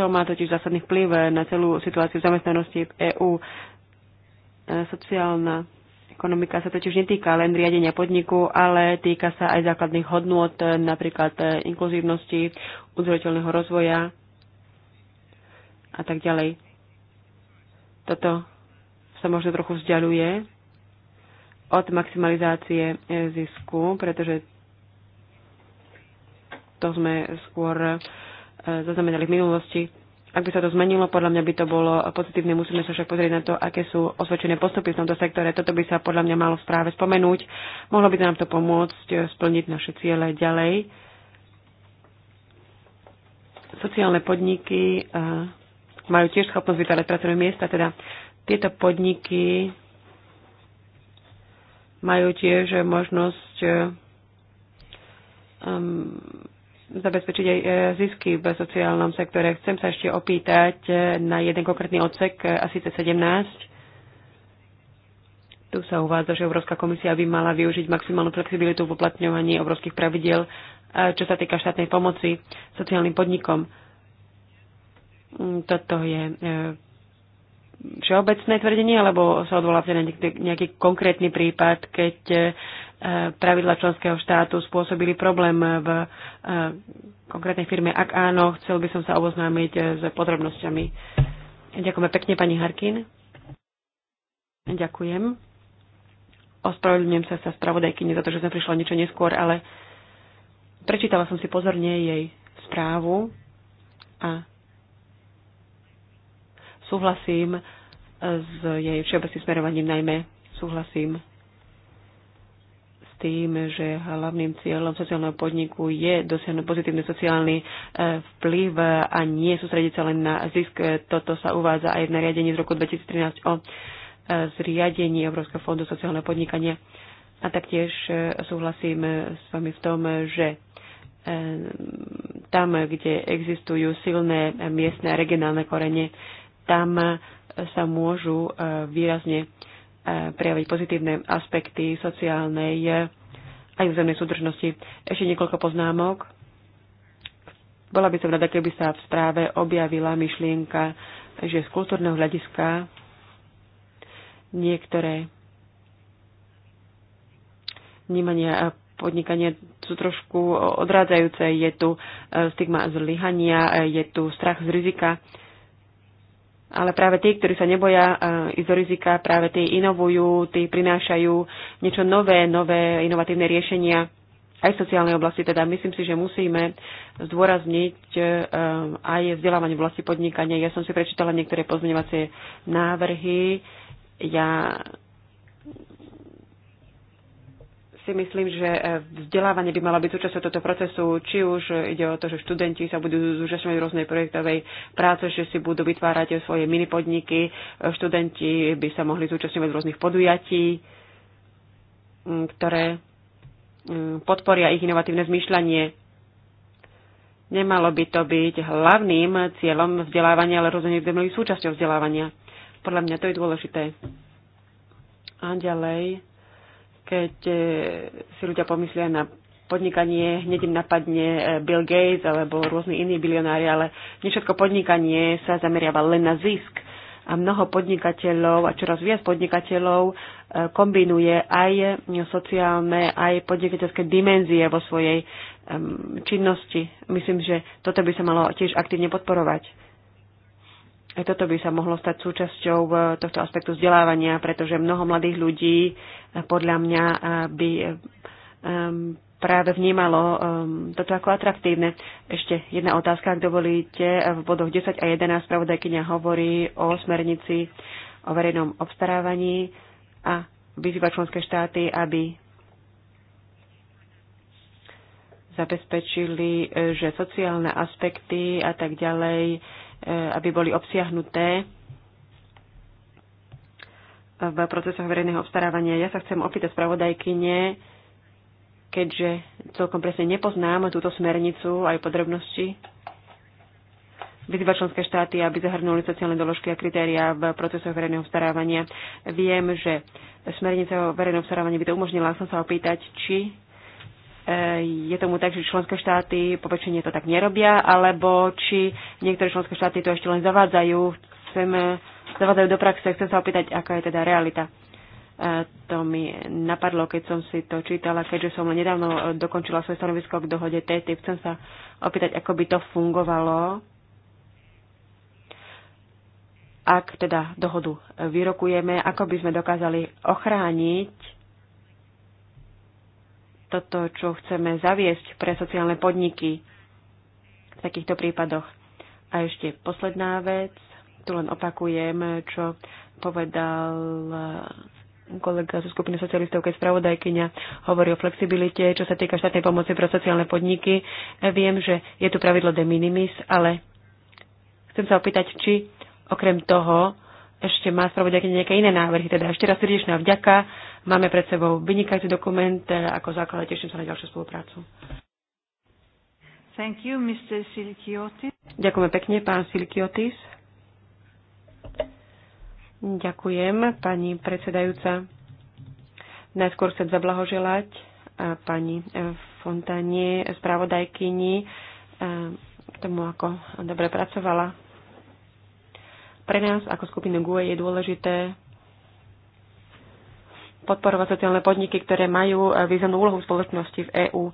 To má totiž zásadný vplyv na celú situáciu zamestnanosti v EÚ. Sociálna ekonomika sa totiž netýka len riadenia podniku, ale týka sa aj základných hodnôt, napríklad inkluzívnosti, udržateľného rozvoja a tak ďalej. Toto sa možno trochu vzdialuje od maximalizácie eh, zisku, pretože to sme skôr eh, zaznamenali v minulosti. Ak by sa to zmenilo, podľa mňa by to bolo pozitívne. Musíme sa však pozrieť na to, aké sú osvedčené postupy v tomto sektore. Toto by sa podľa mňa malo správe spomenúť. Mohlo by to nám to pomôcť eh, splniť naše ciele ďalej sociálne podniky majú tiež schopnosť vytvárať pracovné miesta, teda tieto podniky majú tiež možnosť um, zabezpečiť aj e, zisky v sociálnom sektore. Chcem sa ešte opýtať e, na jeden konkrétny odsek, asi c 17. Tu sa uvádza, že Európska komisia by mala využiť maximálnu flexibilitu v uplatňovaní európskych pravidiel čo sa týka štátnej pomoci sociálnym podnikom. Toto je e, všeobecné tvrdenie, alebo sa odvoláte na nejaký konkrétny prípad, keď e, pravidla členského štátu spôsobili problém v e, konkrétnej firme. Ak áno, chcel by som sa oboznámiť s podrobnosťami. Ďakujeme pekne, pani Harkin. Ďakujem. Ospravedlňujem sa sa spravodajkyni za to, že som prišla niečo neskôr, ale Prečítala som si pozorne jej správu a súhlasím e, s jej všeobecným smerovaním, najmä súhlasím s tým, že hlavným cieľom sociálneho podniku je dosiahnuť pozitívny sociálny e, vplyv a nie sústrediť sa len na zisk. Toto sa uvádza aj v nariadení z roku 2013 o e, zriadení Európskeho fondu sociálneho podnikania. A taktiež súhlasím s vami v tom, že tam, kde existujú silné miestne a regionálne korene, tam sa môžu e, výrazne e, prejaviť pozitívne aspekty sociálnej e, aj územnej súdržnosti. Ešte niekoľko poznámok. Bola by som rada, keby sa v správe objavila myšlienka, že z kultúrneho hľadiska niektoré vnímania podnikanie sú trošku odrádzajúce. Je tu e, stigma zlyhania, e, je tu strach z rizika. Ale práve tí, ktorí sa neboja e, ísť do rizika, práve tí inovujú, tí prinášajú niečo nové, nové inovatívne riešenia aj v sociálnej oblasti. Teda myslím si, že musíme zdôrazniť aj vzdelávanie vlasti podnikania. Ja som si prečítala niektoré pozmeňovacie návrhy. Ja si myslím, že e, vzdelávanie by malo byť súčasťou tohto procesu, či už ide o to, že študenti sa budú zúčastňovať rôznej projektovej práce, že si budú vytvárať svoje mini podniky, e, študenti by sa mohli zúčastňovať rôznych podujatí, ktoré podporia ich inovatívne zmýšľanie. Nemalo by to byť hlavným cieľom vzdelávania, ale rozhodne by mali súčasťou vzdelávania. Podľa mňa to je dôležité. A ďalej keď e, si ľudia pomyslia na podnikanie, hneď im napadne e, Bill Gates alebo rôzni iní bilionári, ale nie všetko podnikanie sa zameriava len na zisk. A mnoho podnikateľov a čoraz viac podnikateľov e, kombinuje aj sociálne, aj podnikateľské dimenzie vo svojej činnosti. Myslím, že toto by sa malo tiež aktívne podporovať. Aj toto by sa mohlo stať súčasťou eh, tohto aspektu vzdelávania, pretože mnoho mladých ľudí eh, podľa mňa eh, by práve vnímalo toto ako atraktívne. Ešte jedna otázka, ak dovolíte. V bodoch 10 a 11 spravodajkynia hovorí o smernici o verejnom obstarávaní a vyzýva členské štáty, aby zabezpečili, že sociálne aspekty a tak ďalej Eh, aby boli obsiahnuté v procesoch verejného obstarávania. Ja sa chcem opýtať spravodajkyne, keďže celkom presne nepoznám túto smernicu aj podrobnosti. Vyzýva členské štáty, aby zahrnuli sociálne doložky a kritériá v procesoch verejného obstarávania. Viem, že smernica o verejnom obstarávaní by to umožnila. Chcem sa opýtať, či Eh, je tomu tak, že členské štáty po väčšine to tak nerobia, alebo či niektoré členské štáty to ešte len zavádzajú, chcem, zavádzajú do praxe. Chcem sa opýtať, aká je teda realita. Eh, to mi napadlo, keď som si to čítala, keďže som len nedávno eh, dokončila svoje stanovisko k dohode TTIP. Chcem sa opýtať, ako by to fungovalo, ak teda dohodu vyrokujeme, ako by sme dokázali ochrániť toto, čo chceme zaviesť pre sociálne podniky v takýchto prípadoch. A ešte posledná vec, tu len opakujem, čo povedal eh, kolega zo skupiny socialistov, keď spravodajkyňa hovorí o flexibilite, čo sa týka štátnej pomoci pre sociálne podniky. Eh, viem, že je tu pravidlo de minimis, ale chcem sa opýtať, či okrem toho, ešte má spravodajky nejaké iné návrhy. Teda ešte raz srdečná vďaka. Máme pred sebou vynikajúci dokument eh, ako základe. Teším sa na ďalšiu spoluprácu. Thank you, Mr. Ďakujeme pekne, pán Silkiotis. Ďakujem, pani predsedajúca. Najskôr chcem zablahoželať eh, pani eh, Fontanie, spravodajkyni, k tomu, ako dobre pracovala pre nás ako skupinu GUE je dôležité podporovať sociálne podniky, ktoré majú e, významnú úlohu v spoločnosti v EÚ.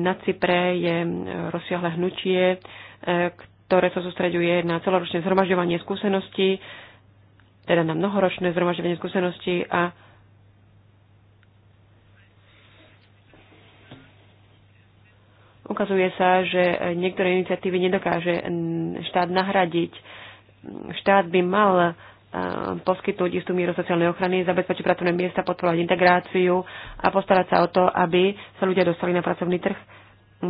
Na Cypre je rozsiahle hnutie, e, ktoré sa sústreďuje na celoročné zhromažďovanie skúseností, teda na mnohoročné zhromažďovanie skúseností a Ukazuje sa, že niektoré iniciatívy nedokáže štát nahradiť. Štát by mal poskytnúť istú míru sociálnej ochrany, zabezpečiť pracovné miesta, podporovať integráciu a postarať sa o to, aby sa ľudia dostali na pracovný trh.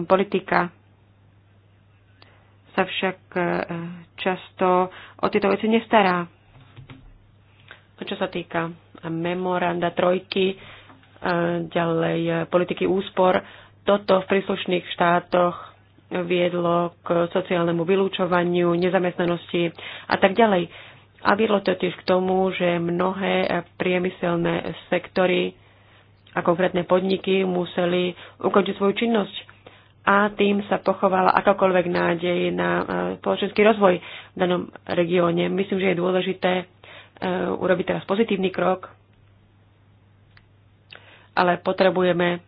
Politika sa však e, často o tieto veci nestará. čo sa týka memoranda trojky, e, ďalej e, politiky úspor, toto v príslušných štátoch viedlo k sociálnemu vylúčovaniu, nezamestnanosti a tak ďalej. A viedlo to tiež k tomu, že mnohé priemyselné sektory a konkrétne podniky museli ukončiť svoju činnosť a tým sa pochovala akákoľvek nádej na e, spoločenský rozvoj v danom regióne. Myslím, že je dôležité e, urobiť teraz pozitívny krok, ale potrebujeme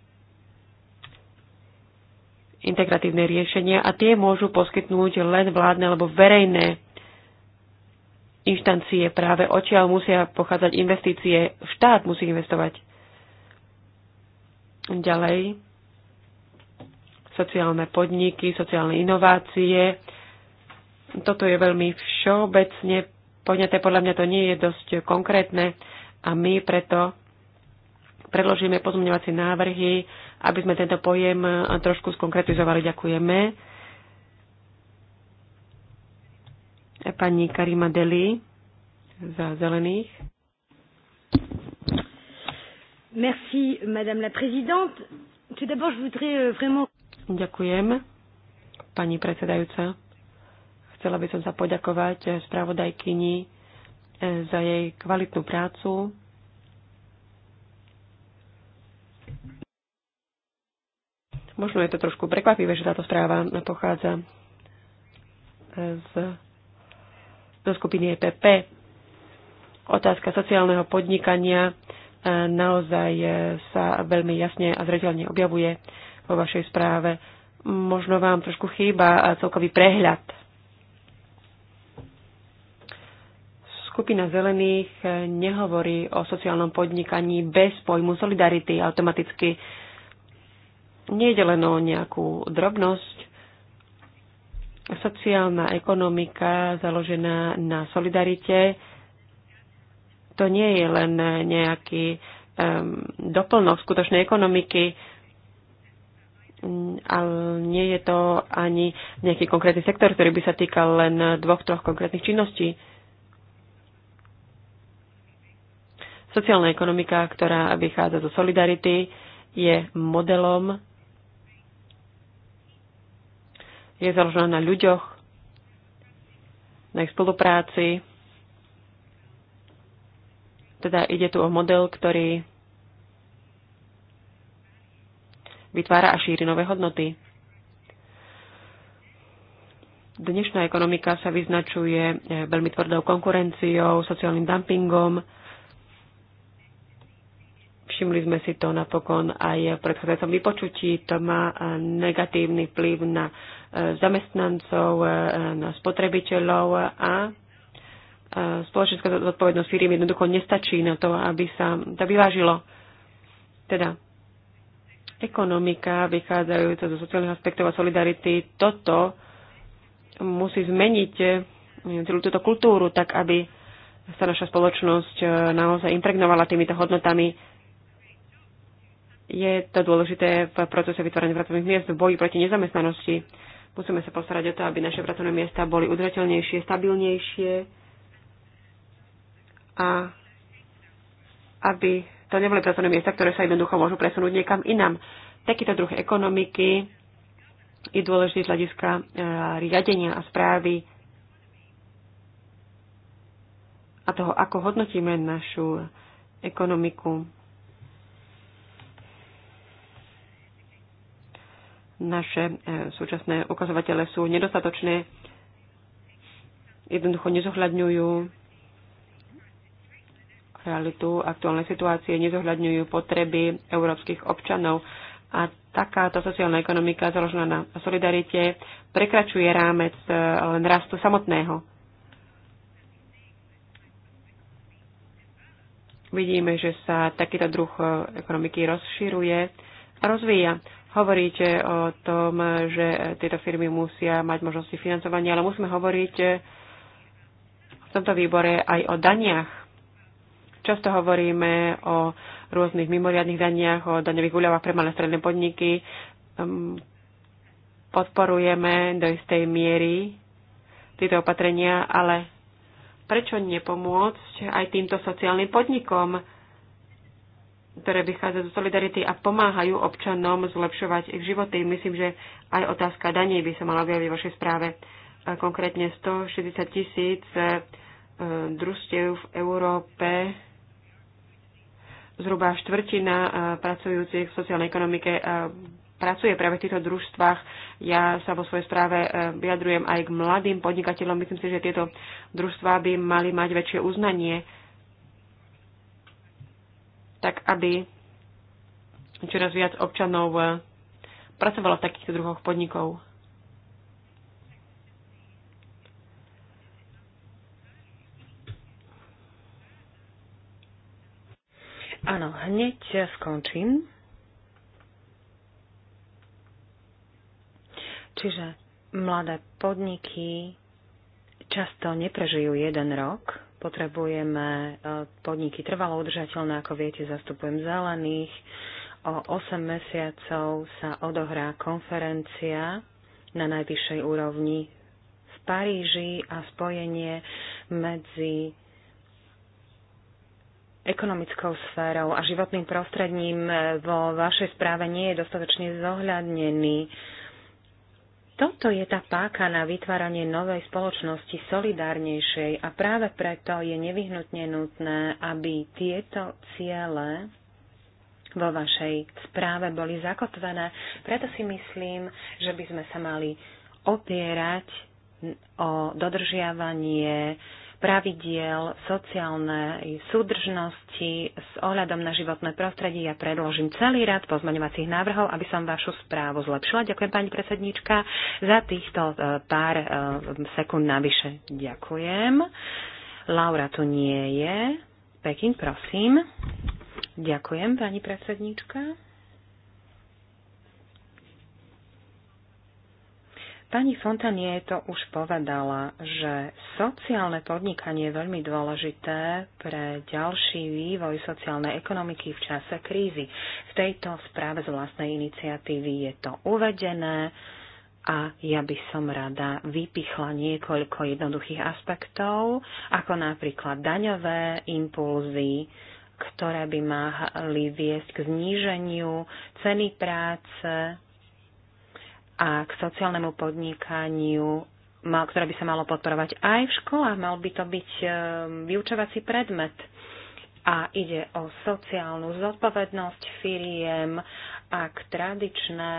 integratívne riešenia a tie môžu poskytnúť len vládne alebo verejné inštancie. Práve odtiaľ musia pochádzať investície. Štát musí investovať. Ďalej sociálne podniky, sociálne inovácie. Toto je veľmi všeobecne poňaté, podľa mňa to nie je dosť konkrétne a my preto predložíme pozmeňovacie návrhy, aby sme tento pojem e, trošku skonkretizovali. Ďakujeme. E, pani Karima Deli za zelených. Merci, Madame la Présidente. Tout d'abord, je voudrais euh, vraiment... Ďakujem, pani predsedajúca. Chcela by som sa poďakovať e, spravodajkyni za jej kvalitnú prácu Možno je to trošku prekvapivé, že táto správa pochádza e, z, zo skupiny EPP. Otázka sociálneho podnikania e, naozaj e, sa veľmi jasne a zretelne objavuje vo vašej správe. Možno vám trošku chýba celkový prehľad. Skupina zelených nehovorí o sociálnom podnikaní bez pojmu solidarity automaticky nejde len o nejakú drobnosť. Sociálna ekonomika založená na solidarite, to nie je len nejaký um, doplnok skutočnej ekonomiky, ale nie je to ani nejaký konkrétny sektor, ktorý by sa týkal len dvoch, troch konkrétnych činností. Sociálna ekonomika, ktorá vychádza zo solidarity, je modelom je založená na ľuďoch, na ich spolupráci. Teda ide tu o model, ktorý vytvára a šíri nové hodnoty. Dnešná ekonomika sa vyznačuje eh, veľmi tvrdou konkurenciou, sociálnym dumpingom. Všimli sme si to napokon aj v predchádzajúcom vypočutí. To má eh, negatívny vplyv na zamestnancov, e, na spotrebiteľov a e, spoločenská zodpovednosť firiem jednoducho nestačí na to, aby sa to vyvážilo. Teda ekonomika vychádzajúca zo sociálnych aspektov a solidarity, toto musí zmeniť e, celú túto kultúru tak, aby sa naša spoločnosť naozaj impregnovala týmito hodnotami. Je to dôležité v procese vytvárania pracovných miest, v boji proti nezamestnanosti. Musíme sa postarať o to, aby naše pracovné miesta boli udržateľnejšie, stabilnejšie a aby to neboli pracovné miesta, ktoré sa jednoducho môžu presunúť niekam inam. Takýto druh ekonomiky je dôležitý z hľadiska e, riadenia a správy a toho, ako hodnotíme našu ekonomiku. naše e, súčasné ukazovatele sú nedostatočné, jednoducho nezohľadňujú realitu aktuálnej situácie, nezohľadňujú potreby európskych občanov a takáto sociálna ekonomika založená na solidarite prekračuje rámec e, len rastu samotného. Vidíme, že sa takýto druh e, ekonomiky rozširuje a rozvíja. Hovoríte o tom, že tieto firmy musia mať možnosti financovania, ale musíme hovoriť v tomto výbore aj o daniach. Často hovoríme o rôznych mimoriadných daniach, o daňových úľavách pre malé stredné podniky. Ehm, podporujeme do istej miery tieto opatrenia, ale prečo nepomôcť aj týmto sociálnym podnikom? ktoré vychádzajú zo solidarity a pomáhajú občanom zlepšovať ich životy. Myslím, že aj otázka daní by sa mala objaviť v vašej správe. Konkrétne 160 tisíc e, družstiev v Európe, zhruba štvrtina e, pracujúcich v sociálnej ekonomike e, pracuje práve v týchto družstvách. Ja sa vo svojej správe vyjadrujem aj k mladým podnikateľom. Myslím si, že tieto družstvá by mali mať väčšie uznanie tak aby čoraz viac občanov eh, pracovalo v takýchto druhoch podnikov. Áno, hneď skončím. Čiže mladé podniky často neprežijú jeden rok, Potrebujeme e, podniky trvalo udržateľné, ako viete, zastupujem zelených. O 8 mesiacov sa odohrá konferencia na najvyššej úrovni v Paríži a spojenie medzi ekonomickou sférou a životným prostredím e, vo vašej správe nie je dostatočne zohľadnený toto je tá páka na vytváranie novej spoločnosti solidárnejšej a práve preto je nevyhnutne nutné, aby tieto ciele vo vašej správe boli zakotvené. Preto si myslím, že by sme sa mali opierať o dodržiavanie pravidiel sociálnej súdržnosti s ohľadom na životné prostredie. Ja predložím celý rad pozmaňovacích návrhov, aby som vašu správu zlepšila. Ďakujem, pani predsednička za týchto e, pár e, sekúnd navyše. Ďakujem. Laura tu nie je. Pekin, prosím. Ďakujem, pani predsednička. Pani Fontanie to už povedala, že sociálne podnikanie je veľmi dôležité pre ďalší vývoj sociálnej ekonomiky v čase krízy. V tejto správe z vlastnej iniciatívy je to uvedené a ja by som rada vypichla niekoľko jednoduchých aspektov, ako napríklad daňové impulzy, ktoré by mali viesť k zníženiu ceny práce, a k sociálnemu podnikaniu, ktoré by sa malo podporovať aj v školách. Mal by to byť e, vyučovací predmet. A ide o sociálnu zodpovednosť firiem, k tradičné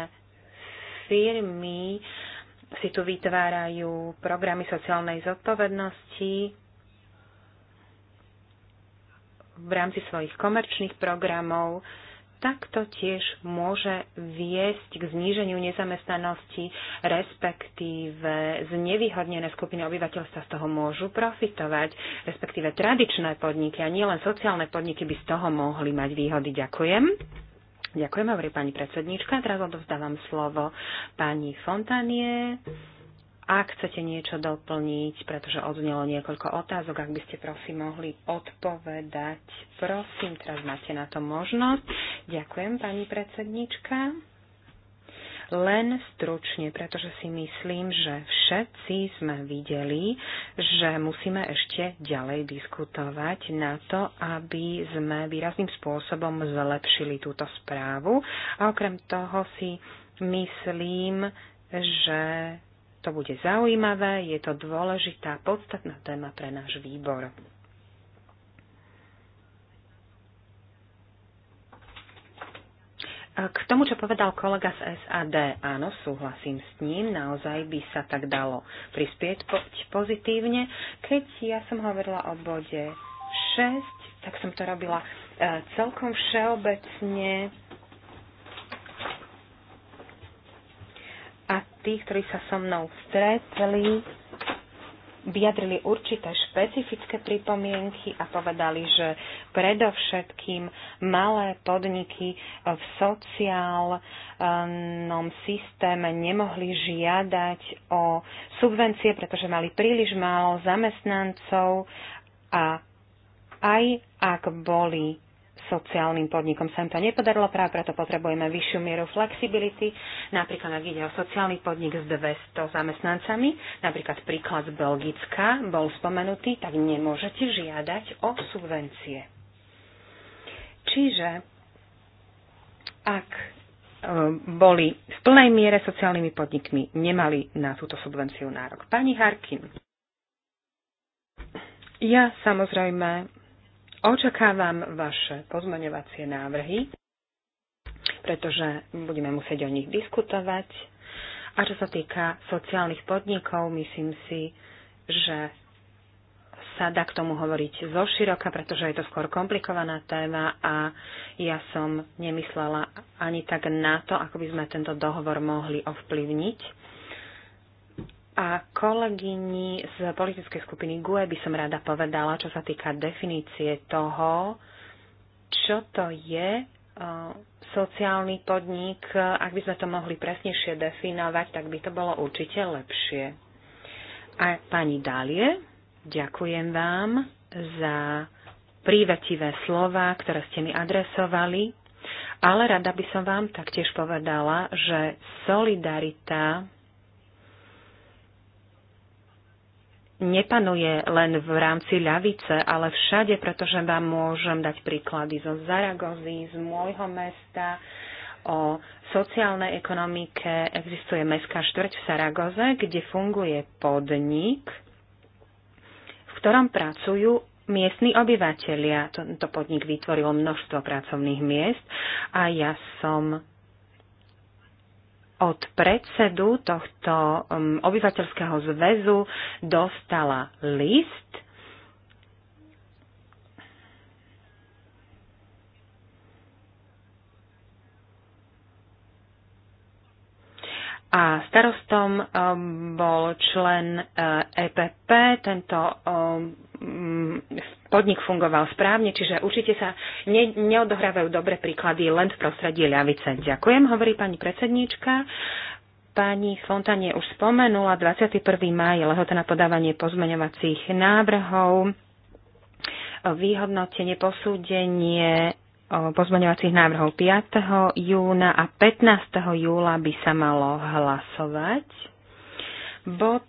firmy si tu vytvárajú programy sociálnej zodpovednosti v rámci svojich komerčných programov, tak to tiež môže viesť k zníženiu nezamestnanosti, respektíve znevýhodnené skupiny obyvateľstva z toho môžu profitovať, respektíve tradičné podniky a nielen sociálne podniky by z toho mohli mať výhody. Ďakujem. Ďakujem, hovorí pani predsedníčka. Teraz odovzdávam slovo pani Fontanie. Ak chcete niečo doplniť, pretože odznelo niekoľko otázok, ak by ste prosím mohli odpovedať, prosím, teraz máte na to možnosť. Ďakujem, pani predsednička. Len stručne, pretože si myslím, že všetci sme videli, že musíme ešte ďalej diskutovať na to, aby sme výrazným spôsobom zlepšili túto správu. A okrem toho si myslím, že to bude zaujímavé, je to dôležitá, podstatná téma pre náš výbor. K tomu, čo povedal kolega z SAD, áno, súhlasím s ním, naozaj by sa tak dalo prispieť pozitívne. Keď ja som hovorila o bode 6, tak som to robila e, celkom všeobecne tých, ktorí sa so mnou stretli, vyjadrili určité špecifické pripomienky a povedali, že predovšetkým malé podniky v sociálnom systéme nemohli žiadať o subvencie, pretože mali príliš málo zamestnancov a aj ak boli sociálnym podnikom sa im to nepodarilo, práve preto potrebujeme vyššiu mieru flexibility, napríklad ak ide o sociálny podnik s 200 zamestnancami, napríklad príklad z Belgicka bol spomenutý, tak nemôžete žiadať o subvencie. Čiže ak e, boli v plnej miere sociálnymi podnikmi, nemali na túto subvenciu nárok. Pani Harkin, ja samozrejme Očakávam vaše pozmaňovacie návrhy, pretože budeme musieť o nich diskutovať. A čo sa týka sociálnych podnikov, myslím si, že sa dá k tomu hovoriť zo široka, pretože je to skôr komplikovaná téma a ja som nemyslela ani tak na to, ako by sme tento dohovor mohli ovplyvniť a kolegyni z politickej skupiny GUE by som rada povedala, čo sa týka definície toho, čo to je e, sociálny podnik. Ak by sme to mohli presnejšie definovať, tak by to bolo určite lepšie. A pani Dalie, ďakujem vám za prívetivé slova, ktoré ste mi adresovali, ale rada by som vám taktiež povedala, že solidarita nepanuje len v rámci ľavice, ale všade, pretože vám môžem dať príklady zo Zaragozy, z môjho mesta, o sociálnej ekonomike existuje mestská štvrť v Saragoze, kde funguje podnik, v ktorom pracujú miestni obyvateľia. Tento podnik vytvoril množstvo pracovných miest a ja som od predsedu tohto um, obyvateľského zväzu dostala list, a starostom um, bol člen uh, EPP. Tento um, Mm, podnik fungoval správne, čiže určite sa ne, neodohrávajú dobre príklady len v prostredí ľavice. Ďakujem, hovorí pani predsedníčka. Pani Fontanie už spomenula, 21. maj je lehota na podávanie pozmeňovacích návrhov, vyhodnotenie, posúdenie pozmeňovacích návrhov 5. júna a 15. júla by sa malo hlasovať. Bod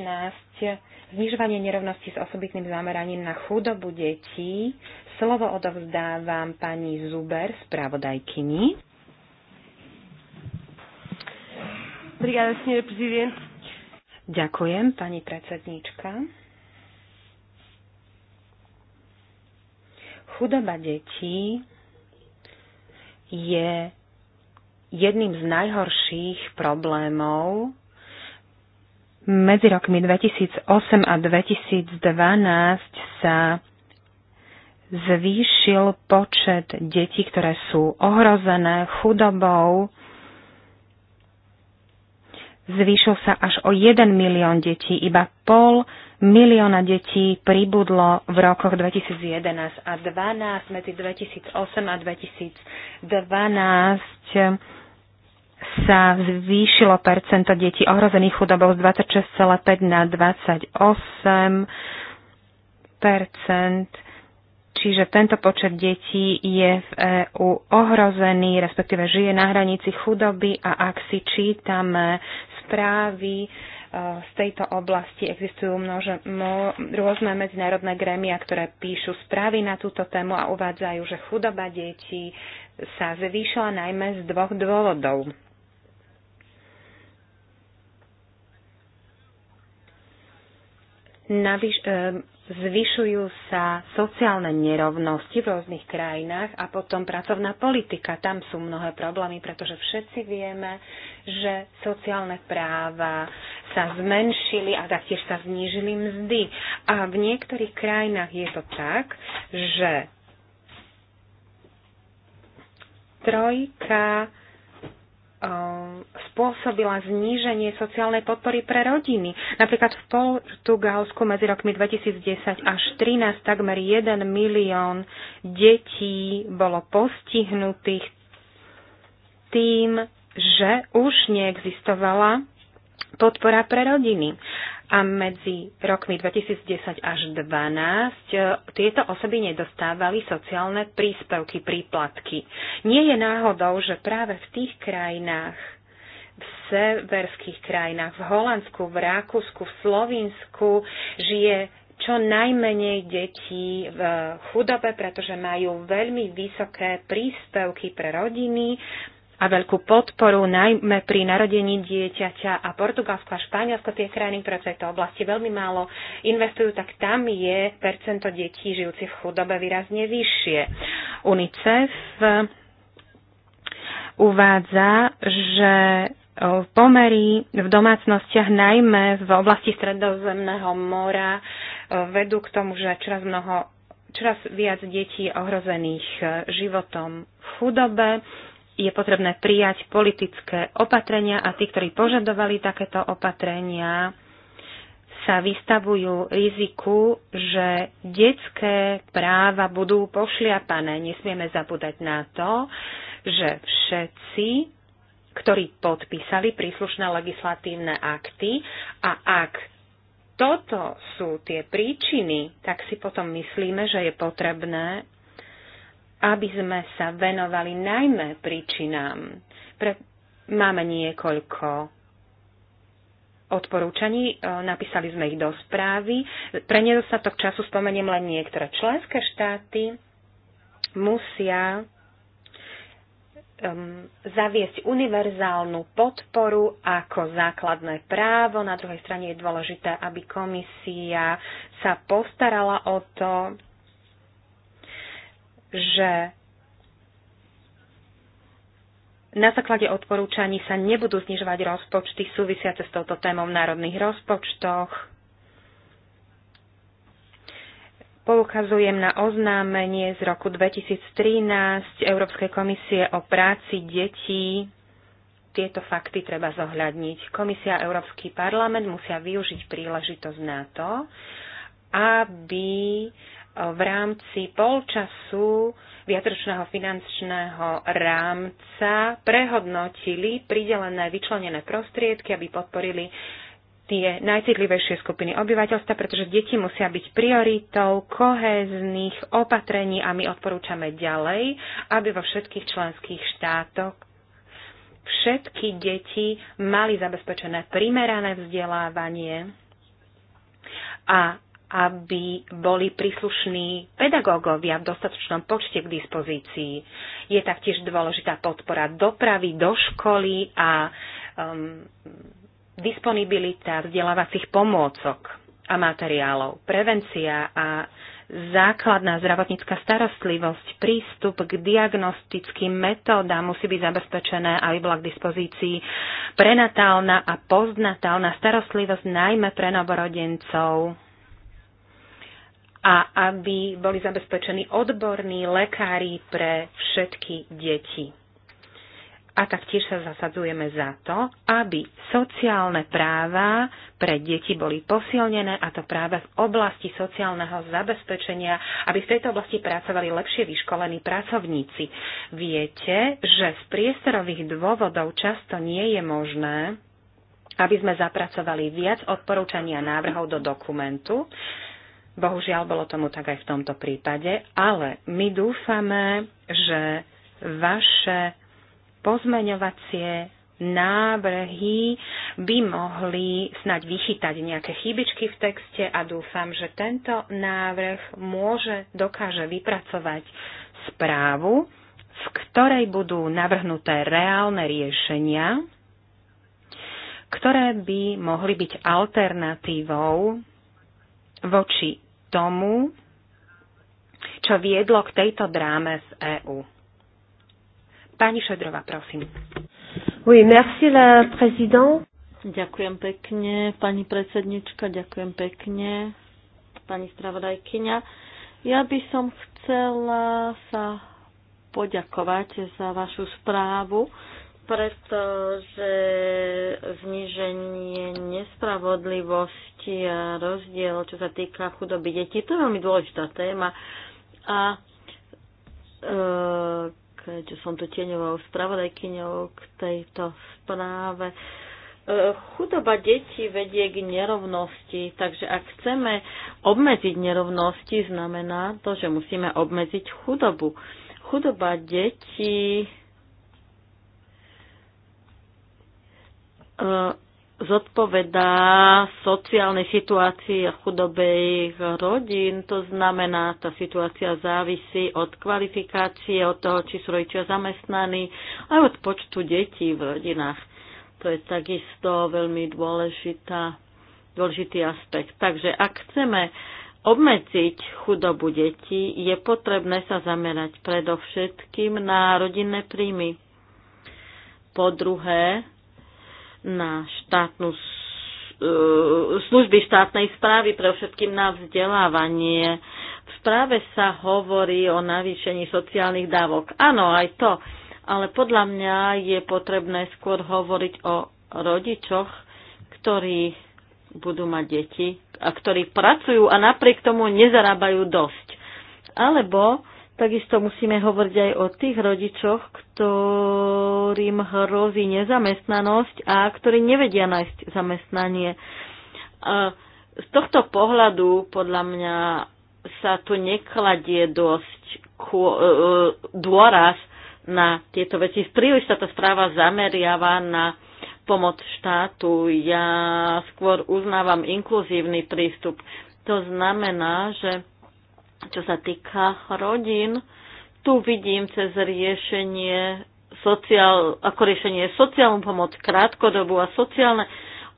16 Znižovanie nerovnosti s osobitným zameraním na chudobu detí. Slovo odovzdávam pani Zuber, spravodajkyni. Ďakujem, pani predsedníčka. Chudoba detí je jedným z najhorších problémov, medzi rokmi 2008 a 2012 sa zvýšil počet detí, ktoré sú ohrozené chudobou. Zvýšil sa až o 1 milión detí, iba pol milióna detí pribudlo v rokoch 2011 a 2012, medzi 2008 a 2012 sa zvýšilo percento detí ohrozených chudobou z 26,5 na 28 percent. Čiže tento počet detí je v EÚ ohrozený, respektíve žije na hranici chudoby a ak si čítame správy e, z tejto oblasti, existujú množe, mno, rôzne medzinárodné grémia, ktoré píšu správy na túto tému a uvádzajú, že chudoba detí sa zvýšila najmä z dvoch dôvodov navyš, e, zvyšujú sa sociálne nerovnosti v rôznych krajinách a potom pracovná politika. Tam sú mnohé problémy, pretože všetci vieme, že sociálne práva sa zmenšili a taktiež sa znížili mzdy. A v niektorých krajinách je to tak, že trojka Eh, spôsobila zníženie sociálnej podpory pre rodiny. Napríklad v Portugalsku medzi rokmi 2010 až 2013 takmer 1 milión detí bolo postihnutých tým, že už neexistovala podpora pre rodiny. A medzi rokmi 2010 až 2012 e, tieto osoby nedostávali sociálne príspevky, príplatky. Nie je náhodou, že práve v tých krajinách, v severských krajinách, v Holandsku, v Rakúsku, v Slovinsku žije čo najmenej detí v chudobe, pretože majú veľmi vysoké príspevky pre rodiny, a veľkú podporu, najmä pri narodení dieťaťa a Portugalsko a Španielsko, tie krajiny, ktoré v tejto oblasti veľmi málo investujú, tak tam je percento detí žijúci v chudobe výrazne vyššie. UNICEF eh, uvádza, že eh, pomery v domácnostiach, najmä v oblasti Stredozemného mora, eh, vedú k tomu, že čoraz mnoho čoraz viac detí ohrozených životom v chudobe, je potrebné prijať politické opatrenia a tí, ktorí požadovali takéto opatrenia, sa vystavujú riziku, že detské práva budú pošliapané. Nesmieme zabúdať na to, že všetci, ktorí podpísali príslušné legislatívne akty a ak toto sú tie príčiny, tak si potom myslíme, že je potrebné aby sme sa venovali najmä príčinám. Pre, máme niekoľko odporúčaní, e, napísali sme ich do správy. Pre nedostatok času spomeniem len niektoré členské štáty musia um, zaviesť univerzálnu podporu ako základné právo. Na druhej strane je dôležité, aby komisia sa postarala o to, že na základe odporúčaní sa nebudú znižovať rozpočty súvisiace s touto témou v národných rozpočtoch. Poukazujem na oznámenie z roku 2013 Európskej komisie o práci detí. Tieto fakty treba zohľadniť. Komisia a Európsky parlament musia využiť príležitosť na to, aby v rámci polčasu viatročného finančného rámca prehodnotili pridelené vyčlenené prostriedky, aby podporili tie najcitlivejšie skupiny obyvateľstva, pretože deti musia byť prioritou kohéznych opatrení a my odporúčame ďalej, aby vo všetkých členských štátoch všetky deti mali zabezpečené primerané vzdelávanie a aby boli príslušní pedagógovia v dostatočnom počte k dispozícii. Je taktiež dôležitá podpora dopravy do školy a um, disponibilita vzdelávacích pomôcok a materiálov, prevencia a základná zdravotnícka starostlivosť, prístup k diagnostickým metódám musí byť zabezpečené, aby bola k dispozícii prenatálna a postnatálna starostlivosť najmä pre novorodencov a aby boli zabezpečení odborní lekári pre všetky deti. A taktiež sa zasadzujeme za to, aby sociálne práva pre deti boli posilnené, a to práve v oblasti sociálneho zabezpečenia, aby v tejto oblasti pracovali lepšie vyškolení pracovníci. Viete, že z priestorových dôvodov často nie je možné aby sme zapracovali viac odporúčania návrhov do dokumentu. Bohužiaľ bolo tomu tak aj v tomto prípade, ale my dúfame, že vaše pozmeňovacie návrhy by mohli snať vychytať nejaké chybičky v texte a dúfam, že tento návrh môže, dokáže vypracovať správu, v ktorej budú navrhnuté reálne riešenia, ktoré by mohli byť alternatívou voči tomu, čo viedlo k tejto dráme z EÚ. Pani Šedrova, prosím. Oui, merci la président. Ďakujem pekne, pani predsednička, ďakujem pekne, pani spravodajkyňa. Ja by som chcela sa poďakovať za vašu správu pretože zniženie nespravodlivosti a rozdiel, čo sa týka chudoby detí, to je veľmi dôležitá téma. A e, keďže som tu tieňovou spravodajkyňou k tejto správe, e, chudoba detí vedie k nerovnosti, takže ak chceme obmedziť nerovnosti, znamená to, že musíme obmedziť chudobu. Chudoba detí zodpovedá sociálnej situácii a chudobe ich rodín. To znamená, tá situácia závisí od kvalifikácie, od toho, či sú rodičia zamestnaní, aj od počtu detí v rodinách. To je takisto veľmi dôležitá, dôležitý aspekt. Takže ak chceme obmedziť chudobu detí, je potrebné sa zamerať predovšetkým na rodinné príjmy. Po druhé, na štátnu e, služby štátnej správy, pre všetkým na vzdelávanie. V správe sa hovorí o navýšení sociálnych dávok. Áno, aj to. Ale podľa mňa je potrebné skôr hovoriť o rodičoch, ktorí budú mať deti a ktorí pracujú a napriek tomu nezarábajú dosť. Alebo Takisto musíme hovoriť aj o tých rodičoch, ktorým hrozí nezamestnanosť a ktorí nevedia nájsť zamestnanie. Z tohto pohľadu podľa mňa sa tu nekladie dosť e, e, dôraz na tieto veci. Príliš sa tá správa zameriava na pomoc štátu. Ja skôr uznávam inkluzívny prístup. To znamená, že čo sa týka rodín, tu vidím cez riešenie sociál, ako riešenie sociálnu pomoc krátkodobú a sociálne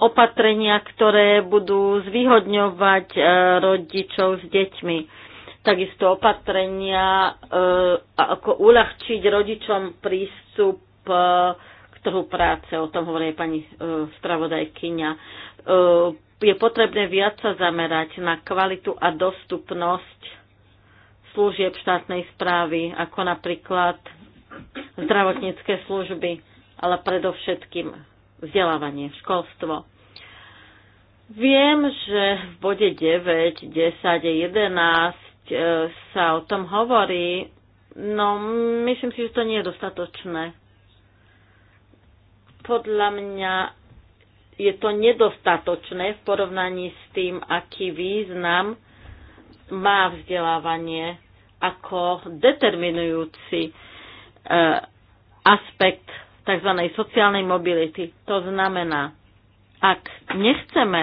opatrenia, ktoré budú zvýhodňovať e, rodičov s deťmi. Takisto opatrenia, e, ako uľahčiť rodičom prístup e, k trhu práce, o tom hovorí pani spravodajkyňa. Je potrebné viac sa zamerať na kvalitu a dostupnosť služieb štátnej správy, ako napríklad zdravotnícke služby, ale predovšetkým vzdelávanie, školstvo. Viem, že v bode 9, 10 a 11 e, sa o tom hovorí, no myslím si, že to nie je dostatočné. Podľa mňa je to nedostatočné v porovnaní s tým, aký význam má vzdelávanie ako determinujúci e, aspekt tzv. sociálnej mobility. To znamená, ak nechceme,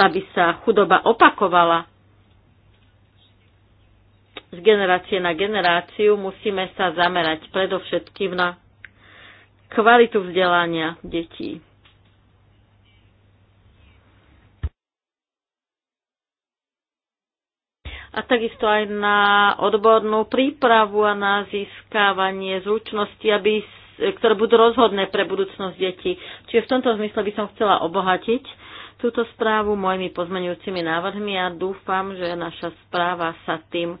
aby sa chudoba opakovala z generácie na generáciu, musíme sa zamerať predovšetkým na kvalitu vzdelania detí. a takisto aj na odbornú prípravu a na získávanie zručnosti, aby, ktoré budú rozhodné pre budúcnosť detí. Čiže v tomto zmysle by som chcela obohatiť túto správu mojimi pozmeňujúcimi návrhmi a dúfam, že naša správa sa tým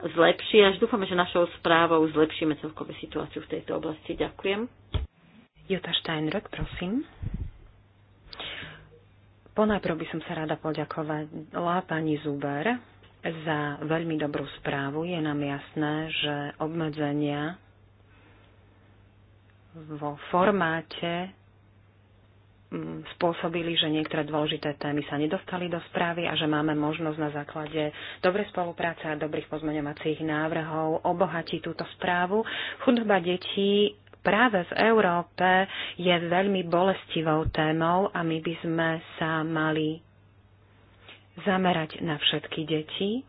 zlepší až dúfame, že našou správou zlepšíme celkové situáciu v tejto oblasti. Ďakujem. Jota Steinrock, prosím. Ponajprv by som sa rada poďakovala pani Zuber za veľmi dobrú správu. Je nám jasné, že obmedzenia vo formáte mm, spôsobili, že niektoré dôležité témy sa nedostali do správy a že máme možnosť na základe dobrej spolupráce a dobrých pozmeňovacích návrhov obohatiť túto správu. Chudoba detí práve v Európe je veľmi bolestivou témou a my by sme sa mali zamerať na všetky deti,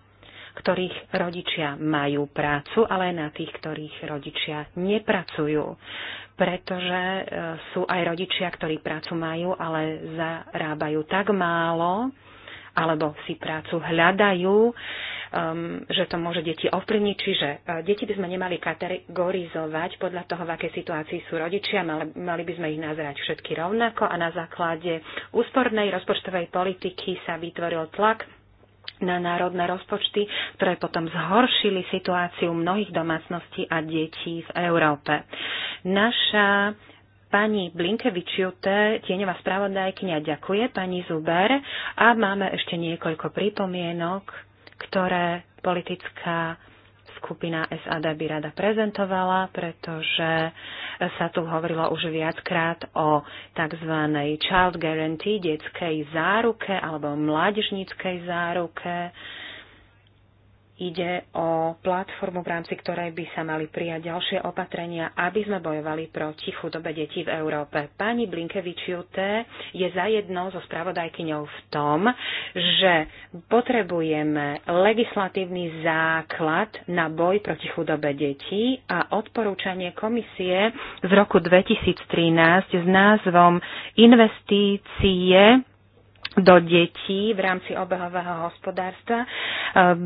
ktorých rodičia majú prácu, ale aj na tých, ktorých rodičia nepracujú. Pretože e, sú aj rodičia, ktorí prácu majú, ale zarábajú tak málo, alebo si prácu hľadajú, um, že to môže deti ovplyvniť. Čiže uh, deti by sme nemali kategorizovať podľa toho, v akej situácii sú rodičia, mali, mali by sme ich nazerať všetky rovnako a na základe úspornej rozpočtovej politiky sa vytvoril tlak na národné rozpočty, ktoré potom zhoršili situáciu mnohých domácností a detí v Európe. Naša pani Blinkevičiute, tieňová spravodajkňa, ďakuje pani Zuber a máme ešte niekoľko pripomienok ktoré politická skupina SAD by rada prezentovala, pretože sa tu hovorilo už viackrát o tzv. child guarantee, detskej záruke alebo mládežníckej záruke ide o platformu, v rámci ktorej by sa mali prijať ďalšie opatrenia, aby sme bojovali proti chudobe detí v Európe. Pani Blinkevičiute je zajedno so spravodajkyňou v tom, že potrebujeme legislatívny základ na boj proti chudobe detí a odporúčanie komisie z roku 2013 s názvom Investície do detí v rámci obehového hospodárstva e,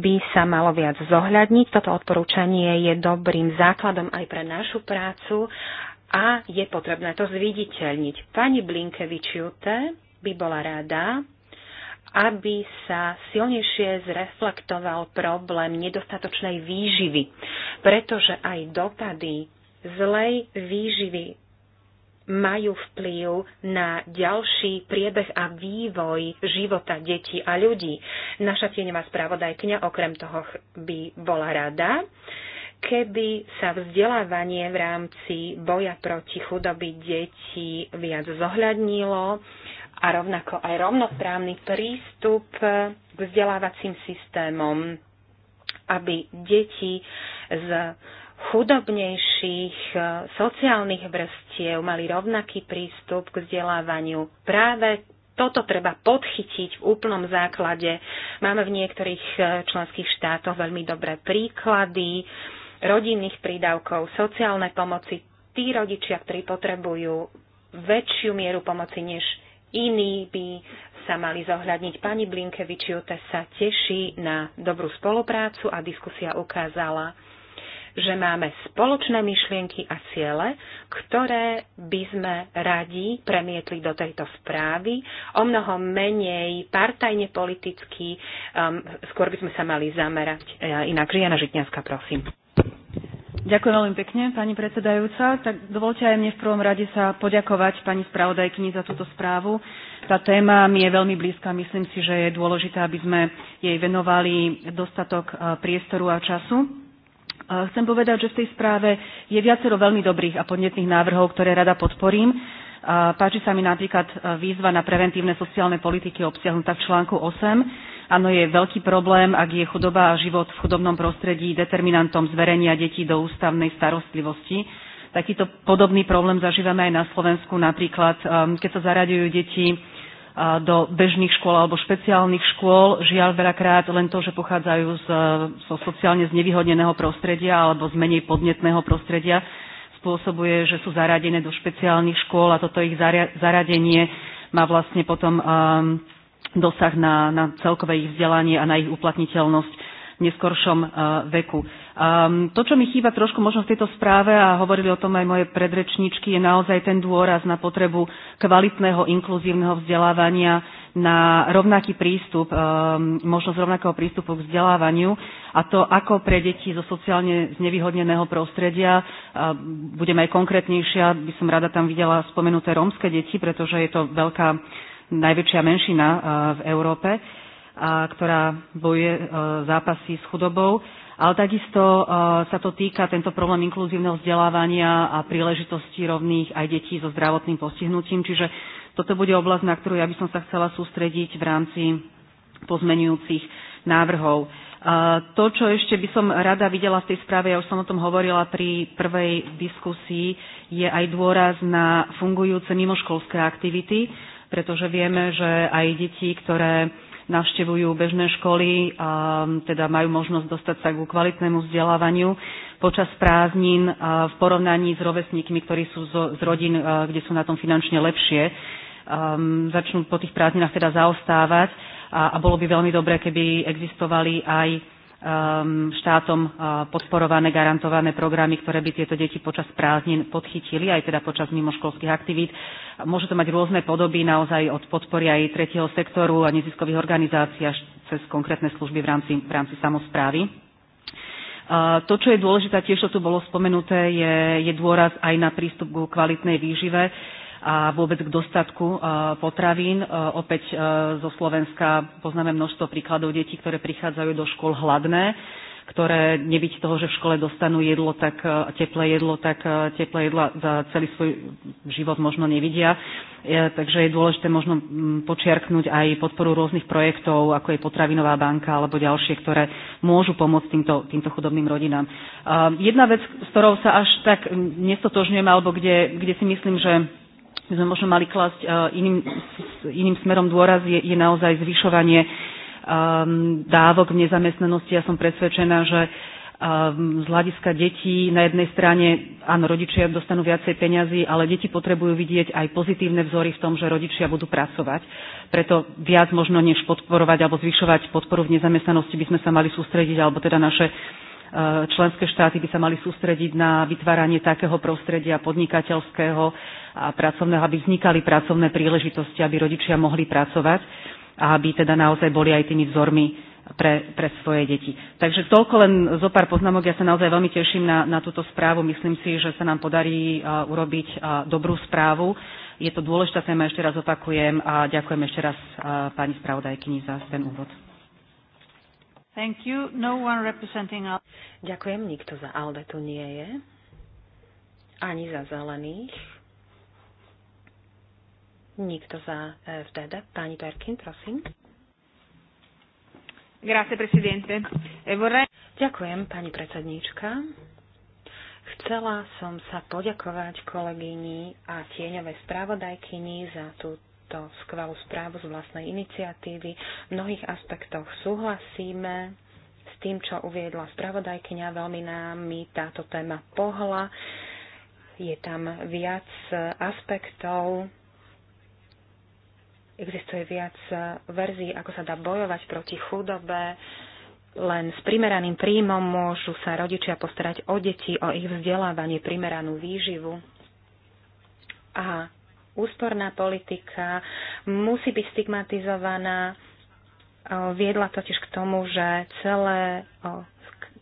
by sa malo viac zohľadniť. Toto odporúčanie je dobrým základom aj pre našu prácu a je potrebné to zviditeľniť. Pani Jute by bola rada, aby sa silnejšie zreflektoval problém nedostatočnej výživy, pretože aj dopady zlej výživy majú vplyv na ďalší priebeh a vývoj života detí a ľudí. Naša tieňová spravodajkňa okrem toho by bola rada, keby sa vzdelávanie v rámci boja proti chudoby detí viac zohľadnilo a rovnako aj rovnoprávny prístup k vzdelávacím systémom, aby deti z chudobnejších eh, sociálnych vrstiev mali rovnaký prístup k vzdelávaniu. Práve toto treba podchytiť v úplnom základe. Máme v niektorých eh, členských štátoch veľmi dobré príklady rodinných prídavkov, sociálnej pomoci. Tí rodičia, ktorí potrebujú väčšiu mieru pomoci než iní, by sa mali zohľadniť. Pani Blinkevičiute sa teší na dobrú spoluprácu a diskusia ukázala, že máme spoločné myšlienky a ciele, ktoré by sme radi premietli do tejto správy, o mnoho menej partajne politicky, um, skôr by sme sa mali zamerať. E, inak Žiana Žitňanská, prosím. Ďakujem veľmi pekne, pani predsedajúca. Tak dovolte aj mne v prvom rade sa poďakovať pani spravodajkyni za túto správu. Tá téma mi je veľmi blízka. Myslím si, že je dôležité, aby sme jej venovali dostatok e, priestoru a času. Chcem povedať, že v tej správe je viacero veľmi dobrých a podnetných návrhov, ktoré rada podporím. Páči sa mi napríklad e, výzva na preventívne sociálne politiky obsiahnutá v článku 8. Áno, je veľký problém, ak je chudoba a život v chudobnom prostredí determinantom zverenia detí do ústavnej starostlivosti. Takýto podobný problém zažívame aj na Slovensku, napríklad e, keď sa zaraďujú deti do bežných škôl alebo špeciálnych škôl. Žiaľ veľakrát len to, že pochádzajú z, zo sociálne znevýhodneného prostredia alebo z menej podnetného prostredia, spôsobuje, že sú zaradené do špeciálnych škôl a toto ich zaradenie má vlastne potom dosah na, na celkové ich vzdelanie a na ich uplatniteľnosť v neskoršom veku. Um, to, čo mi chýba trošku možno v tejto správe, a hovorili o tom aj moje predrečníčky, je naozaj ten dôraz na potrebu kvalitného inkluzívneho vzdelávania, na rovnaký prístup, um, možnosť rovnakého prístupu k vzdelávaniu a to, ako pre deti zo sociálne znevýhodneného prostredia, uh, budem aj konkrétnejšia, by som rada tam videla spomenuté rómske deti, pretože je to veľká, najväčšia menšina uh, v Európe, a, ktorá bojuje uh, zápasy s chudobou ale takisto eh, sa to týka tento problém inkluzívneho vzdelávania a príležitostí rovných aj detí so zdravotným postihnutím. Čiže toto bude oblasť, na ktorú ja by som sa chcela sústrediť v rámci pozmenujúcich návrhov. Eh, to, čo ešte by som rada videla v tej správe, ja už som o tom hovorila pri prvej diskusii, je aj dôraz na fungujúce mimoškolské aktivity, pretože vieme, že aj deti, ktoré navštevujú bežné školy a teda majú možnosť dostať sa ku kvalitnému vzdelávaniu počas prázdnin v porovnaní s rovesníkmi, ktorí sú z rodín, kde sú na tom finančne lepšie, začnú po tých prázdninách teda zaostávať a, a bolo by veľmi dobré, keby existovali aj Um, štátom uh, podporované, garantované programy, ktoré by tieto deti počas prázdnin podchytili, aj teda počas mimoškolských aktivít. Môže to mať rôzne podoby, naozaj od podpory aj tretieho sektoru a neziskových organizácií až cez konkrétne služby v rámci, v rámci samozprávy. Uh, to, čo je dôležité, tiež to tu bolo spomenuté, je, je dôraz aj na prístup k kvalitnej výžive a vôbec k dostatku potravín. Opäť zo Slovenska poznáme množstvo príkladov detí, ktoré prichádzajú do škôl hladné ktoré nebyť toho, že v škole dostanú jedlo, tak teplé jedlo, tak teplé jedla za celý svoj život možno nevidia. takže je dôležité možno počiarknúť aj podporu rôznych projektov, ako je potravinová banka alebo ďalšie, ktoré môžu pomôcť týmto, týmto chudobným rodinám. Jedna vec, s ktorou sa až tak nestotožňujem, alebo kde, kde si myslím, že my vlastne sme možno mali klásť e, iným, iným smerom dôraz, je, je naozaj zvyšovanie um, dávok v nezamestnanosti. Ja som presvedčená, že um, z hľadiska detí na jednej strane, áno, rodičia dostanú viacej peňazí, ale deti potrebujú vidieť aj pozitívne vzory v tom, že rodičia budú pracovať. Preto viac možno než podporovať alebo zvyšovať podporu v nezamestnanosti by sme sa mali sústrediť, alebo teda naše E, členské štáty by sa mali sústrediť na vytváranie takého prostredia podnikateľského a pracovného, aby vznikali pracovné príležitosti, aby rodičia mohli pracovať a aby teda naozaj boli aj tými vzormi pre, pre svoje deti. Takže toľko len zo pár poznámok. Ja sa naozaj veľmi teším na, na túto správu. Myslím si, že sa nám podarí urobiť dobrú správu. Je to dôležitá téma, ešte raz opakujem a ďakujem ešte raz pani spravodajkyni za ten úvod. Thank you. No one representing Al- Ďakujem, nikto za ALDE tu nie je. Ani za zelených. Nikto za FDD. Pani Perkin, prosím. Grazie, presidente. E vorrei... Ďakujem, pani predsedníčka. Chcela som sa poďakovať kolegyni a tieňovej spravodajkyni za tú túto skvelú správu z vlastnej iniciatívy. V mnohých aspektoch súhlasíme s tým, čo uviedla spravodajkyňa. Veľmi námi táto téma pohla. Je tam viac aspektov, existuje viac verzií, ako sa dá bojovať proti chudobe. Len s primeraným príjmom môžu sa rodičia postarať o deti, o ich vzdelávanie, primeranú výživu. A úsporná politika musí byť stigmatizovaná. Viedla totiž k tomu, že celé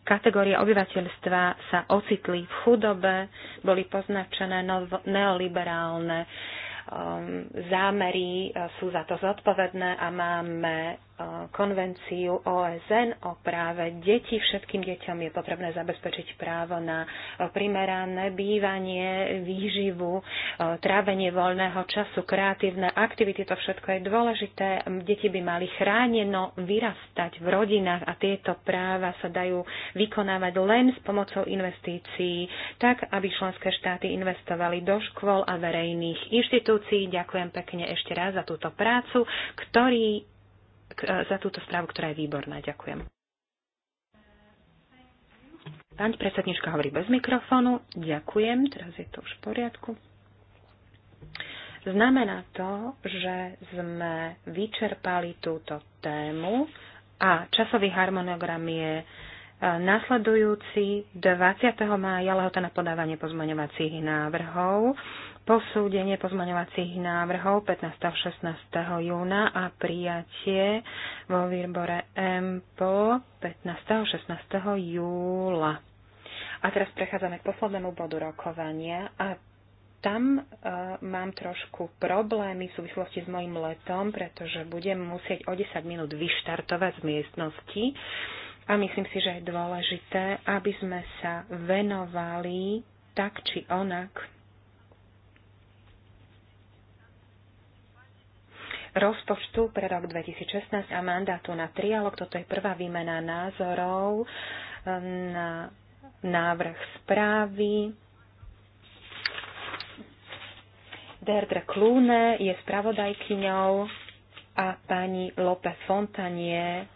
kategórie obyvateľstva sa ocitli v chudobe, boli poznačené neoliberálne zámery, e, sú za to zodpovedné a máme konvenciu OSN o práve detí. Všetkým deťom je potrebné zabezpečiť právo na eh, primerané bývanie, výživu, eh, trávenie voľného času, kreatívne aktivity. To všetko je dôležité. Deti by mali chráneno vyrastať v rodinách a tieto práva sa dajú vykonávať len s pomocou investícií, tak aby členské štáty investovali do škôl a verejných inštitúcií. Ďakujem pekne ešte raz za túto prácu, ktorý E, za túto správu, ktorá je výborná. Ďakujem. Pani predsednička hovorí bez mikrofónu. Ďakujem, teraz je to už v poriadku. Znamená to, že sme vyčerpali túto tému a časový harmonogram je e, nasledujúci 20. mája lehota na podávanie pozmaňovacích návrhov posúdenie pozmaňovacích návrhov 15. a 16. júna a prijatie vo výbore MPO 15. a 16. júla. A teraz prechádzame k poslednému bodu rokovania a tam uh, mám trošku problémy v súvislosti s mojim letom, pretože budem musieť o 10 minút vyštartovať z miestnosti a myslím si, že je dôležité, aby sme sa venovali tak či onak rozpočtu pre rok 2016 a mandátu na trialog. Toto je prvá výmena názorov ehm, na návrh správy. Derdre Klune je spravodajkyňou a pani Lope Fontanie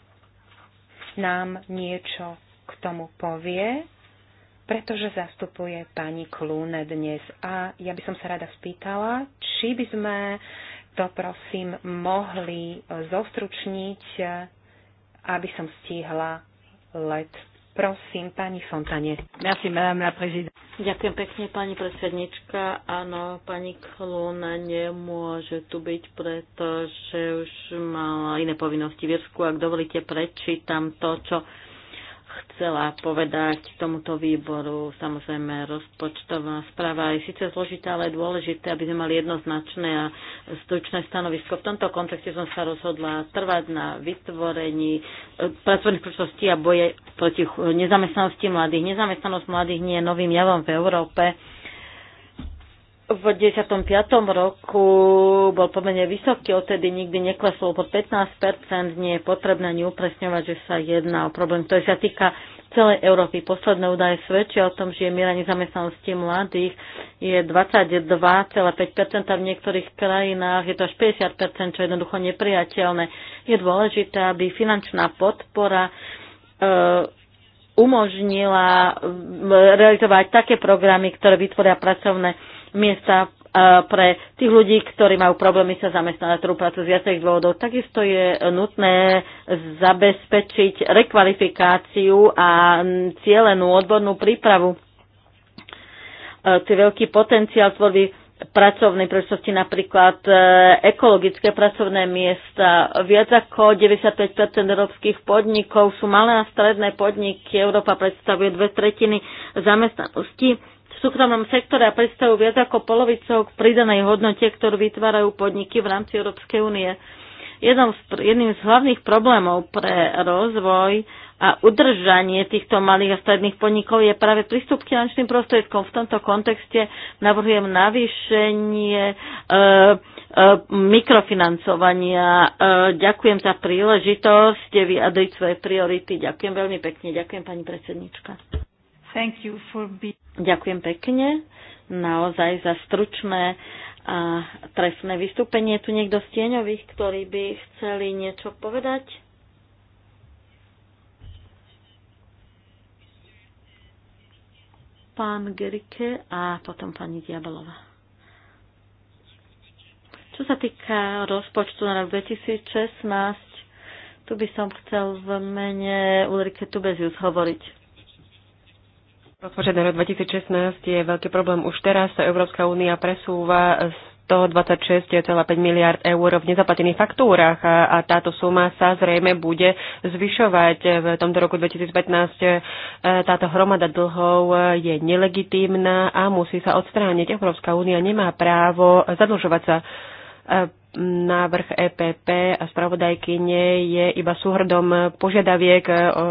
nám niečo k tomu povie, pretože zastupuje pani Klune dnes. A ja by som sa rada spýtala, či by sme to prosím mohli zostručniť, aby som stihla let. Prosím, pani Fontane. Merci, madame la présidente. Ďakujem pekne, pani predsednička. Áno, pani Klona nemôže tu byť, pretože už mala iné povinnosti v Irsku. Ak dovolíte, prečítam to, čo chcela povedať tomuto výboru. Samozrejme, rozpočtová správa je síce zložitá, ale je dôležité, aby sme mali jednoznačné a stručné stanovisko. V tomto kontexte som sa rozhodla trvať na vytvorení e, pracovných príležitostí a boje proti nezamestnanosti mladých. Nezamestnanosť mladých nie je novým javom v Európe v 95. roku bol pomene vysoký, odtedy nikdy neklesol pod 15%, nie je potrebné ani upresňovať, že sa jedná o problém, ktorý sa týka celej Európy. Posledné údaje svedčia o tom, že miera nezamestnanosti mladých je 22,5%, v niektorých krajinách je to až 50%, čo je jednoducho nepriateľné. Je dôležité, aby finančná podpora e, umožnila realizovať také programy, ktoré vytvoria pracovné miesta e, pre tých ľudí, ktorí majú problémy sa zamestnať na trhu prácu z viacerých dôvodov. Takisto je nutné zabezpečiť rekvalifikáciu a cielenú odbornú prípravu. Tý je veľký potenciál tvorby pracovnej príležitosti, napríklad e, ekologické pracovné miesta. Viac ako 95 európskych podnikov sú malé a stredné podniky. Európa predstavuje dve tretiny zamestnanosti v súkromnom sektore a predstavujú viac ako polovicou k pridanej hodnote, ktorú vytvárajú podniky v rámci Európskej únie. Jednou z, jedným z hlavných problémov pre rozvoj a udržanie týchto malých a stredných podnikov je práve prístup k finančným prostriedkom. V tomto kontexte navrhujem navýšenie e, e, mikrofinancovania. E, ďakujem za príležitosť vyjadriť svoje priority. Ďakujem veľmi pekne. Ďakujem pani predsednička. Thank you for be- Ďakujem pekne naozaj za stručné a trestné vystúpenie. Je tu niekto z tieňových, ktorí by chceli niečo povedať? Pán Gerike a potom pani Diabolova. Čo sa týka rozpočtu na rok 2016, tu by som chcel v mene Ulrike Tubezius hovoriť. Rozpočet na rok 2016 je veľký problém. Už teraz sa Európska únia presúva 126,5 miliard eur v nezaplatených faktúrach a, a táto suma sa zrejme bude zvyšovať v tomto roku 2015. E, táto hromada dlhov je nelegitímna a musí sa odstrániť. Európska únia nemá právo zadlžovať sa. E, návrh EPP a spravodajkyne je iba súhrdom požiadaviek e, o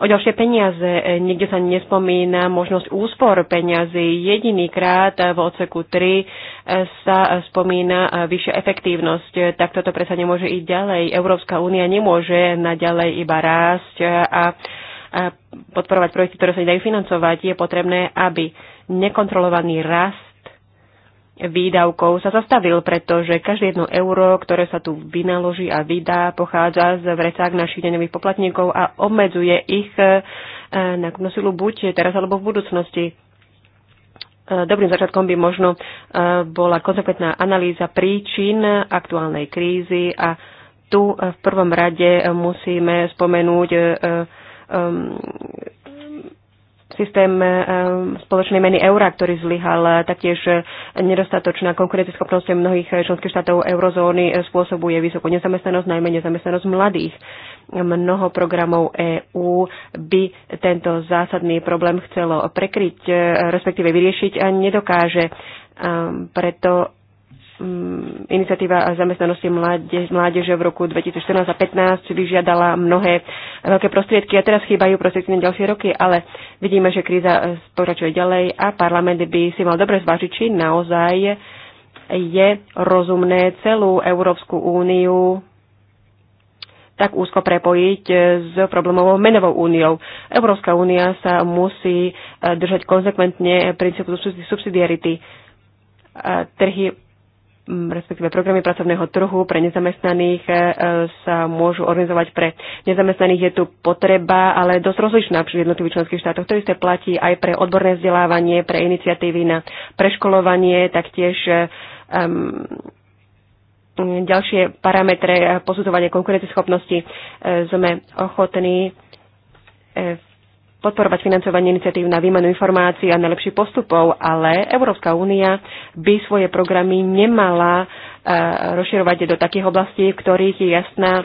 o ďalšie peniaze. E, Nikde sa nespomína možnosť úspor peniazy. Jediný krát v odseku 3 e, sa spomína e, vyššia efektívnosť. Tak toto predsa nemôže ísť ďalej. Európska únia nemôže naďalej iba rásť a podporovať projekty, ktoré sa nedajú financovať. Je potrebné, aby nekontrolovaný rast výdavkov sa zastavil, pretože každé jedno euro, ktoré sa tu vynaloží a vydá, pochádza z vrecák našich denových poplatníkov a obmedzuje ich e, na silu buď teraz alebo v budúcnosti. E, dobrým začiatkom by možno e, bola konzekventná analýza príčin aktuálnej krízy a tu v prvom rade musíme spomenúť systém e, spoločnej meny eura, ktorý zlyhal, e, taktiež e, nedostatočná konkurencieschopnosť mnohých členských štátov eurozóny spôsobuje vysokú nezamestnanosť, najmä nezamestnanosť mladých. Mnoho programov EÚ by tento zásadný problém chcelo prekryť, respektíve vyriešiť a nedokáže. Preto Mm, iniciatíva zamestnanosti mládež, mládeže v roku 2014 a 2015 vyžiadala mnohé veľké prostriedky a teraz chýbajú prostriedky na ďalšie roky, ale vidíme, že kríza e, pokračuje ďalej a parlament by si mal dobre zvážiť, či naozaj je rozumné celú Európsku úniu tak úzko prepojiť e, s problémovou menovou úniou. Európska únia sa musí e, držať konzekventne princípu subsidiarity. Trhy respektíve programy pracovného trhu pre nezamestnaných e, sa môžu organizovať pre nezamestnaných. Je tu potreba, ale dosť rozličná v jednotlivých členských štátoch. To isté platí aj pre odborné vzdelávanie, pre iniciatívy na preškolovanie, taktiež um, ďalšie parametre posudzovania konkurencieschopnosti. E, sme ochotní podporovať financovanie iniciatív na výmenu informácií a na lepší postupov, ale Európska únia by svoje programy nemala e, rozširovať do takých oblastí, v ktorých je jasná e,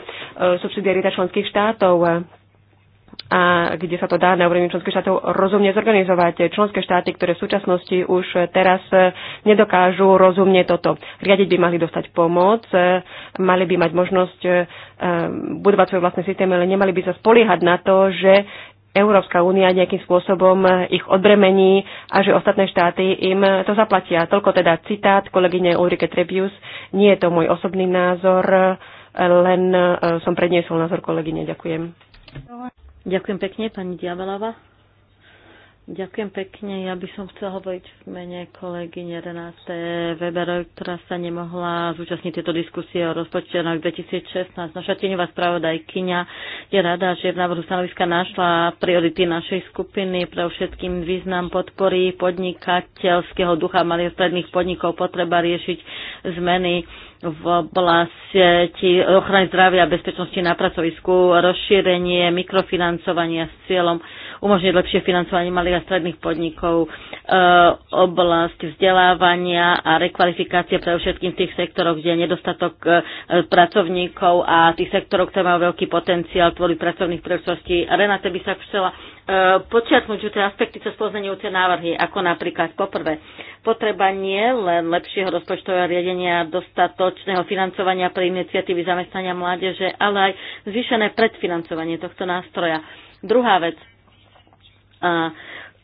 subsidiarita členských štátov a kde sa to dá na úrovni členských štátov rozumne zorganizovať. Členské štáty, ktoré v súčasnosti už teraz e, nedokážu rozumne toto riadiť, by mali dostať pomoc, mali by mať možnosť budovať svoje vlastné systémy, ale nemali by sa spoliehať na to, že Európska únia nejakým spôsobom ich odbremení a že ostatné štáty im to zaplatia. Toľko teda citát kolegyne Ulrike Trebius. Nie je to môj osobný názor, len e, som predniesol názor kolegyne. Ďakujem. Ďakujem pekne, pani Diabelová. Ďakujem pekne. Ja by som chcela hovoriť v mene kolegyne Renáte Weberov, ktorá sa nemohla zúčastniť tieto diskusie o rozpočte na 2016. Naša tenová spravodajkyňa je rada, že v návrhu stanoviska našla priority našej skupiny pre všetkým význam podpory podnikateľského ducha malých stredných podnikov, potreba riešiť zmeny v oblasti ochrany zdravia a bezpečnosti na pracovisku, rozšírenie mikrofinancovania s cieľom umožniť lepšie financovanie malých a stredných podnikov, e, oblasť vzdelávania a rekvalifikácie pre všetkým v tých sektorov, kde je nedostatok e, pracovníkov a tých sektorov, ktoré majú veľký potenciál tvorí pracovných príležitostí. Renate by sa chcela e, počiatnúť tie aspekty cez tie návrhy, ako napríklad poprvé potreba nie len lepšieho rozpočtového riadenia, dostatočného financovania pre iniciatívy zamestnania mládeže, ale aj zvýšené predfinancovanie tohto nástroja. Druhá vec, a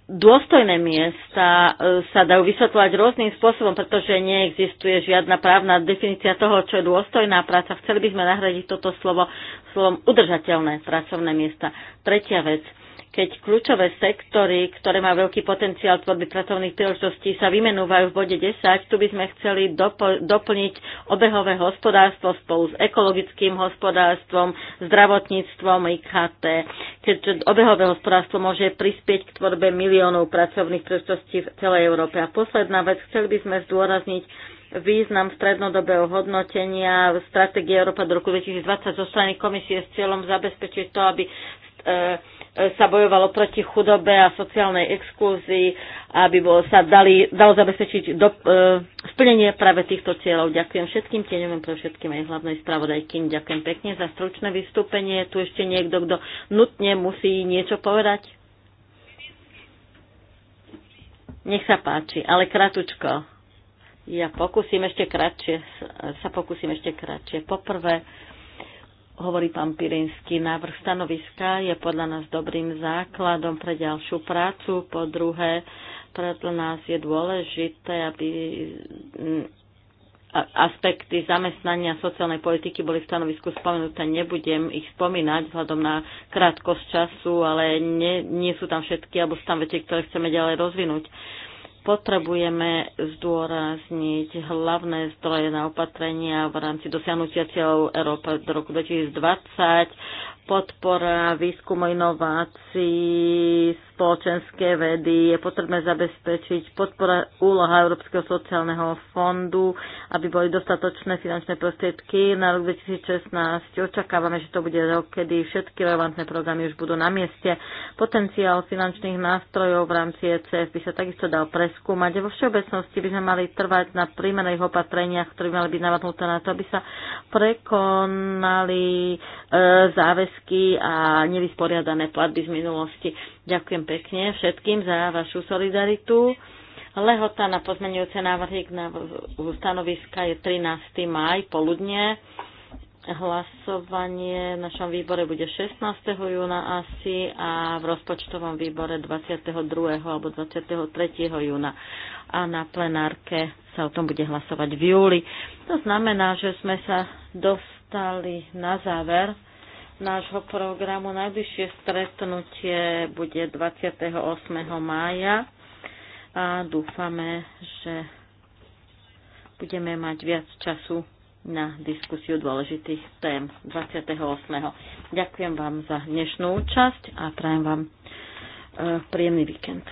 dôstojné miesta e, sa dajú vysvetľovať rôznym spôsobom, pretože neexistuje žiadna právna definícia toho, čo je dôstojná práca. Chceli by sme nahradiť toto slovo slovom udržateľné pracovné miesta. Tretia vec keď kľúčové sektory, ktoré má veľký potenciál tvorby pracovných príležitostí, sa vymenúvajú v bode 10, tu by sme chceli doplniť obehové hospodárstvo spolu s ekologickým hospodárstvom, zdravotníctvom IKT, keďže obehové hospodárstvo môže prispieť k tvorbe miliónov pracovných príležitostí v celej Európe. A posledná vec, chceli by sme zdôrazniť význam strednodobého hodnotenia stratégie Európa do roku 2020 zo strany komisie s cieľom zabezpečiť to, aby e, sa bojovalo proti chudobe a sociálnej exkluzii, aby bol, sa dali, dalo zabezpečiť do, e, splnenie práve týchto cieľov. Ďakujem všetkým tieňom pre všetkým aj hlavnej spravodajky. Ďakujem pekne za stručné vystúpenie. Tu ešte niekto, kto nutne musí niečo povedať? Nech sa páči, ale kratučko. Ja pokúsim ešte kratšie, sa pokúsim ešte kratšie. Poprvé, hovorí pán Pirinsky, návrh stanoviska je podľa nás dobrým základom pre ďalšiu prácu. Po druhé, preto nás je dôležité, aby mm, aspekty zamestnania sociálnej politiky boli v stanovisku spomenuté. Nebudem ich spomínať vzhľadom na krátkosť času, ale nie, nie sú tam všetky, alebo sú tam veci, ktoré chceme ďalej rozvinúť potrebujeme zdôrazniť hlavné zdroje na opatrenia v rámci dosiahnutia cieľov Európa do roku 2020, podpora výskumu inovácií, spoločenské vedy. Je potrebné zabezpečiť podpora úloha Európskeho sociálneho fondu, aby boli dostatočné finančné prostriedky. Na rok 2016 očakávame, že to bude rok, kedy všetky relevantné programy už budú na mieste. Potenciál finančných nástrojov v rámci ECF by sa takisto dal pres skúmať. A vo všeobecnosti by sme mali trvať na príjmených opatreniach, ktoré by mali byť navadnuté na to, aby sa prekonali e, záväzky a nevysporiadané platby z minulosti. Ďakujem pekne všetkým za vašu solidaritu. Lehota na pozmenujúce návrhy k stanoviska je 13. maj, poludne. Hlasovanie v našom výbore bude 16. júna asi a v rozpočtovom výbore 22. alebo 23. júna. A na plenárke sa o tom bude hlasovať v júli. To znamená, že sme sa dostali na záver nášho programu. Najbližšie stretnutie bude 28. mája a dúfame, že budeme mať viac času na diskusiu dôležitých tém 28. Ďakujem vám za dnešnú účasť a prajem vám e, príjemný víkend.